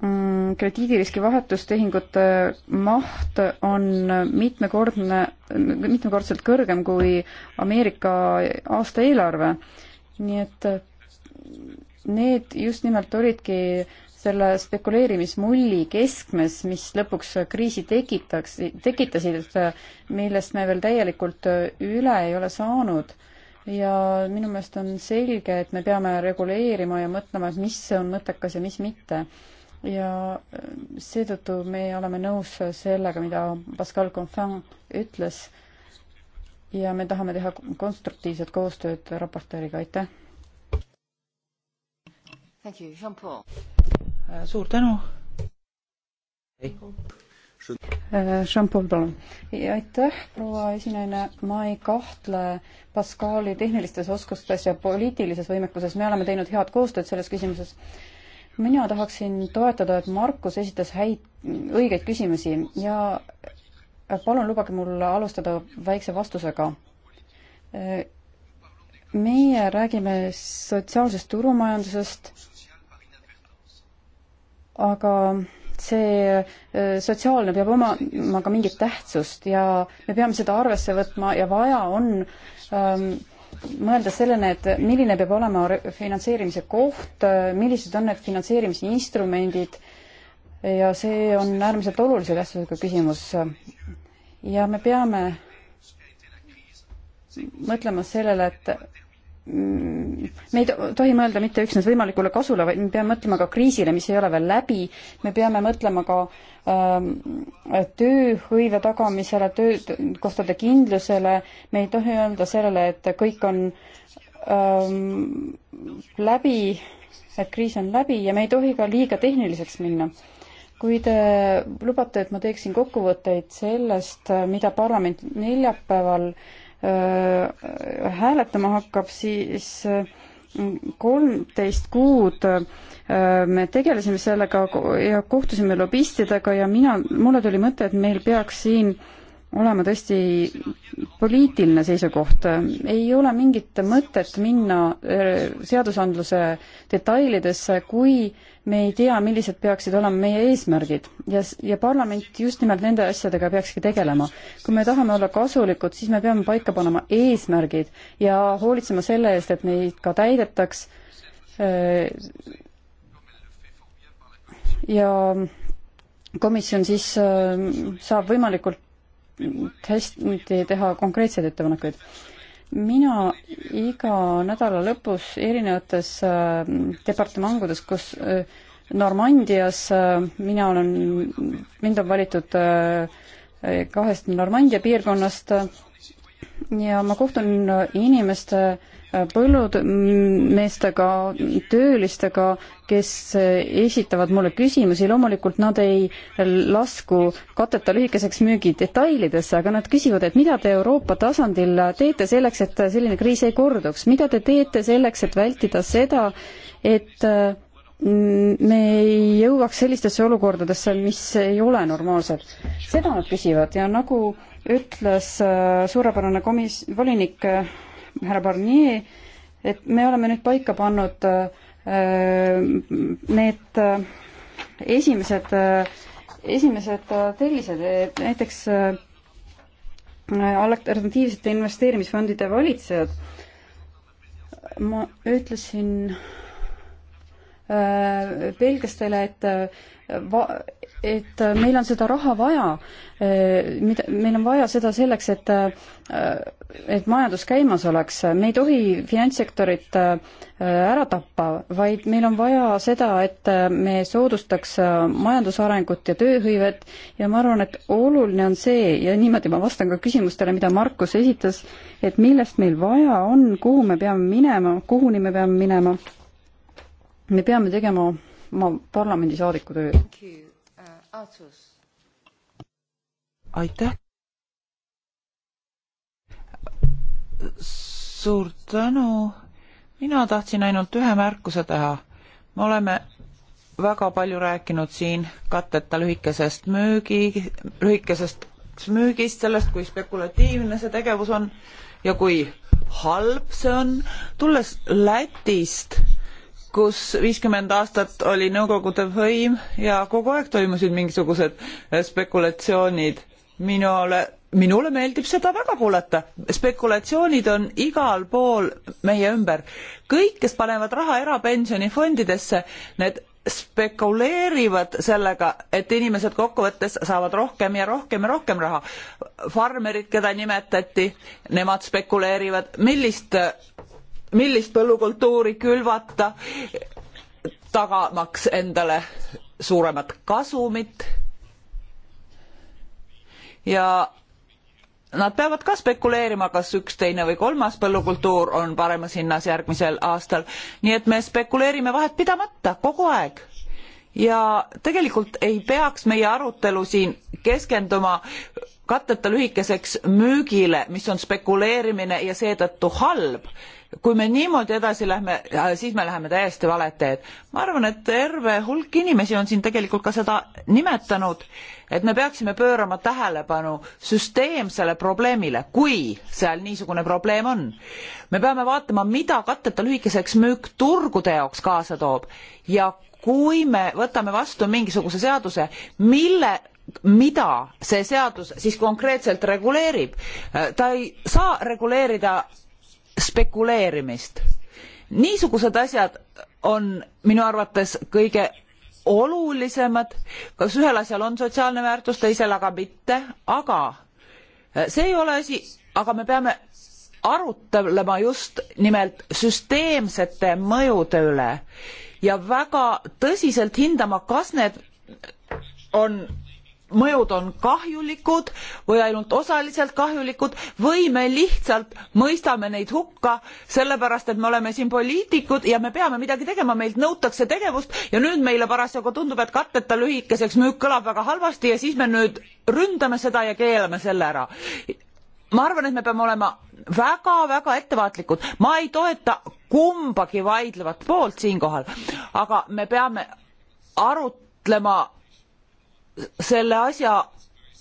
mm, krediidiriski vahetustehingute maht on mitmekordne, mitmekordselt kõrgem kui Ameerika aastaeelarve nii et äh, need just nimelt olidki selle spekuleerimismulli keskmes, mis lõpuks kriisi tekitaks, tekitasid, et äh, millest me veel täielikult äh, üle ei ole saanud. ja minu meelest on selge, et me peame reguleerima ja mõtlema, et mis on mõttekas ja mis mitte. ja seetõttu me oleme nõus sellega, mida Pascal Confin ütles ja me tahame teha konstruktiivset koostööd raportööriga, aitäh! Äh, suur tänu! Äh, Jean-Paul, palun. aitäh, proua esinaine, ma ei kahtle Pascali tehnilistes oskustes ja poliitilises võimekuses, me oleme teinud head koostööd selles küsimuses. mina tahaksin toetada, et Markus esitas häid, õigeid küsimusi ja palun lubage mul alustada väikse vastusega. meie räägime sotsiaalsest turumajandusest, aga see e, sotsiaalne peab omama ka mingit tähtsust ja me peame seda arvesse võtma ja vaja on ähm, mõelda sellele, et milline peab olema finantseerimise koht, e, millised on need finantseerimise instrumendid ja see on äärmiselt olulise tähtsusega küsimus. ja me peame mõtlema sellele, et mm, me ei tohi mõelda mitte üksnes võimalikule kasule, vaid me peame mõtlema ka kriisile, mis ei ole veel läbi, me peame mõtlema ka ähm, tööhõive tagamisele, töökohtade kindlusele, me ei tohi öelda sellele, et kõik on ähm, läbi, et kriis on läbi ja me ei tohi ka liiga tehniliseks minna kui te lubate, et ma teeksin kokkuvõtteid sellest, mida parlament neljapäeval öö, äh, hääletama hakkab, siis äh, kolmteist kuud öö, äh, me tegelesime sellega ja kohtusime lobistidega ja mina, mulle tuli mõte, et meil peaks siin öö, olema tõesti poliitiline seisukoht. ei ole mingit mõtet minna äh, seadusandluse detailidesse, kui me ei tea, millised peaksid olema meie eesmärgid ja, ja parlament just nimelt nende asjadega peakski tegelema. kui me tahame olla kasulikud, siis me peame paika panema eesmärgid ja hoolitsema selle eest, et neid ka täidetaks. Äh, ja komisjon siis äh, saab võimalikult hästi teha konkreetseid ettepanekuid. mina iga nädala lõpus erinevates äh, departamangudes, kus äh, Normandias äh, mina olen, mind on valitud äh, kahest Normandia piirkonnast äh, ja ma kohtun inimeste äh, põllumeestega, töölistega, kes esitavad mulle küsimusi, loomulikult nad ei lasku katteta lühikeseks müügi detailidesse, aga nad küsivad, et mida te Euroopa tasandil teete selleks, et selline kriis ei korduks, mida te teete selleks, et vältida seda, et mm, me ei jõuaks sellistesse olukordadesse, mis ei ole normaalsed. seda nad küsivad ja nagu ütles äh, suurepärane komis-, volinik äh, härra Barnier, et me oleme nüüd paika pannud äh, need äh, esimesed, äh, esimesed tellised, e, näiteks alternatiivsete investeerimisfondide valitsejad. ma ütlesin belglastele, et va-, et äh, meil on seda raha vaja, äh, mida, meil on vaja seda selleks, et äh, et majandus käimas oleks, me ei tohi finantssektorit ära tappa, vaid meil on vaja seda, et me soodustaks majandusarengut ja tööhõivet ja ma arvan, et oluline on see ja niimoodi ma vastan ka küsimustele, mida Markus esitas, et millest meil vaja on, kuhu me peame minema, kuhuni me peame minema. me peame tegema oma parlamendisaadiku tööd otsus. aitäh. suur tänu. mina tahtsin ainult ühe märkuse teha. me oleme väga palju rääkinud siin katteta lühikesest müügi, lühikesest müügist, sellest, kui spekulatiivne see tegevus on ja kui halb see on. tulles Lätist kus viiskümmend aastat oli Nõukogude võim ja kogu aeg toimusid mingisugused eh, spekulatsioonid. minule, minule meeldib seda väga kuulata. spekulatsioonid on igal pool meie ümber. kõik, kes panevad raha erapensionifondidesse, need spekuleerivad sellega, et inimesed kokkuvõttes saavad rohkem ja rohkem ja rohkem raha. farmerid, keda nimetati, nemad spekuleerivad, millist eh, millist põllukultuuri külvata, tagamaks endale suuremat kasumit. ja nad peavad ka spekuleerima, kas üks, teine või kolmas põllukultuur on paremas hinnas järgmisel aastal. nii et me spekuleerime vahet pidamata kogu aeg. ja tegelikult ei peaks meie arutelu siin keskenduma katteta lühikeseks müügile, mis on spekuleerimine ja seetõttu halb kui me niimoodi edasi lähme, äh, siis me läheme täiesti valet teed. ma arvan, et terve hulk inimesi on siin tegelikult ka seda nimetanud, et me peaksime pöörama tähelepanu süsteemsele probleemile, kui seal niisugune probleem on. me peame vaatama, mida katteta lühikeseks müük turgude jaoks kaasa toob ja kui me võtame vastu mingisuguse seaduse, mille mida see seadus siis konkreetselt reguleerib äh, ta ei saa reguleerida spekuleerimist. niisugused asjad on minu arvates kõige olulisemad, kas ühel asjal on sotsiaalne väärtus, teisel aga mitte, aga eh, see ei ole asi, aga me peame arutlema just nimelt süsteemsete mõjude üle ja väga tõsiselt hindama, kas need on mõjud on kahjulikud või ainult osaliselt kahjulikud või me lihtsalt mõistame neid hukka sellepärast et me oleme siin poliitikud ja me peame midagi tegema meilt nõutakse tegevust ja nüüd meile parasjagu tundub et katteta lühikeseks müük kõlab väga halvasti ja siis me nüüd ründame seda ja keelame selle ära ma arvan et me peame olema väga väga ettevaatlikud ma ei toeta kumbagi vaidlevat poolt siinkohal aga me peame arutlema selle asja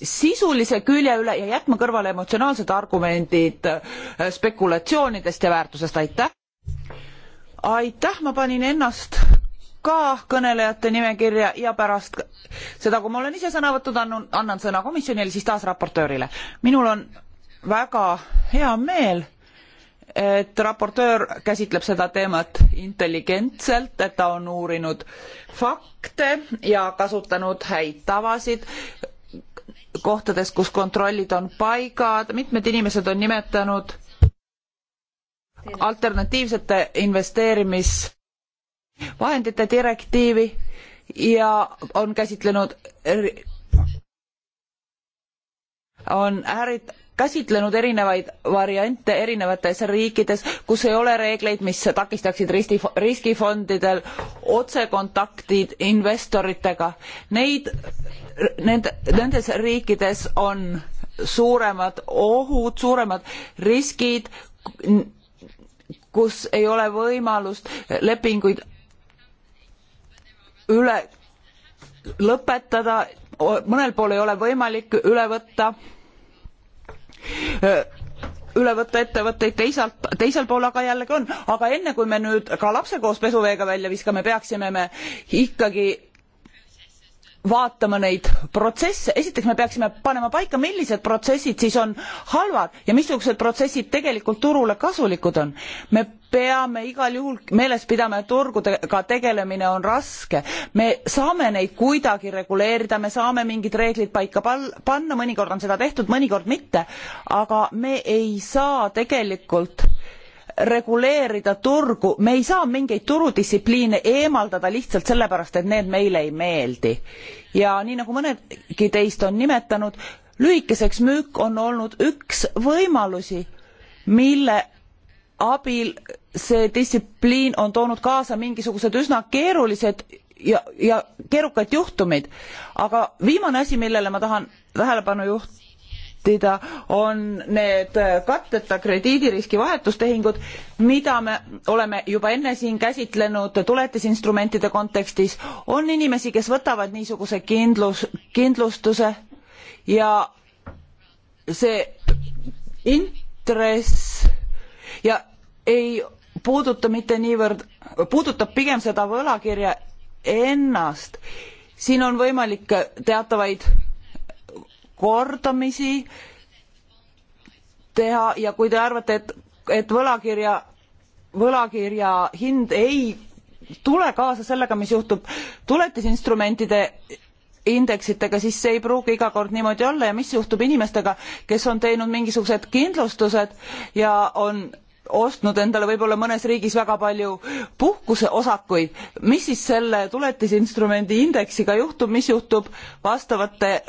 sisulise külje üle ja jätma kõrvale emotsionaalsed argumendid äh, spekulatsioonidest ja väärtusest, aitäh! aitäh, ma panin ennast ka kõnelejate nimekirja ja pärast seda, kui ma olen ise sõna võtnud, annan, annan sõna komisjonile, siis taas raportöörile. minul on väga hea meel et raportöör käsitleb seda teemat intelligentselt, et ta on uurinud fakte ja kasutanud häid tavasid kohtades, kus kontrollid on paigad, mitmed inimesed on nimetanud alternatiivsete investeerimisvahendite direktiivi ja on käsitlenud on ärit- käsitlenud erinevaid variante erinevates riikides kus ei ole reegleid mis takistaksid risti, riskifondidel otsekontakti investoritega neid nend, nendes riikides on suuremad ohud suuremad riskid kus ei ole võimalust lepinguid üle lõpetada mõnel pool ei ole võimalik üle võtta Äh, üle võtta ettevõtteid teisalt, teisel pool aga jällegi on. aga enne kui me nüüd ka lapse koos pesuveega välja viskame, peaksime me ikkagi vaatama neid protsesse esiteks me peaksime panema paika millised protsessid siis on halvad ja missugused protsessid tegelikult turule kasulikud on me peame igal juhul meeles pidama et turgudega tegelemine on raske me saame neid kuidagi reguleerida me saame mingid reeglid paika panna mõnikord on seda tehtud mõnikord mitte aga me ei saa tegelikult reguleerida turgu me ei saa mingeid turudistsipliine eemaldada lihtsalt sellepärast et need meile ei meeldi ja nii nagu mõnedki teist on nimetanud lühikeseks müük on olnud üks võimalusi mille abil see distsipliin on toonud kaasa mingisugused üsna keerulised ja ja keerukad juhtumid aga viimane asi millele ma tahan tähelepanu juht- vältida, on need katteta krediidiriski vahetustehingud, mida me oleme juba enne siin käsitlenud tuletisinstrumentide kontekstis. on inimesi, kes võtavad niisuguse kindlus, kindlustuse ja see intress ja ei puuduta mitte niivõrd, puudutab pigem seda võlakirja ennast. siin on võimalik teatavaid kordamisi teha ja kui te arvate, et, et võlakirja, võlakirja hind ei tule kaasa sellega, mis juhtub tuletisinstrumentide indeksitega, siis see ei pruugi iga kord niimoodi olla ja mis juhtub inimestega, kes on teinud mingisugused kindlustused ja on ostnud endale võib-olla mõnes riigis väga palju puhkuseosakuid, mis siis selle tuletisinstrumendi indeksiga juhtub, mis juhtub vastavate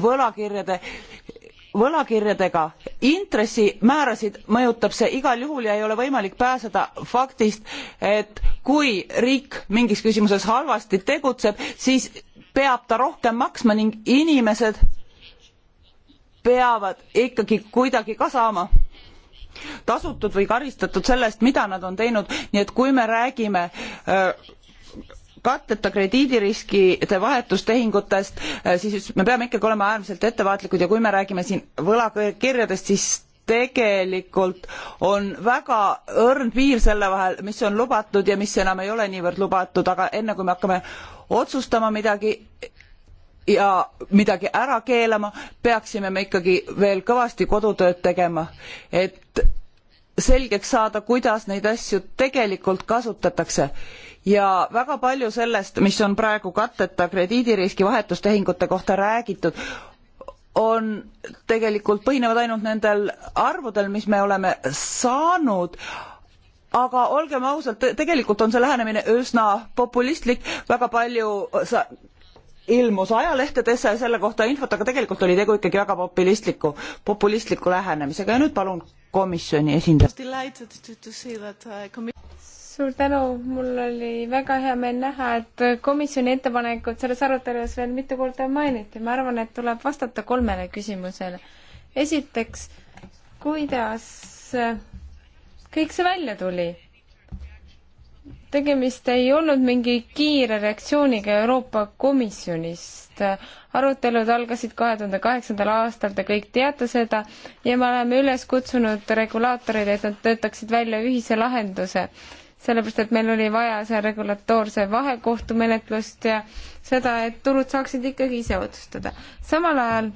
võlakirjade võlakirjadega intressimäärasid mõjutab see igal juhul ja ei ole võimalik pääseda faktist et kui riik mingis küsimuses halvasti tegutseb siis peab ta rohkem maksma ning inimesed peavad ikkagi kuidagi ka saama tasutud või karistatud selle eest mida nad on teinud nii et kui me räägime öö, äh, katteta krediidiriskide vahetustehingutest, eh, siis me peame ikkagi olema äärmiselt ettevaatlikud ja kui me räägime siin võlakirjadest, siis tegelikult on väga õrn piir selle vahel, mis on lubatud ja mis enam ei ole niivõrd lubatud, aga enne kui me hakkame otsustama midagi ja midagi ära keelama, peaksime me ikkagi veel kõvasti kodutööd tegema, et selgeks saada, kuidas neid asju tegelikult kasutatakse ja väga palju sellest, mis on praegu katteta krediidiriski vahetustehingute kohta räägitud, on tegelikult, põhinevad ainult nendel arvudel, mis me oleme saanud, aga olgem ausad, tegelikult on see lähenemine üsna populistlik, väga palju sa ilmus ajalehtedesse selle kohta infot, aga tegelikult oli tegu ikkagi väga populistliku, populistliku lähenemisega ja nüüd palun komisjoni esindaja suur tänu, mul oli väga hea meel näha, et komisjoni ettepanekut selles arutelus veel mitu korda mainiti, ma arvan, et tuleb vastata kolmele küsimusele. esiteks, kuidas kõik see välja tuli? tegemist ei olnud mingi kiire reaktsiooniga Euroopa Komisjonist. arutelud algasid kahe tuhande kaheksandal aastal, te kõik teate seda, ja me oleme üles kutsunud regulaatoreid, et nad töötaksid välja ühise lahenduse sellepärast, et meil oli vaja seal regulatoorse vahekohtumenetlust ja seda, et turud saaksid ikkagi ise otsustada. samal ajal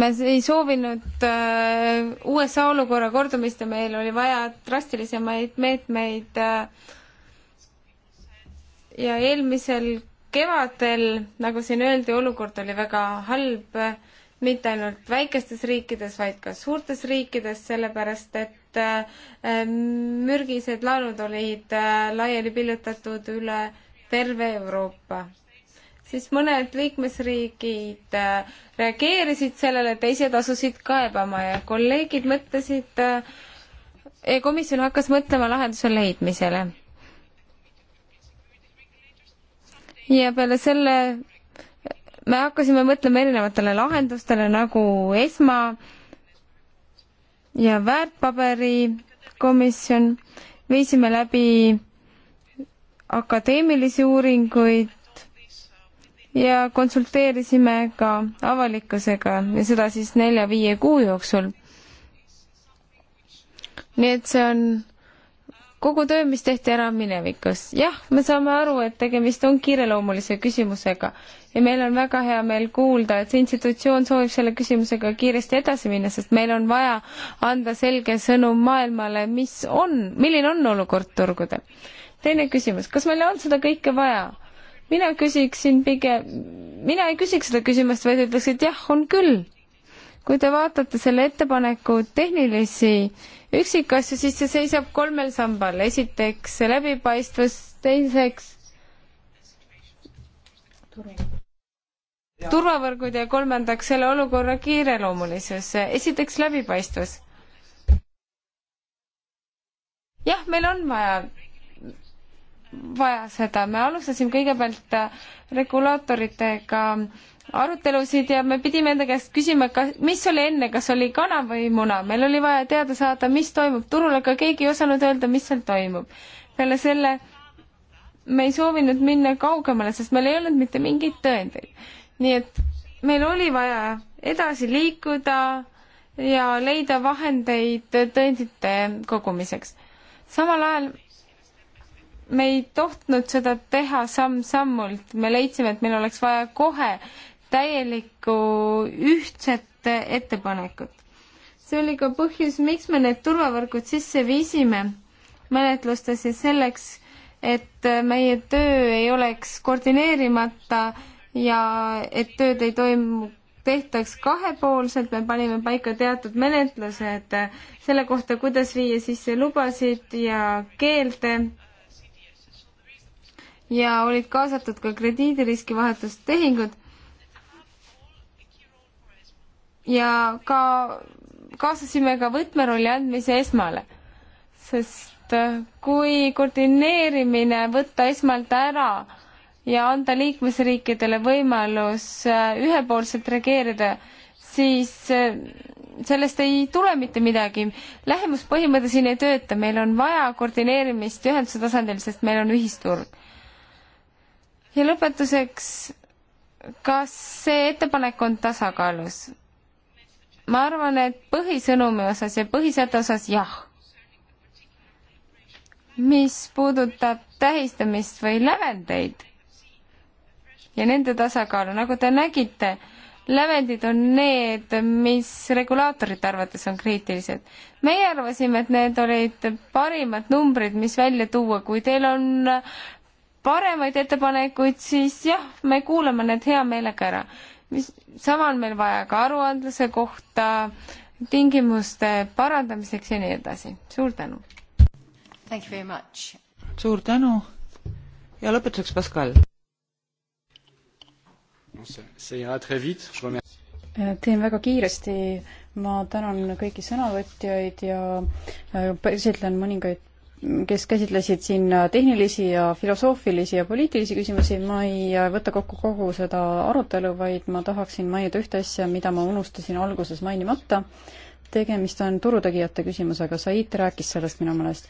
me ei soovinud äh, USA olukorra kordumist ja meil oli vaja drastilisemaid meetmeid äh, ja eelmisel kevadel, nagu siin öeldi, olukord oli väga halb mitte ainult väikestes riikides, vaid ka suurtes riikides, sellepärast et äh, mürgised laenud olid äh, laiali pillutatud üle terve Euroopa. siis mõned liikmesriigid äh, reageerisid sellele, teised asusid kaebama ja kolleegid mõtlesid, komisjon hakkas mõtlema lahenduse leidmisele. ja peale selle me hakkasime mõtlema erinevatele lahendustele nagu ESMA ja väärtpaberikomisjon, viisime läbi akadeemilisi uuringuid ja konsulteerisime ka avalikkusega ja seda siis nelja-viie kuu jooksul. nii et see on kogu töö, mis tehti ära minevikus. jah, me saame aru, et tegemist on kiireloomulise küsimusega ja meil on väga hea meel kuulda, et see institutsioon soovib selle küsimusega kiiresti edasi minna, sest meil on vaja anda selge sõnum maailmale, mis on, milline on olukord turgudel. teine küsimus, kas meil on seda kõike vaja? mina küsiksin pigem, mina ei küsiks seda küsimust, vaid ütleks, et jah, on küll. kui te vaatate selle ettepaneku tehnilisi üksikasju, siis see seisab kolmel sambal. esiteks läbipaistvus, teiseks turvavõrgud ja kolmandaks selle olukorra kiireloomulisus. esiteks läbipaistvus. jah, meil on vaja vaja seda, me alustasime kõigepealt äh, regulaatoritega arutelusid ja me pidime enda käest küsima, kas, mis oli enne, kas oli kana või muna, meil oli vaja teada saada, mis toimub turul, aga keegi ei osanud öelda, mis seal toimub. peale selle me ei soovinud minna kaugemale, sest meil ei olnud mitte mingeid tõendeid. nii et meil oli vaja edasi liikuda ja leida vahendeid tõendite kogumiseks. samal ajal me ei tohtnud seda teha samm-sammult, me leidsime, et meil oleks vaja kohe täielikku ühtset ettepanekut. see oli ka põhjus, miks me need turvavõrgud sisse viisime menetlustesse selleks, et meie töö ei oleks koordineerimata ja et tööd ei toimu tehtaks kahepoolselt, me panime paika teatud menetlused selle kohta, kuidas viia sisse lubasid ja keelde ja olid kaasatud ka krediidiriski vahetustehingud ja ka kaasasime ka võtmerolli andmise esmale, sest äh, kui koordineerimine võtta esmalt ära ja anda liikmesriikidele võimalus äh, ühepoolselt reageerida, siis äh, sellest ei tule mitte midagi. lähemuspõhimõte siin ei tööta, meil on vaja koordineerimist ühenduse tasandil, sest meil on ühisturg ja lõpetuseks, kas see ettepanek on tasakaalus? ma arvan, et põhisõnumi osas ja põhisätte osas jah. mis puudutab tähistamist või lävendeid ja nende tasakaalu, nagu te nägite, lävendid on need, mis regulaatorite arvates on kriitilised. meie arvasime, et need olid parimad numbrid, mis välja tuua, kui teil on paremaid ettepanekuid, siis jah, me kuulame need hea meelega ära. mis, sama on meil vaja ka aruandluse kohta, tingimuste parandamiseks ja nii edasi. suur tänu! suur tänu ja lõpetuseks Pascal. Äh, teen väga kiiresti ma tänan kõiki sõnavõtjaid ja esitlen äh, mõningaid kes käsitlesid siin tehnilisi ja filosoofilisi ja poliitilisi küsimusi, ma ei võta kokku kogu seda arutelu, vaid ma tahaksin mainida ühte asja, mida ma unustasin alguses mainimata. tegemist on turutegijate küsimusega, Said rääkis sellest minu meelest.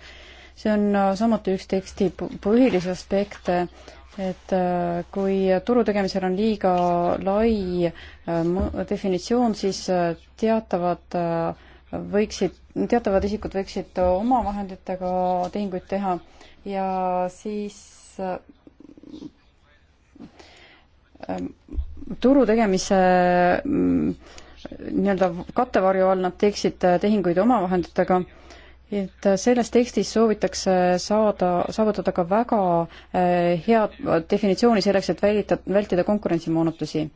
see on äh, samuti üks teksti põhilisi aspekte, et äh, kui turu tegemisel on liiga lai äh, definitsioon, siis teatavad äh, võiksid, teatavad isikud võiksid oma vahenditega tehinguid teha ja siis ähm, turu tegemise mm, nii-öelda kattevarju all nad teeksid äh, tehinguid oma vahenditega, et äh, selles tekstis soovitakse saada, saavutada ka väga äh, head definitsiooni selleks, et välita, vältida konkurentsimoonutusi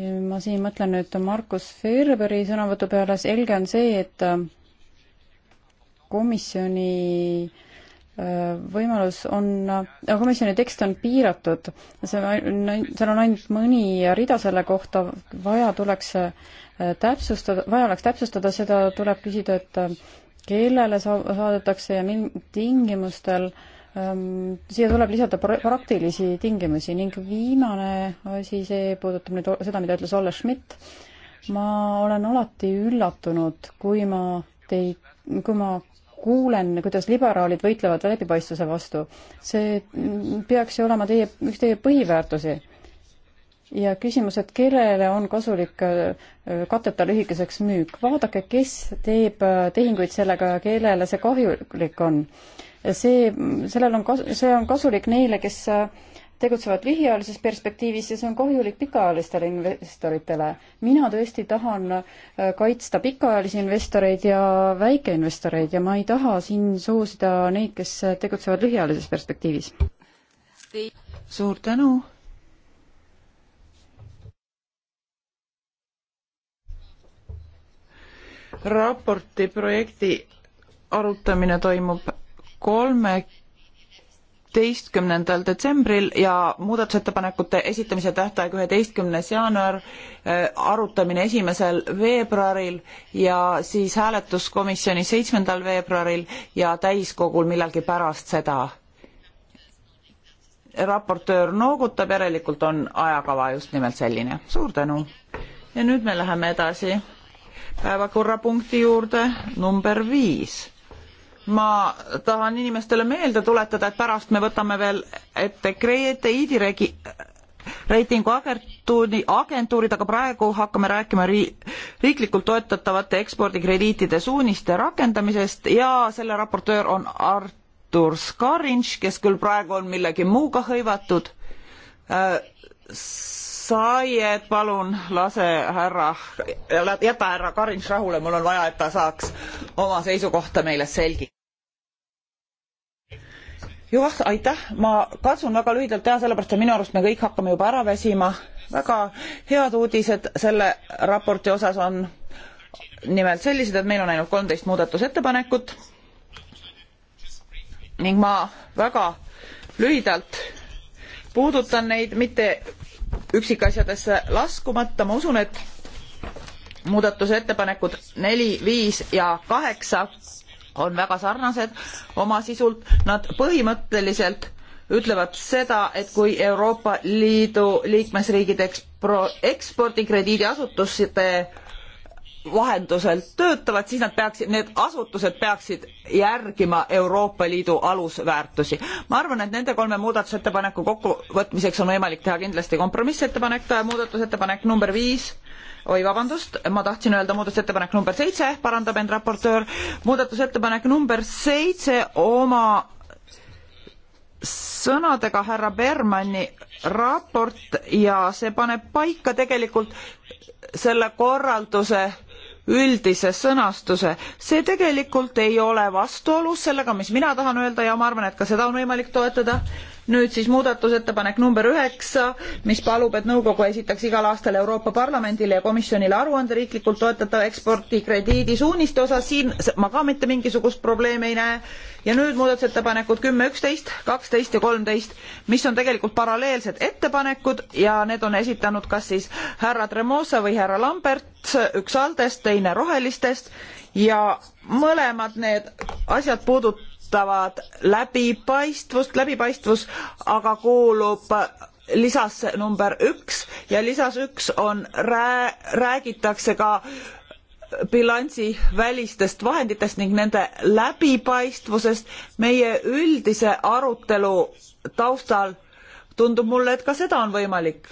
ma siin mõtlen nüüd Markus Ferberi sõnavõtu peale, selge on see, et äh, komisjoni äh, võimalus on, äh, komisjoni tekst on piiratud, see on, seal on ainult mõni rida selle kohta, vaja tuleks täpsustada, vaja oleks täpsustada, seda tuleb küsida, et kellele sa-, saadetakse ja mil- tingimustel äh, Ehm, siia tuleb lisada praktilisi tingimusi ning viimane asi, see puudutab nüüd seda, mida ütles Olle Schmidt. ma olen alati üllatunud, kui ma teid, kui ma kuulen, kuidas liberaalid võitlevad läbipaistvuse vastu. see mm, peaks ju olema teie, üks teie põhiväärtusi. ja küsimus, et kellele on kasulik äh, kateta lühikeseks müük. vaadake, kes teeb äh, tehinguid sellega ja kellele see kahjulik on see, sellel on kas-, see on kasulik neile, kes äh, tegutsevad lühiajalises perspektiivis ja see on kahjulik pikaajalistele investoritele. mina tõesti tahan äh, kaitsta pikaajalisi investoreid ja väikeinvestoreid ja ma ei taha siin soosida neid, kes äh, tegutsevad lühiajalises perspektiivis. suur tänu raporti projekti arutamine toimub kolmeteistkümnendal detsembril ja muudatusettepanekute esitamise tähtaeg üheteistkümnes jaanuar, äh, arutamine esimesel veebruaril ja siis hääletus komisjonis seitsmendal veebruaril ja täiskogul millalgi pärast seda. raportöör noogutab, järelikult on ajakava just nimelt selline. suur tänu! ja nüüd me läheme edasi päevakorrapunkti juurde number viis ma tahan inimestele meelde tuletada, et pärast me võtame veel ette Kreeteidi e regi-, reitinguagentuuri, agentuurid, aga praegu hakkame rääkima ri-, riiklikult toetatavate ekspordikrediitide suuniste rakendamisest ja selle raportöör on Artur Skarinš, kes küll praegu on millegi muuga hõivatud äh,. Saied, palun lase härra, jäta härra Karins rahule, mul on vaja, et ta saaks oma seisukohta meile selgitada jah, aitäh, ma katsun väga lühidalt teha, sellepärast et minu arust me kõik hakkame juba ära väsima. väga head uudised selle raporti osas on nimelt sellised, et meil on ainult kolmteist muudatusettepanekut. ning ma väga lühidalt puudutan neid mitte üksikasjadesse laskumata, ma usun, et muudatusettepanekud neli, viis ja kaheksa on väga sarnased oma sisult, nad põhimõtteliselt ütlevad seda, et kui Euroopa Liidu liikmesriigid ekspro-, ekspordikrediidiasutuste vahendusel töötavad, siis nad peaksid, need asutused peaksid järgima Euroopa Liidu alusväärtusi. ma arvan, et nende kolme muudatusettepaneku kokkuvõtmiseks on võimalik teha kindlasti kompromissettepanek, muudatusettepanek number viis, oi vabandust, ma tahtsin öelda muudatusettepanek number seitse, parandab end raportöör, muudatusettepanek number seitse oma sõnadega härra Bermani raport ja see paneb paika tegelikult selle korralduse üldise sõnastuse. see tegelikult ei ole vastuolus sellega, mis mina tahan öelda ja ma arvan, et ka seda on võimalik toetada nüüd siis muudatusettepanek number üheksa, mis palub, et nõukogu esitaks igal aastal Euroopa Parlamendile ja komisjonile aruande riiklikult toetatava ekspordikrediidi suuniste osas, siin ma ka mitte mingisugust probleemi ei näe. ja nüüd muudatusettepanekud kümme, üksteist, kaksteist ja kolmteist, mis on tegelikult paralleelsed ettepanekud ja need on esitanud kas siis härra Tremosa või härra Lambert, üks Aldest, teine Rohelistest ja mõlemad need asjad puudutavad tähendavad läbipaistvust, läbipaistvus aga kuulub lisasse number üks ja lisas üks on rää-, räägitakse ka bilansi välistest vahenditest ning nende läbipaistvusest meie üldise arutelu taustal tundub mulle, et ka seda on võimalik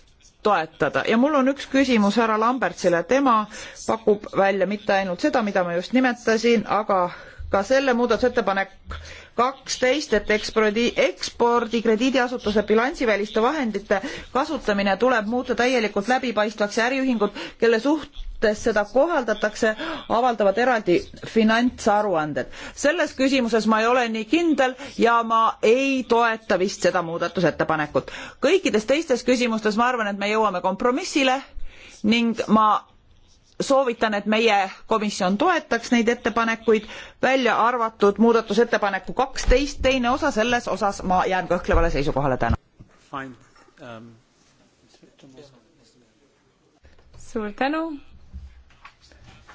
toetada ja mul on üks küsimus härra Lambertsile, tema pakub välja mitte ainult seda, mida ma just nimetasin, aga ka selle muudatusettepanek kaksteist, et ekspordi, ekspordikrediidiasutuse bilansiväliste vahendite kasutamine tuleb muuta täielikult läbipaistvaks ja äriühingud, kelle suhtes seda kohaldatakse, avaldavad eraldi finantsaruanded. selles küsimuses ma ei ole nii kindel ja ma ei toeta vist seda muudatusettepanekut. kõikides teistes küsimustes ma arvan, et me jõuame kompromissile ning ma soovitan, et meie komisjon toetaks neid ettepanekuid, välja arvatud muudatusettepaneku kaksteist, teine osa, selles osas ma jään kõhklevale seisukohale täna. Um... suur tänu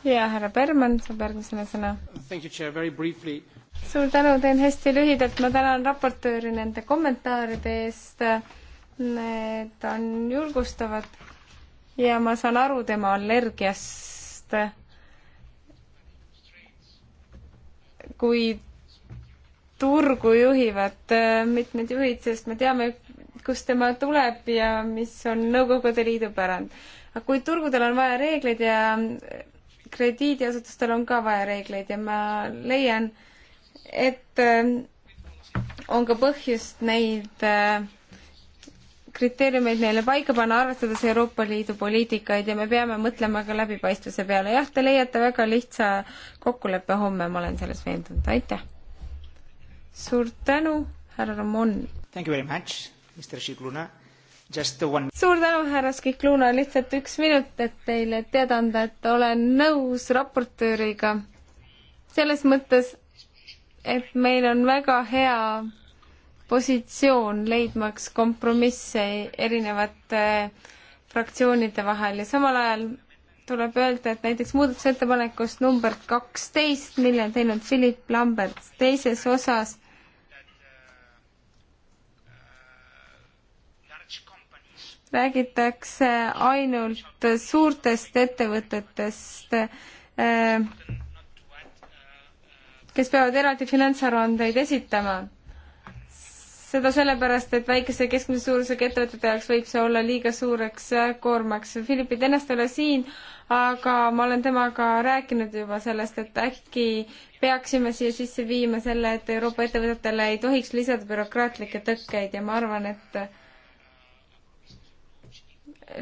ja härra Berman saab järgmisena sõna. suur tänu, teen hästi lühidalt, ma tänan raportööri nende kommentaaride eest. Need on julgustavad ja ma saan aru tema allergiast, kui turgu juhivad äh, mitmed juhid, sest me teame, kust tema tuleb ja mis on Nõukogude Liidu pärand. aga kui turgudel on vaja reegleid ja äh, krediidiasutustel on ka vaja reegleid ja ma leian, et äh, on ka põhjust neid äh, kriteeriumeid neile paika panna, arvestades Euroopa Liidu poliitikaid ja me peame mõtlema ka läbipaistvuse peale. jah, te leiate väga lihtsa kokkuleppe homme, ma olen selles veendunud, aitäh. suur tänu, härra Ramon. Thank you very much, Mr Šikluna. Just one... suur tänu, härra Skikluna, lihtsalt üks minut, et teile teada anda, et olen nõus raportööriga selles mõttes, et meil on väga hea positsioon, leidmaks kompromisse erinevate fraktsioonide vahel ja samal ajal tuleb öelda, et näiteks muudatusettepanekust number kaksteist, mille on teinud Philip Lambert teises osas, räägitakse ainult suurtest ettevõtetest, eh, kes peavad eraldi finantsaruandeid esitama seda sellepärast, et väikese keskmise suurusega ettevõtete jaoks võib see olla liiga suureks äh, koormaks. Philippi Tennast ei ole siin, aga ma olen temaga rääkinud juba sellest, et äkki peaksime siia sisse viima selle, et Euroopa ettevõtetele ei tohiks lisada bürokraatlikke tõkkeid ja ma arvan, et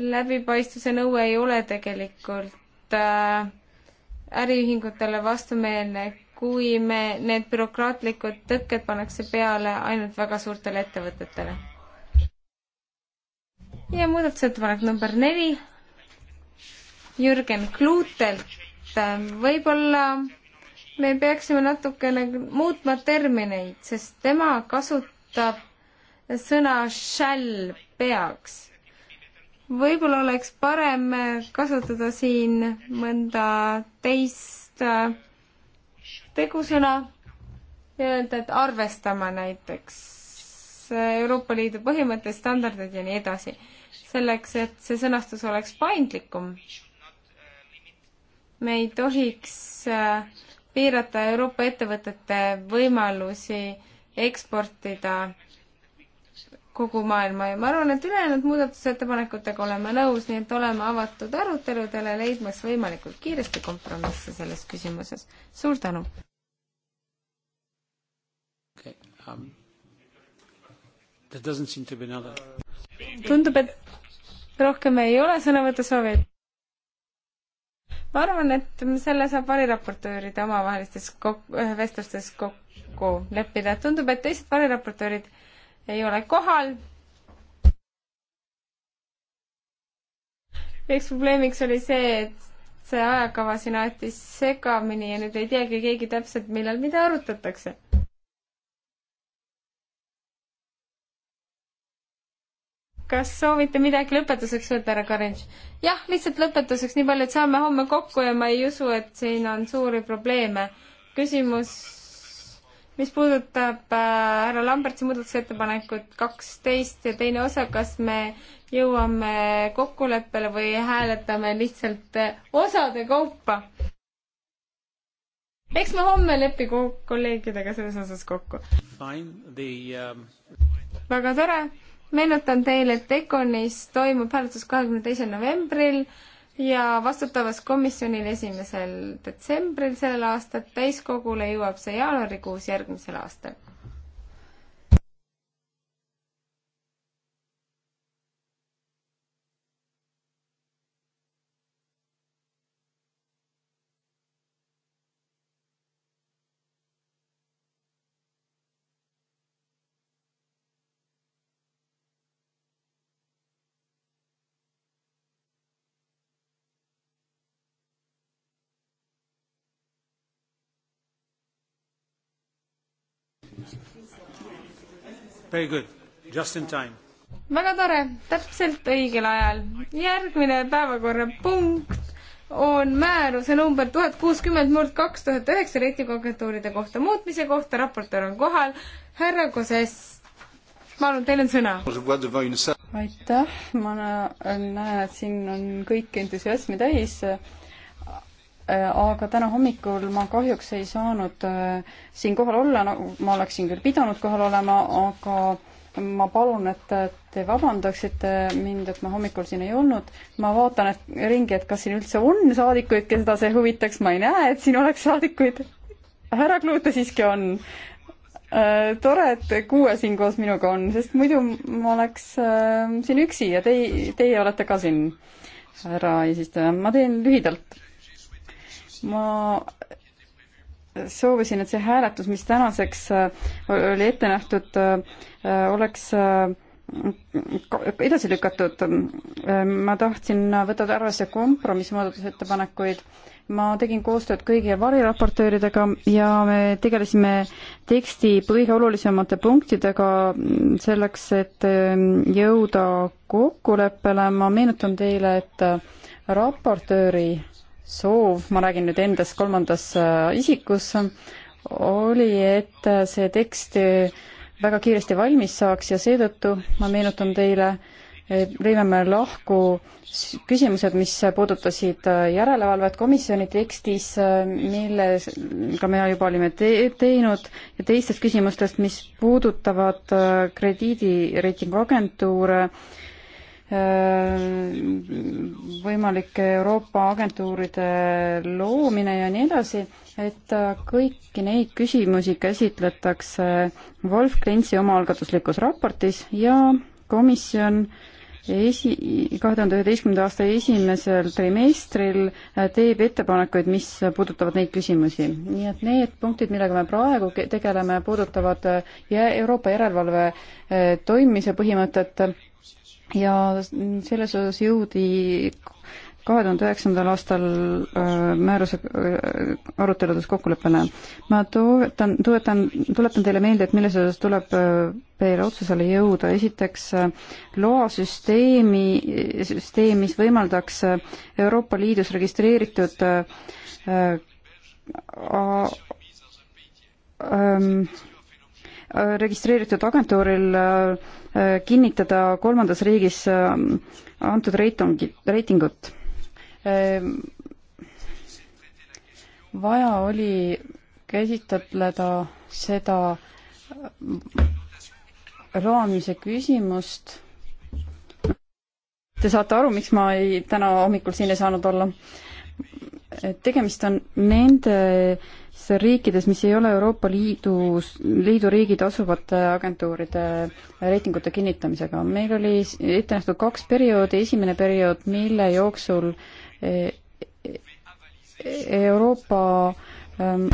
läbipaistvuse nõue ei ole tegelikult äh, äriühingutele vastumeelne kui me need bürokraatlikud tõkked pannakse peale ainult väga suurtele ettevõtetele. ja muudatusettepanek number neli Jürgen Kluutelt. võib-olla me peaksime natukene muutma termineid, sest tema kasutab sõna shall peaks. võib-olla oleks parem kasutada siin mõnda teist äh, tegusõna ja öelda, et arvestama näiteks Euroopa Liidu põhimõtteid, standardeid ja nii edasi. selleks, et see sõnastus oleks paindlikum, me ei tohiks äh, piirata Euroopa ettevõtete võimalusi eksportida äh, kogu maailma ja ma arvan, et ülejäänud muudatusettepanekutega oleme nõus, nii et oleme avatud aruteludele, leidmaks võimalikult kiiresti kompromisse selles küsimuses. suur tänu okay,! Um, another... tundub, et rohkem ei ole sõnavõtusoove. ma arvan, et selle saab variraportööride omavahelistes kok-, vestlustes kokku leppida. tundub, et teised variraportöörid ei ole kohal. üks probleemiks oli see, et see ajakava siin aeti segamini ja nüüd ei teagi keegi täpselt, millal mida arutatakse. kas soovite midagi lõpetuseks öelda, härra Karinš? jah, lihtsalt lõpetuseks nii palju, et saame homme kokku ja ma ei usu, et siin on suuri probleeme. küsimus mis puudutab äh, härra äh, Lambertsi muudatusettepanekut kaksteist ja teine osa, kas me jõuame kokkuleppele või hääletame lihtsalt äh, osade kaupa? eks me homme lepi kolleegidega selles osas kokku. Um... väga tore, meenutan teile, et Econis toimub hääletus kahekümne teisel novembril ja vastutavas komisjonil esimesel detsembril sellel aastal, täiskogule jõuab see jaanuarikuus järgmisel aastal. Very good. Just in time. väga tore, täpselt õigel ajal. järgmine päevakorrapunkt on määruse number tuhat kuuskümmend murd kaks tuhat üheksa reitinguagentuuride kohta muutmise kohta, raportöör on kohal, härra Koses. palun, teil on sõna. aitäh, ma näen, et siin on kõik entusiasmi täis Äh, aga täna hommikul ma kahjuks ei saanud äh, siin kohal olla no,, ma oleksin küll pidanud kohal olema, aga ma palun, et äh, te vabandaksite mind, et ma hommikul siin ei olnud. ma vaatan et ringi, et kas siin üldse on saadikuid, keda see huvitaks, ma ei näe, et siin oleks saadikuid. härra Kluute siiski on. Tore, et kuue siin koos minuga on, sest muidu ma oleks siin üksi ja teie, teie olete ka siin, härra eesistuja. ma teen lühidalt ma soovisin, et see hääletus, mis tänaseks äh, oli ette nähtud, äh, äh, oleks edasi lükatud. ma tahtsin võtta arvesse kompromissmuudatusettepanekuid. ma tegin koostööd kõigi variraportööridega ja me tegelesime teksti kõige olulisemate punktidega selleks, et jõuda kokkuleppele. ma meenutan teile, et raportööri soov, ma räägin nüüd endast kolmandas äh, isikus, oli, et äh, see tekst äh, väga kiiresti valmis saaks ja seetõttu ma meenutan teile, lõime me lahku küsimused, mis puudutasid järelevalvet komisjoni tekstis, millega me juba olime te teinud ja teistest küsimustest, mis puudutavad krediidireitingu agentuure äh, Äh, võimalike Euroopa agentuuride loomine ja nii edasi, et äh, kõiki neid küsimusi käsitletakse Wolf Klintsi omaalgatuslikus raportis ja komisjon esi, kahe tuhande üheteistkümnenda aasta esimesel trimestril äh, teeb ettepanekuid, mis puudutavad neid küsimusi. nii et need punktid, millega me praegu tegeleme, puudutavad Euroopa järelevalve toimimise põhimõtet ja selles osas jõudi kahe tuhande üheksandal aastal äh, määruse äh, aruteludes kokkuleppele. ma toetan, toetan, tuletan teile meelde, et milles osas tuleb äh, veel otsusele jõuda. esiteks loasüsteemi, süsteem, mis võimaldaks Euroopa Liidus registreeritud äh, äh, ähm, registreeritud agentuuril äh, Äh, kinnitada kolmandas riigis äh, antud reitingit, reitingut. Ähm, vaja oli käsitleda seda äh, raamise küsimust. Te saate aru, miks ma ei, täna hommikul siin ei saanud olla et tegemist on nendes riikides, mis ei ole Euroopa Liidus, liidu riigid asuvate agentuuride reitingute kinnitamisega. meil oli ette nähtud kaks perioodi, esimene periood, mille jooksul eh, Euroopa ähm,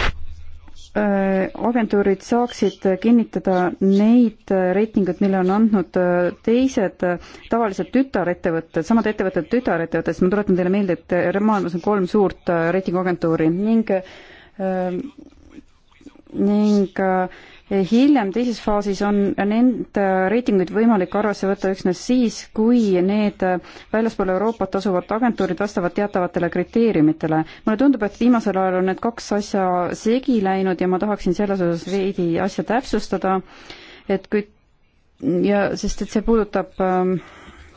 Äh, agentuurid saaksid kinnitada neid reitinguid, mille on andnud äh, teised äh, tavalised tütarettevõtted, samad ettevõtted tütarettevõttes, ma tuletan teile meelde, et maailmas on kolm suurt reitinguagentuuri ning ning hiljem, teises faasis on need äh, reitinguid võimalik arvesse võtta üksnes siis, kui need äh, väljaspool Euroopat asuvad agentuurid vastavad teatavatele kriteeriumitele. mulle tundub, et viimasel ajal on need kaks asja segi läinud ja ma tahaksin selles osas veidi asja täpsustada, et kui ja sest, et see puudutab ähm,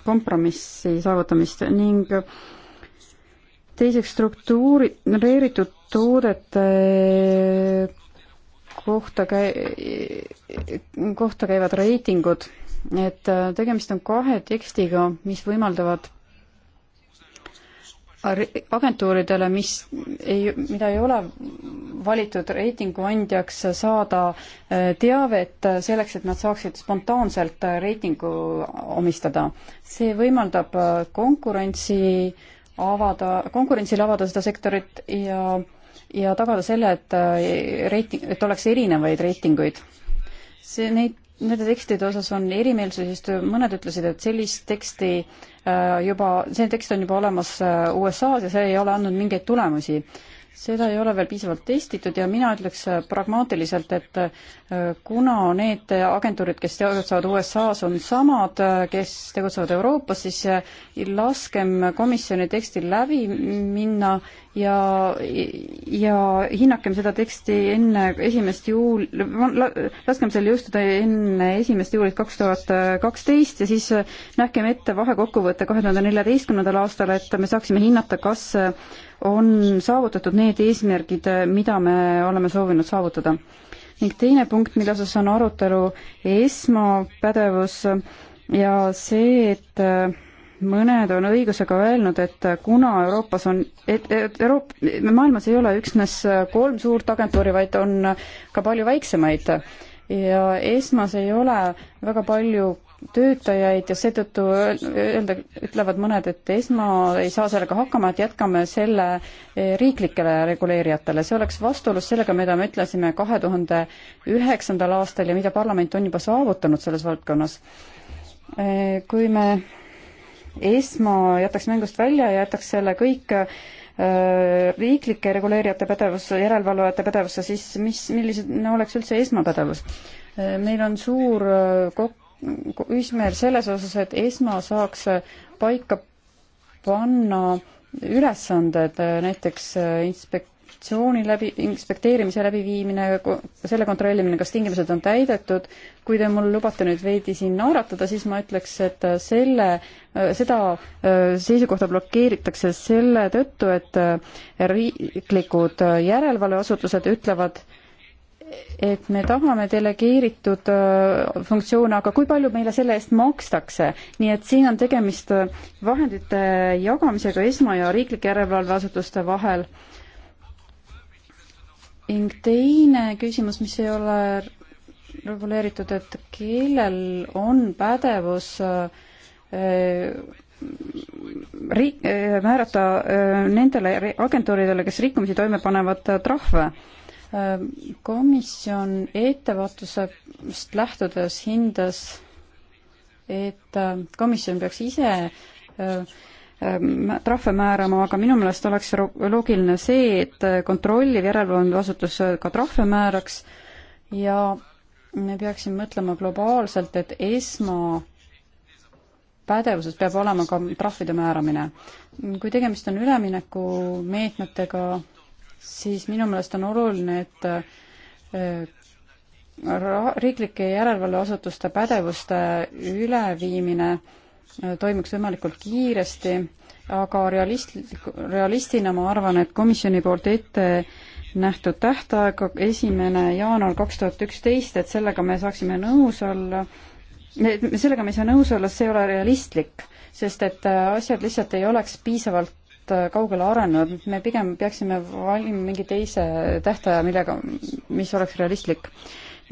kompromissi saavutamist ning teiseks struktuuri, reeritud toodete kohta käi-, kohta käivad reitingud, et äh, tegemist on kahe tekstiga, mis võimaldavad agentuuridele, mis ei, mida ei ole valitud reitinguandjaks, saada äh, teavet selleks, et nad saaksid spontaanselt äh, reitingu omistada. see võimaldab konkurentsi avada, konkurentsile avada seda sektorit ja äh, ja tagada selle, et äh, reiting, et oleks erinevaid reitinguid. see, neid, nende tekstide osas on erimeelsusest, mõned ütlesid, et sellist teksti äh, juba, see tekst on juba olemas äh, USA-s ja see ei ole andnud mingeid tulemusi. seda ei ole veel piisavalt testitud ja mina ütleks pragmaatiliselt, et kuna need agentuurid, kes tegutsevad USA-s, on samad, kes tegutsevad Euroopas, siis laskem komisjoni tekstil läbi minna ja, ja hinnakem seda teksti enne esimest juul-, laskem selle jõustuda enne esimest juulit kaks tuhat äh, kaksteist ja siis äh, nähkem ette vahekokkuvõte kahe tuhande neljateistkümnendal aastal, et me saaksime hinnata, kas äh, on saavutatud need eesmärgid, mida me oleme soovinud saavutada. ning teine punkt, mille osas on arutelu esmapädevus ja see, et mõned on õigusega öelnud, et kuna Euroopas on, et, et Euroop-, maailmas ei ole üksnes kolm suurt agentuuri, vaid on ka palju väiksemaid ja ESMAs ei ole väga palju töötajaid ja seetõttu öelda, ütlevad mõned, et ESMA ei saa sellega hakkama, et jätkame selle riiklikele reguleerijatele. see oleks vastuolus sellega, mida me ütlesime kahe tuhande üheksandal aastal ja mida parlament on juba saavutanud selles valdkonnas. Kui me ESMA jätaks mängust välja ja jätaks selle kõik äh, riiklike reguleerijate pädevusse, järelevalvajate pädevusse, siis mis, milline oleks üldse esmapädevus? Äh, meil on suur äh, kok-, ühismeel selles osas, et esma saaks paika panna ülesanded näiteks inspek-, inspektsiooni läbi, inspekteerimise läbiviimine, selle kontrollimine, kas tingimused on täidetud. kui te mul lubate nüüd veidi siin naeratada, siis ma ütleks, et selle, seda äh, seisukohta blokeeritakse selle tõttu, et äh, riiklikud äh, järelevalveasutused ütlevad, et me tahame delegeeritud funktsioone, aga kui palju meile selle eest makstakse, nii et siin on tegemist vahendite jagamisega esma- ja riiklike järelevalveasutuste vahel ning teine küsimus, mis ei ole reguleeritud, et kellel on pädevus äh, riik, äh, määrata äh, nendele agentuuridele, kes rikkumisi toime panevad, trahve. komisjon ettevaatusest lähtudes hindas, et komisjon peaks ise Ehm, trahve määrama, aga minu meelest oleks loogiline see, et äh, kontrolliv järelevalveasutus äh, ka trahve määraks ja me peaksime mõtlema globaalselt, et esma pädevuses peab olema ka trahvide määramine. kui tegemist on üleminekumeetmetega, siis minu meelest on oluline, et äh, riiklike järelevalveasutuste pädevuste üleviimine äh, toimuks võimalikult kiiresti, aga realist, realistina ma arvan, et komisjoni poolt ette nähtud tähtaeg esimene jaanuar kaks tuhat üksteist, et sellega me saaksime nõus olla, sellega me ei saa nõus olla, see ei ole realistlik, sest et äh, asjad lihtsalt ei oleks piisavalt äh, kaugele arenenud, me pigem peaksime valima mingi teise tähtaja, millega, mis oleks realistlik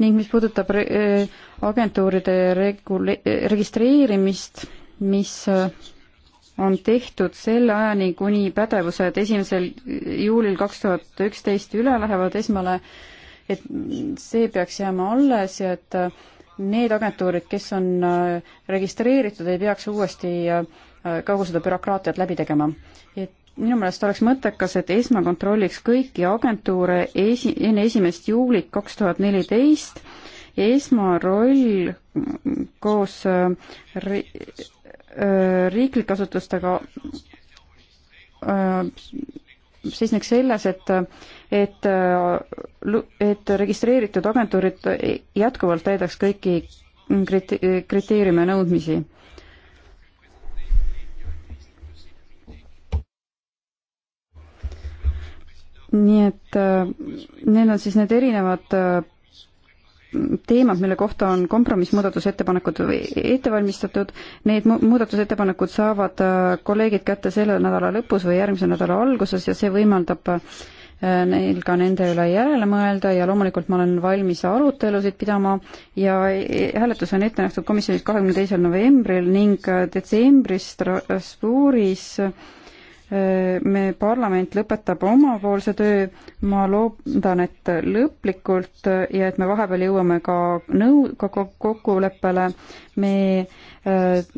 ning mis puudutab re äh, agentuuride regule-, registreerimist, mis äh, on tehtud selle ajani, kuni pädevused esimesel juulil kaks tuhat üksteist üle lähevad esmale, et see peaks jääma alles ja et äh, need agentuurid, kes on äh, registreeritud, ei peaks uuesti kogu seda bürokraatiat läbi tegema. et minu meelest oleks mõttekas, et ESMA kontrolliks kõiki agentuure esi, enne esimest juulit kaks tuhat neliteist ja ESMA roll koos re-, Äh, riiklike asutustega äh, seisneks selles, et, et, äh, et registreeritud agentuurid jätkuvalt täidaks kõiki krite-, kriteeriume ja nõudmisi. nii et need on siis need erinevad teemad, mille kohta on kompromissmuudatusettepanekud ette valmistatud, need muudatusettepanekud saavad äh, kolleegid kätte selle nädala lõpus või järgmise nädala alguses ja see võimaldab äh, neil ka nende üle järele mõelda ja loomulikult ma olen valmis arutelusid pidama ja e-, hääletus on ette nähtud komisjonis kahekümne teisel novembril ning äh, detsembris Strasbourgis me, parlament lõpetab omapoolse töö, ma loodan, et lõplikult ja et me vahepeal jõuame ka nõu-, ka kokkuleppele, me äh,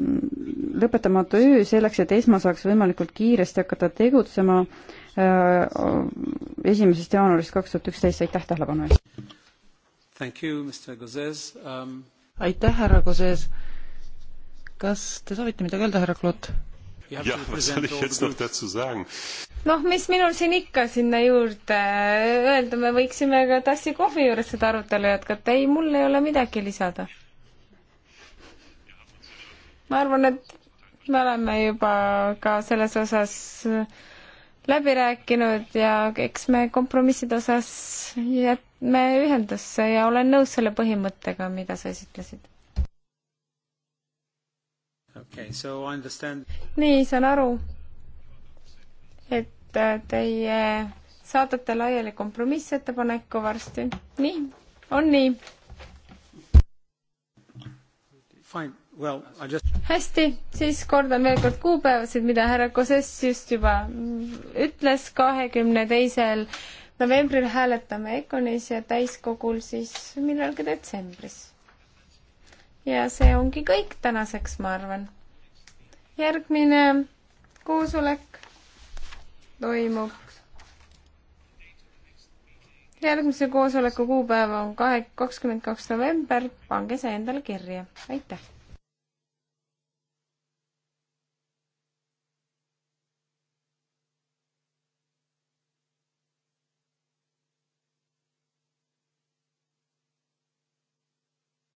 lõpetama töö selleks, et esma saaks võimalikult kiiresti hakata tegutsema äh, esimesest jaanuarist kaks tuhat üksteist, aitäh tähelepanu eest! Um, aitäh, härra Gozes! kas te soovite midagi öelda, härra Klot? ja was soll ich jetzt noch dazu sagen? noh, mis minul siin ikka sinna juurde äh, öelda, me võiksime ka tassi kohvi juures seda arutelu jätkata, ei, mul ei ole midagi lisada. ma arvan, et me oleme juba ka selles osas äh, läbi rääkinud ja eks me kompromisside osas jääme ühendusse ja olen nõus selle põhimõttega, mida sa esitlesid okay,. nii, saan aru, et äh, teie saadate laiali kompromissettepaneku varsti. nii, on nii? Well, just... hästi, siis kordan veel kord kuupäevasid, mida härra Koses just juba ütles, kahekümne teisel novembril hääletame Econis ja täiskogul siis millalgi detsembris ja see ongi kõik tänaseks, ma arvan. järgmine koosolek toimub. järgmise koosoleku kuupäev on kahe, kakskümmend kaks november, pange see endale kirja, aitäh!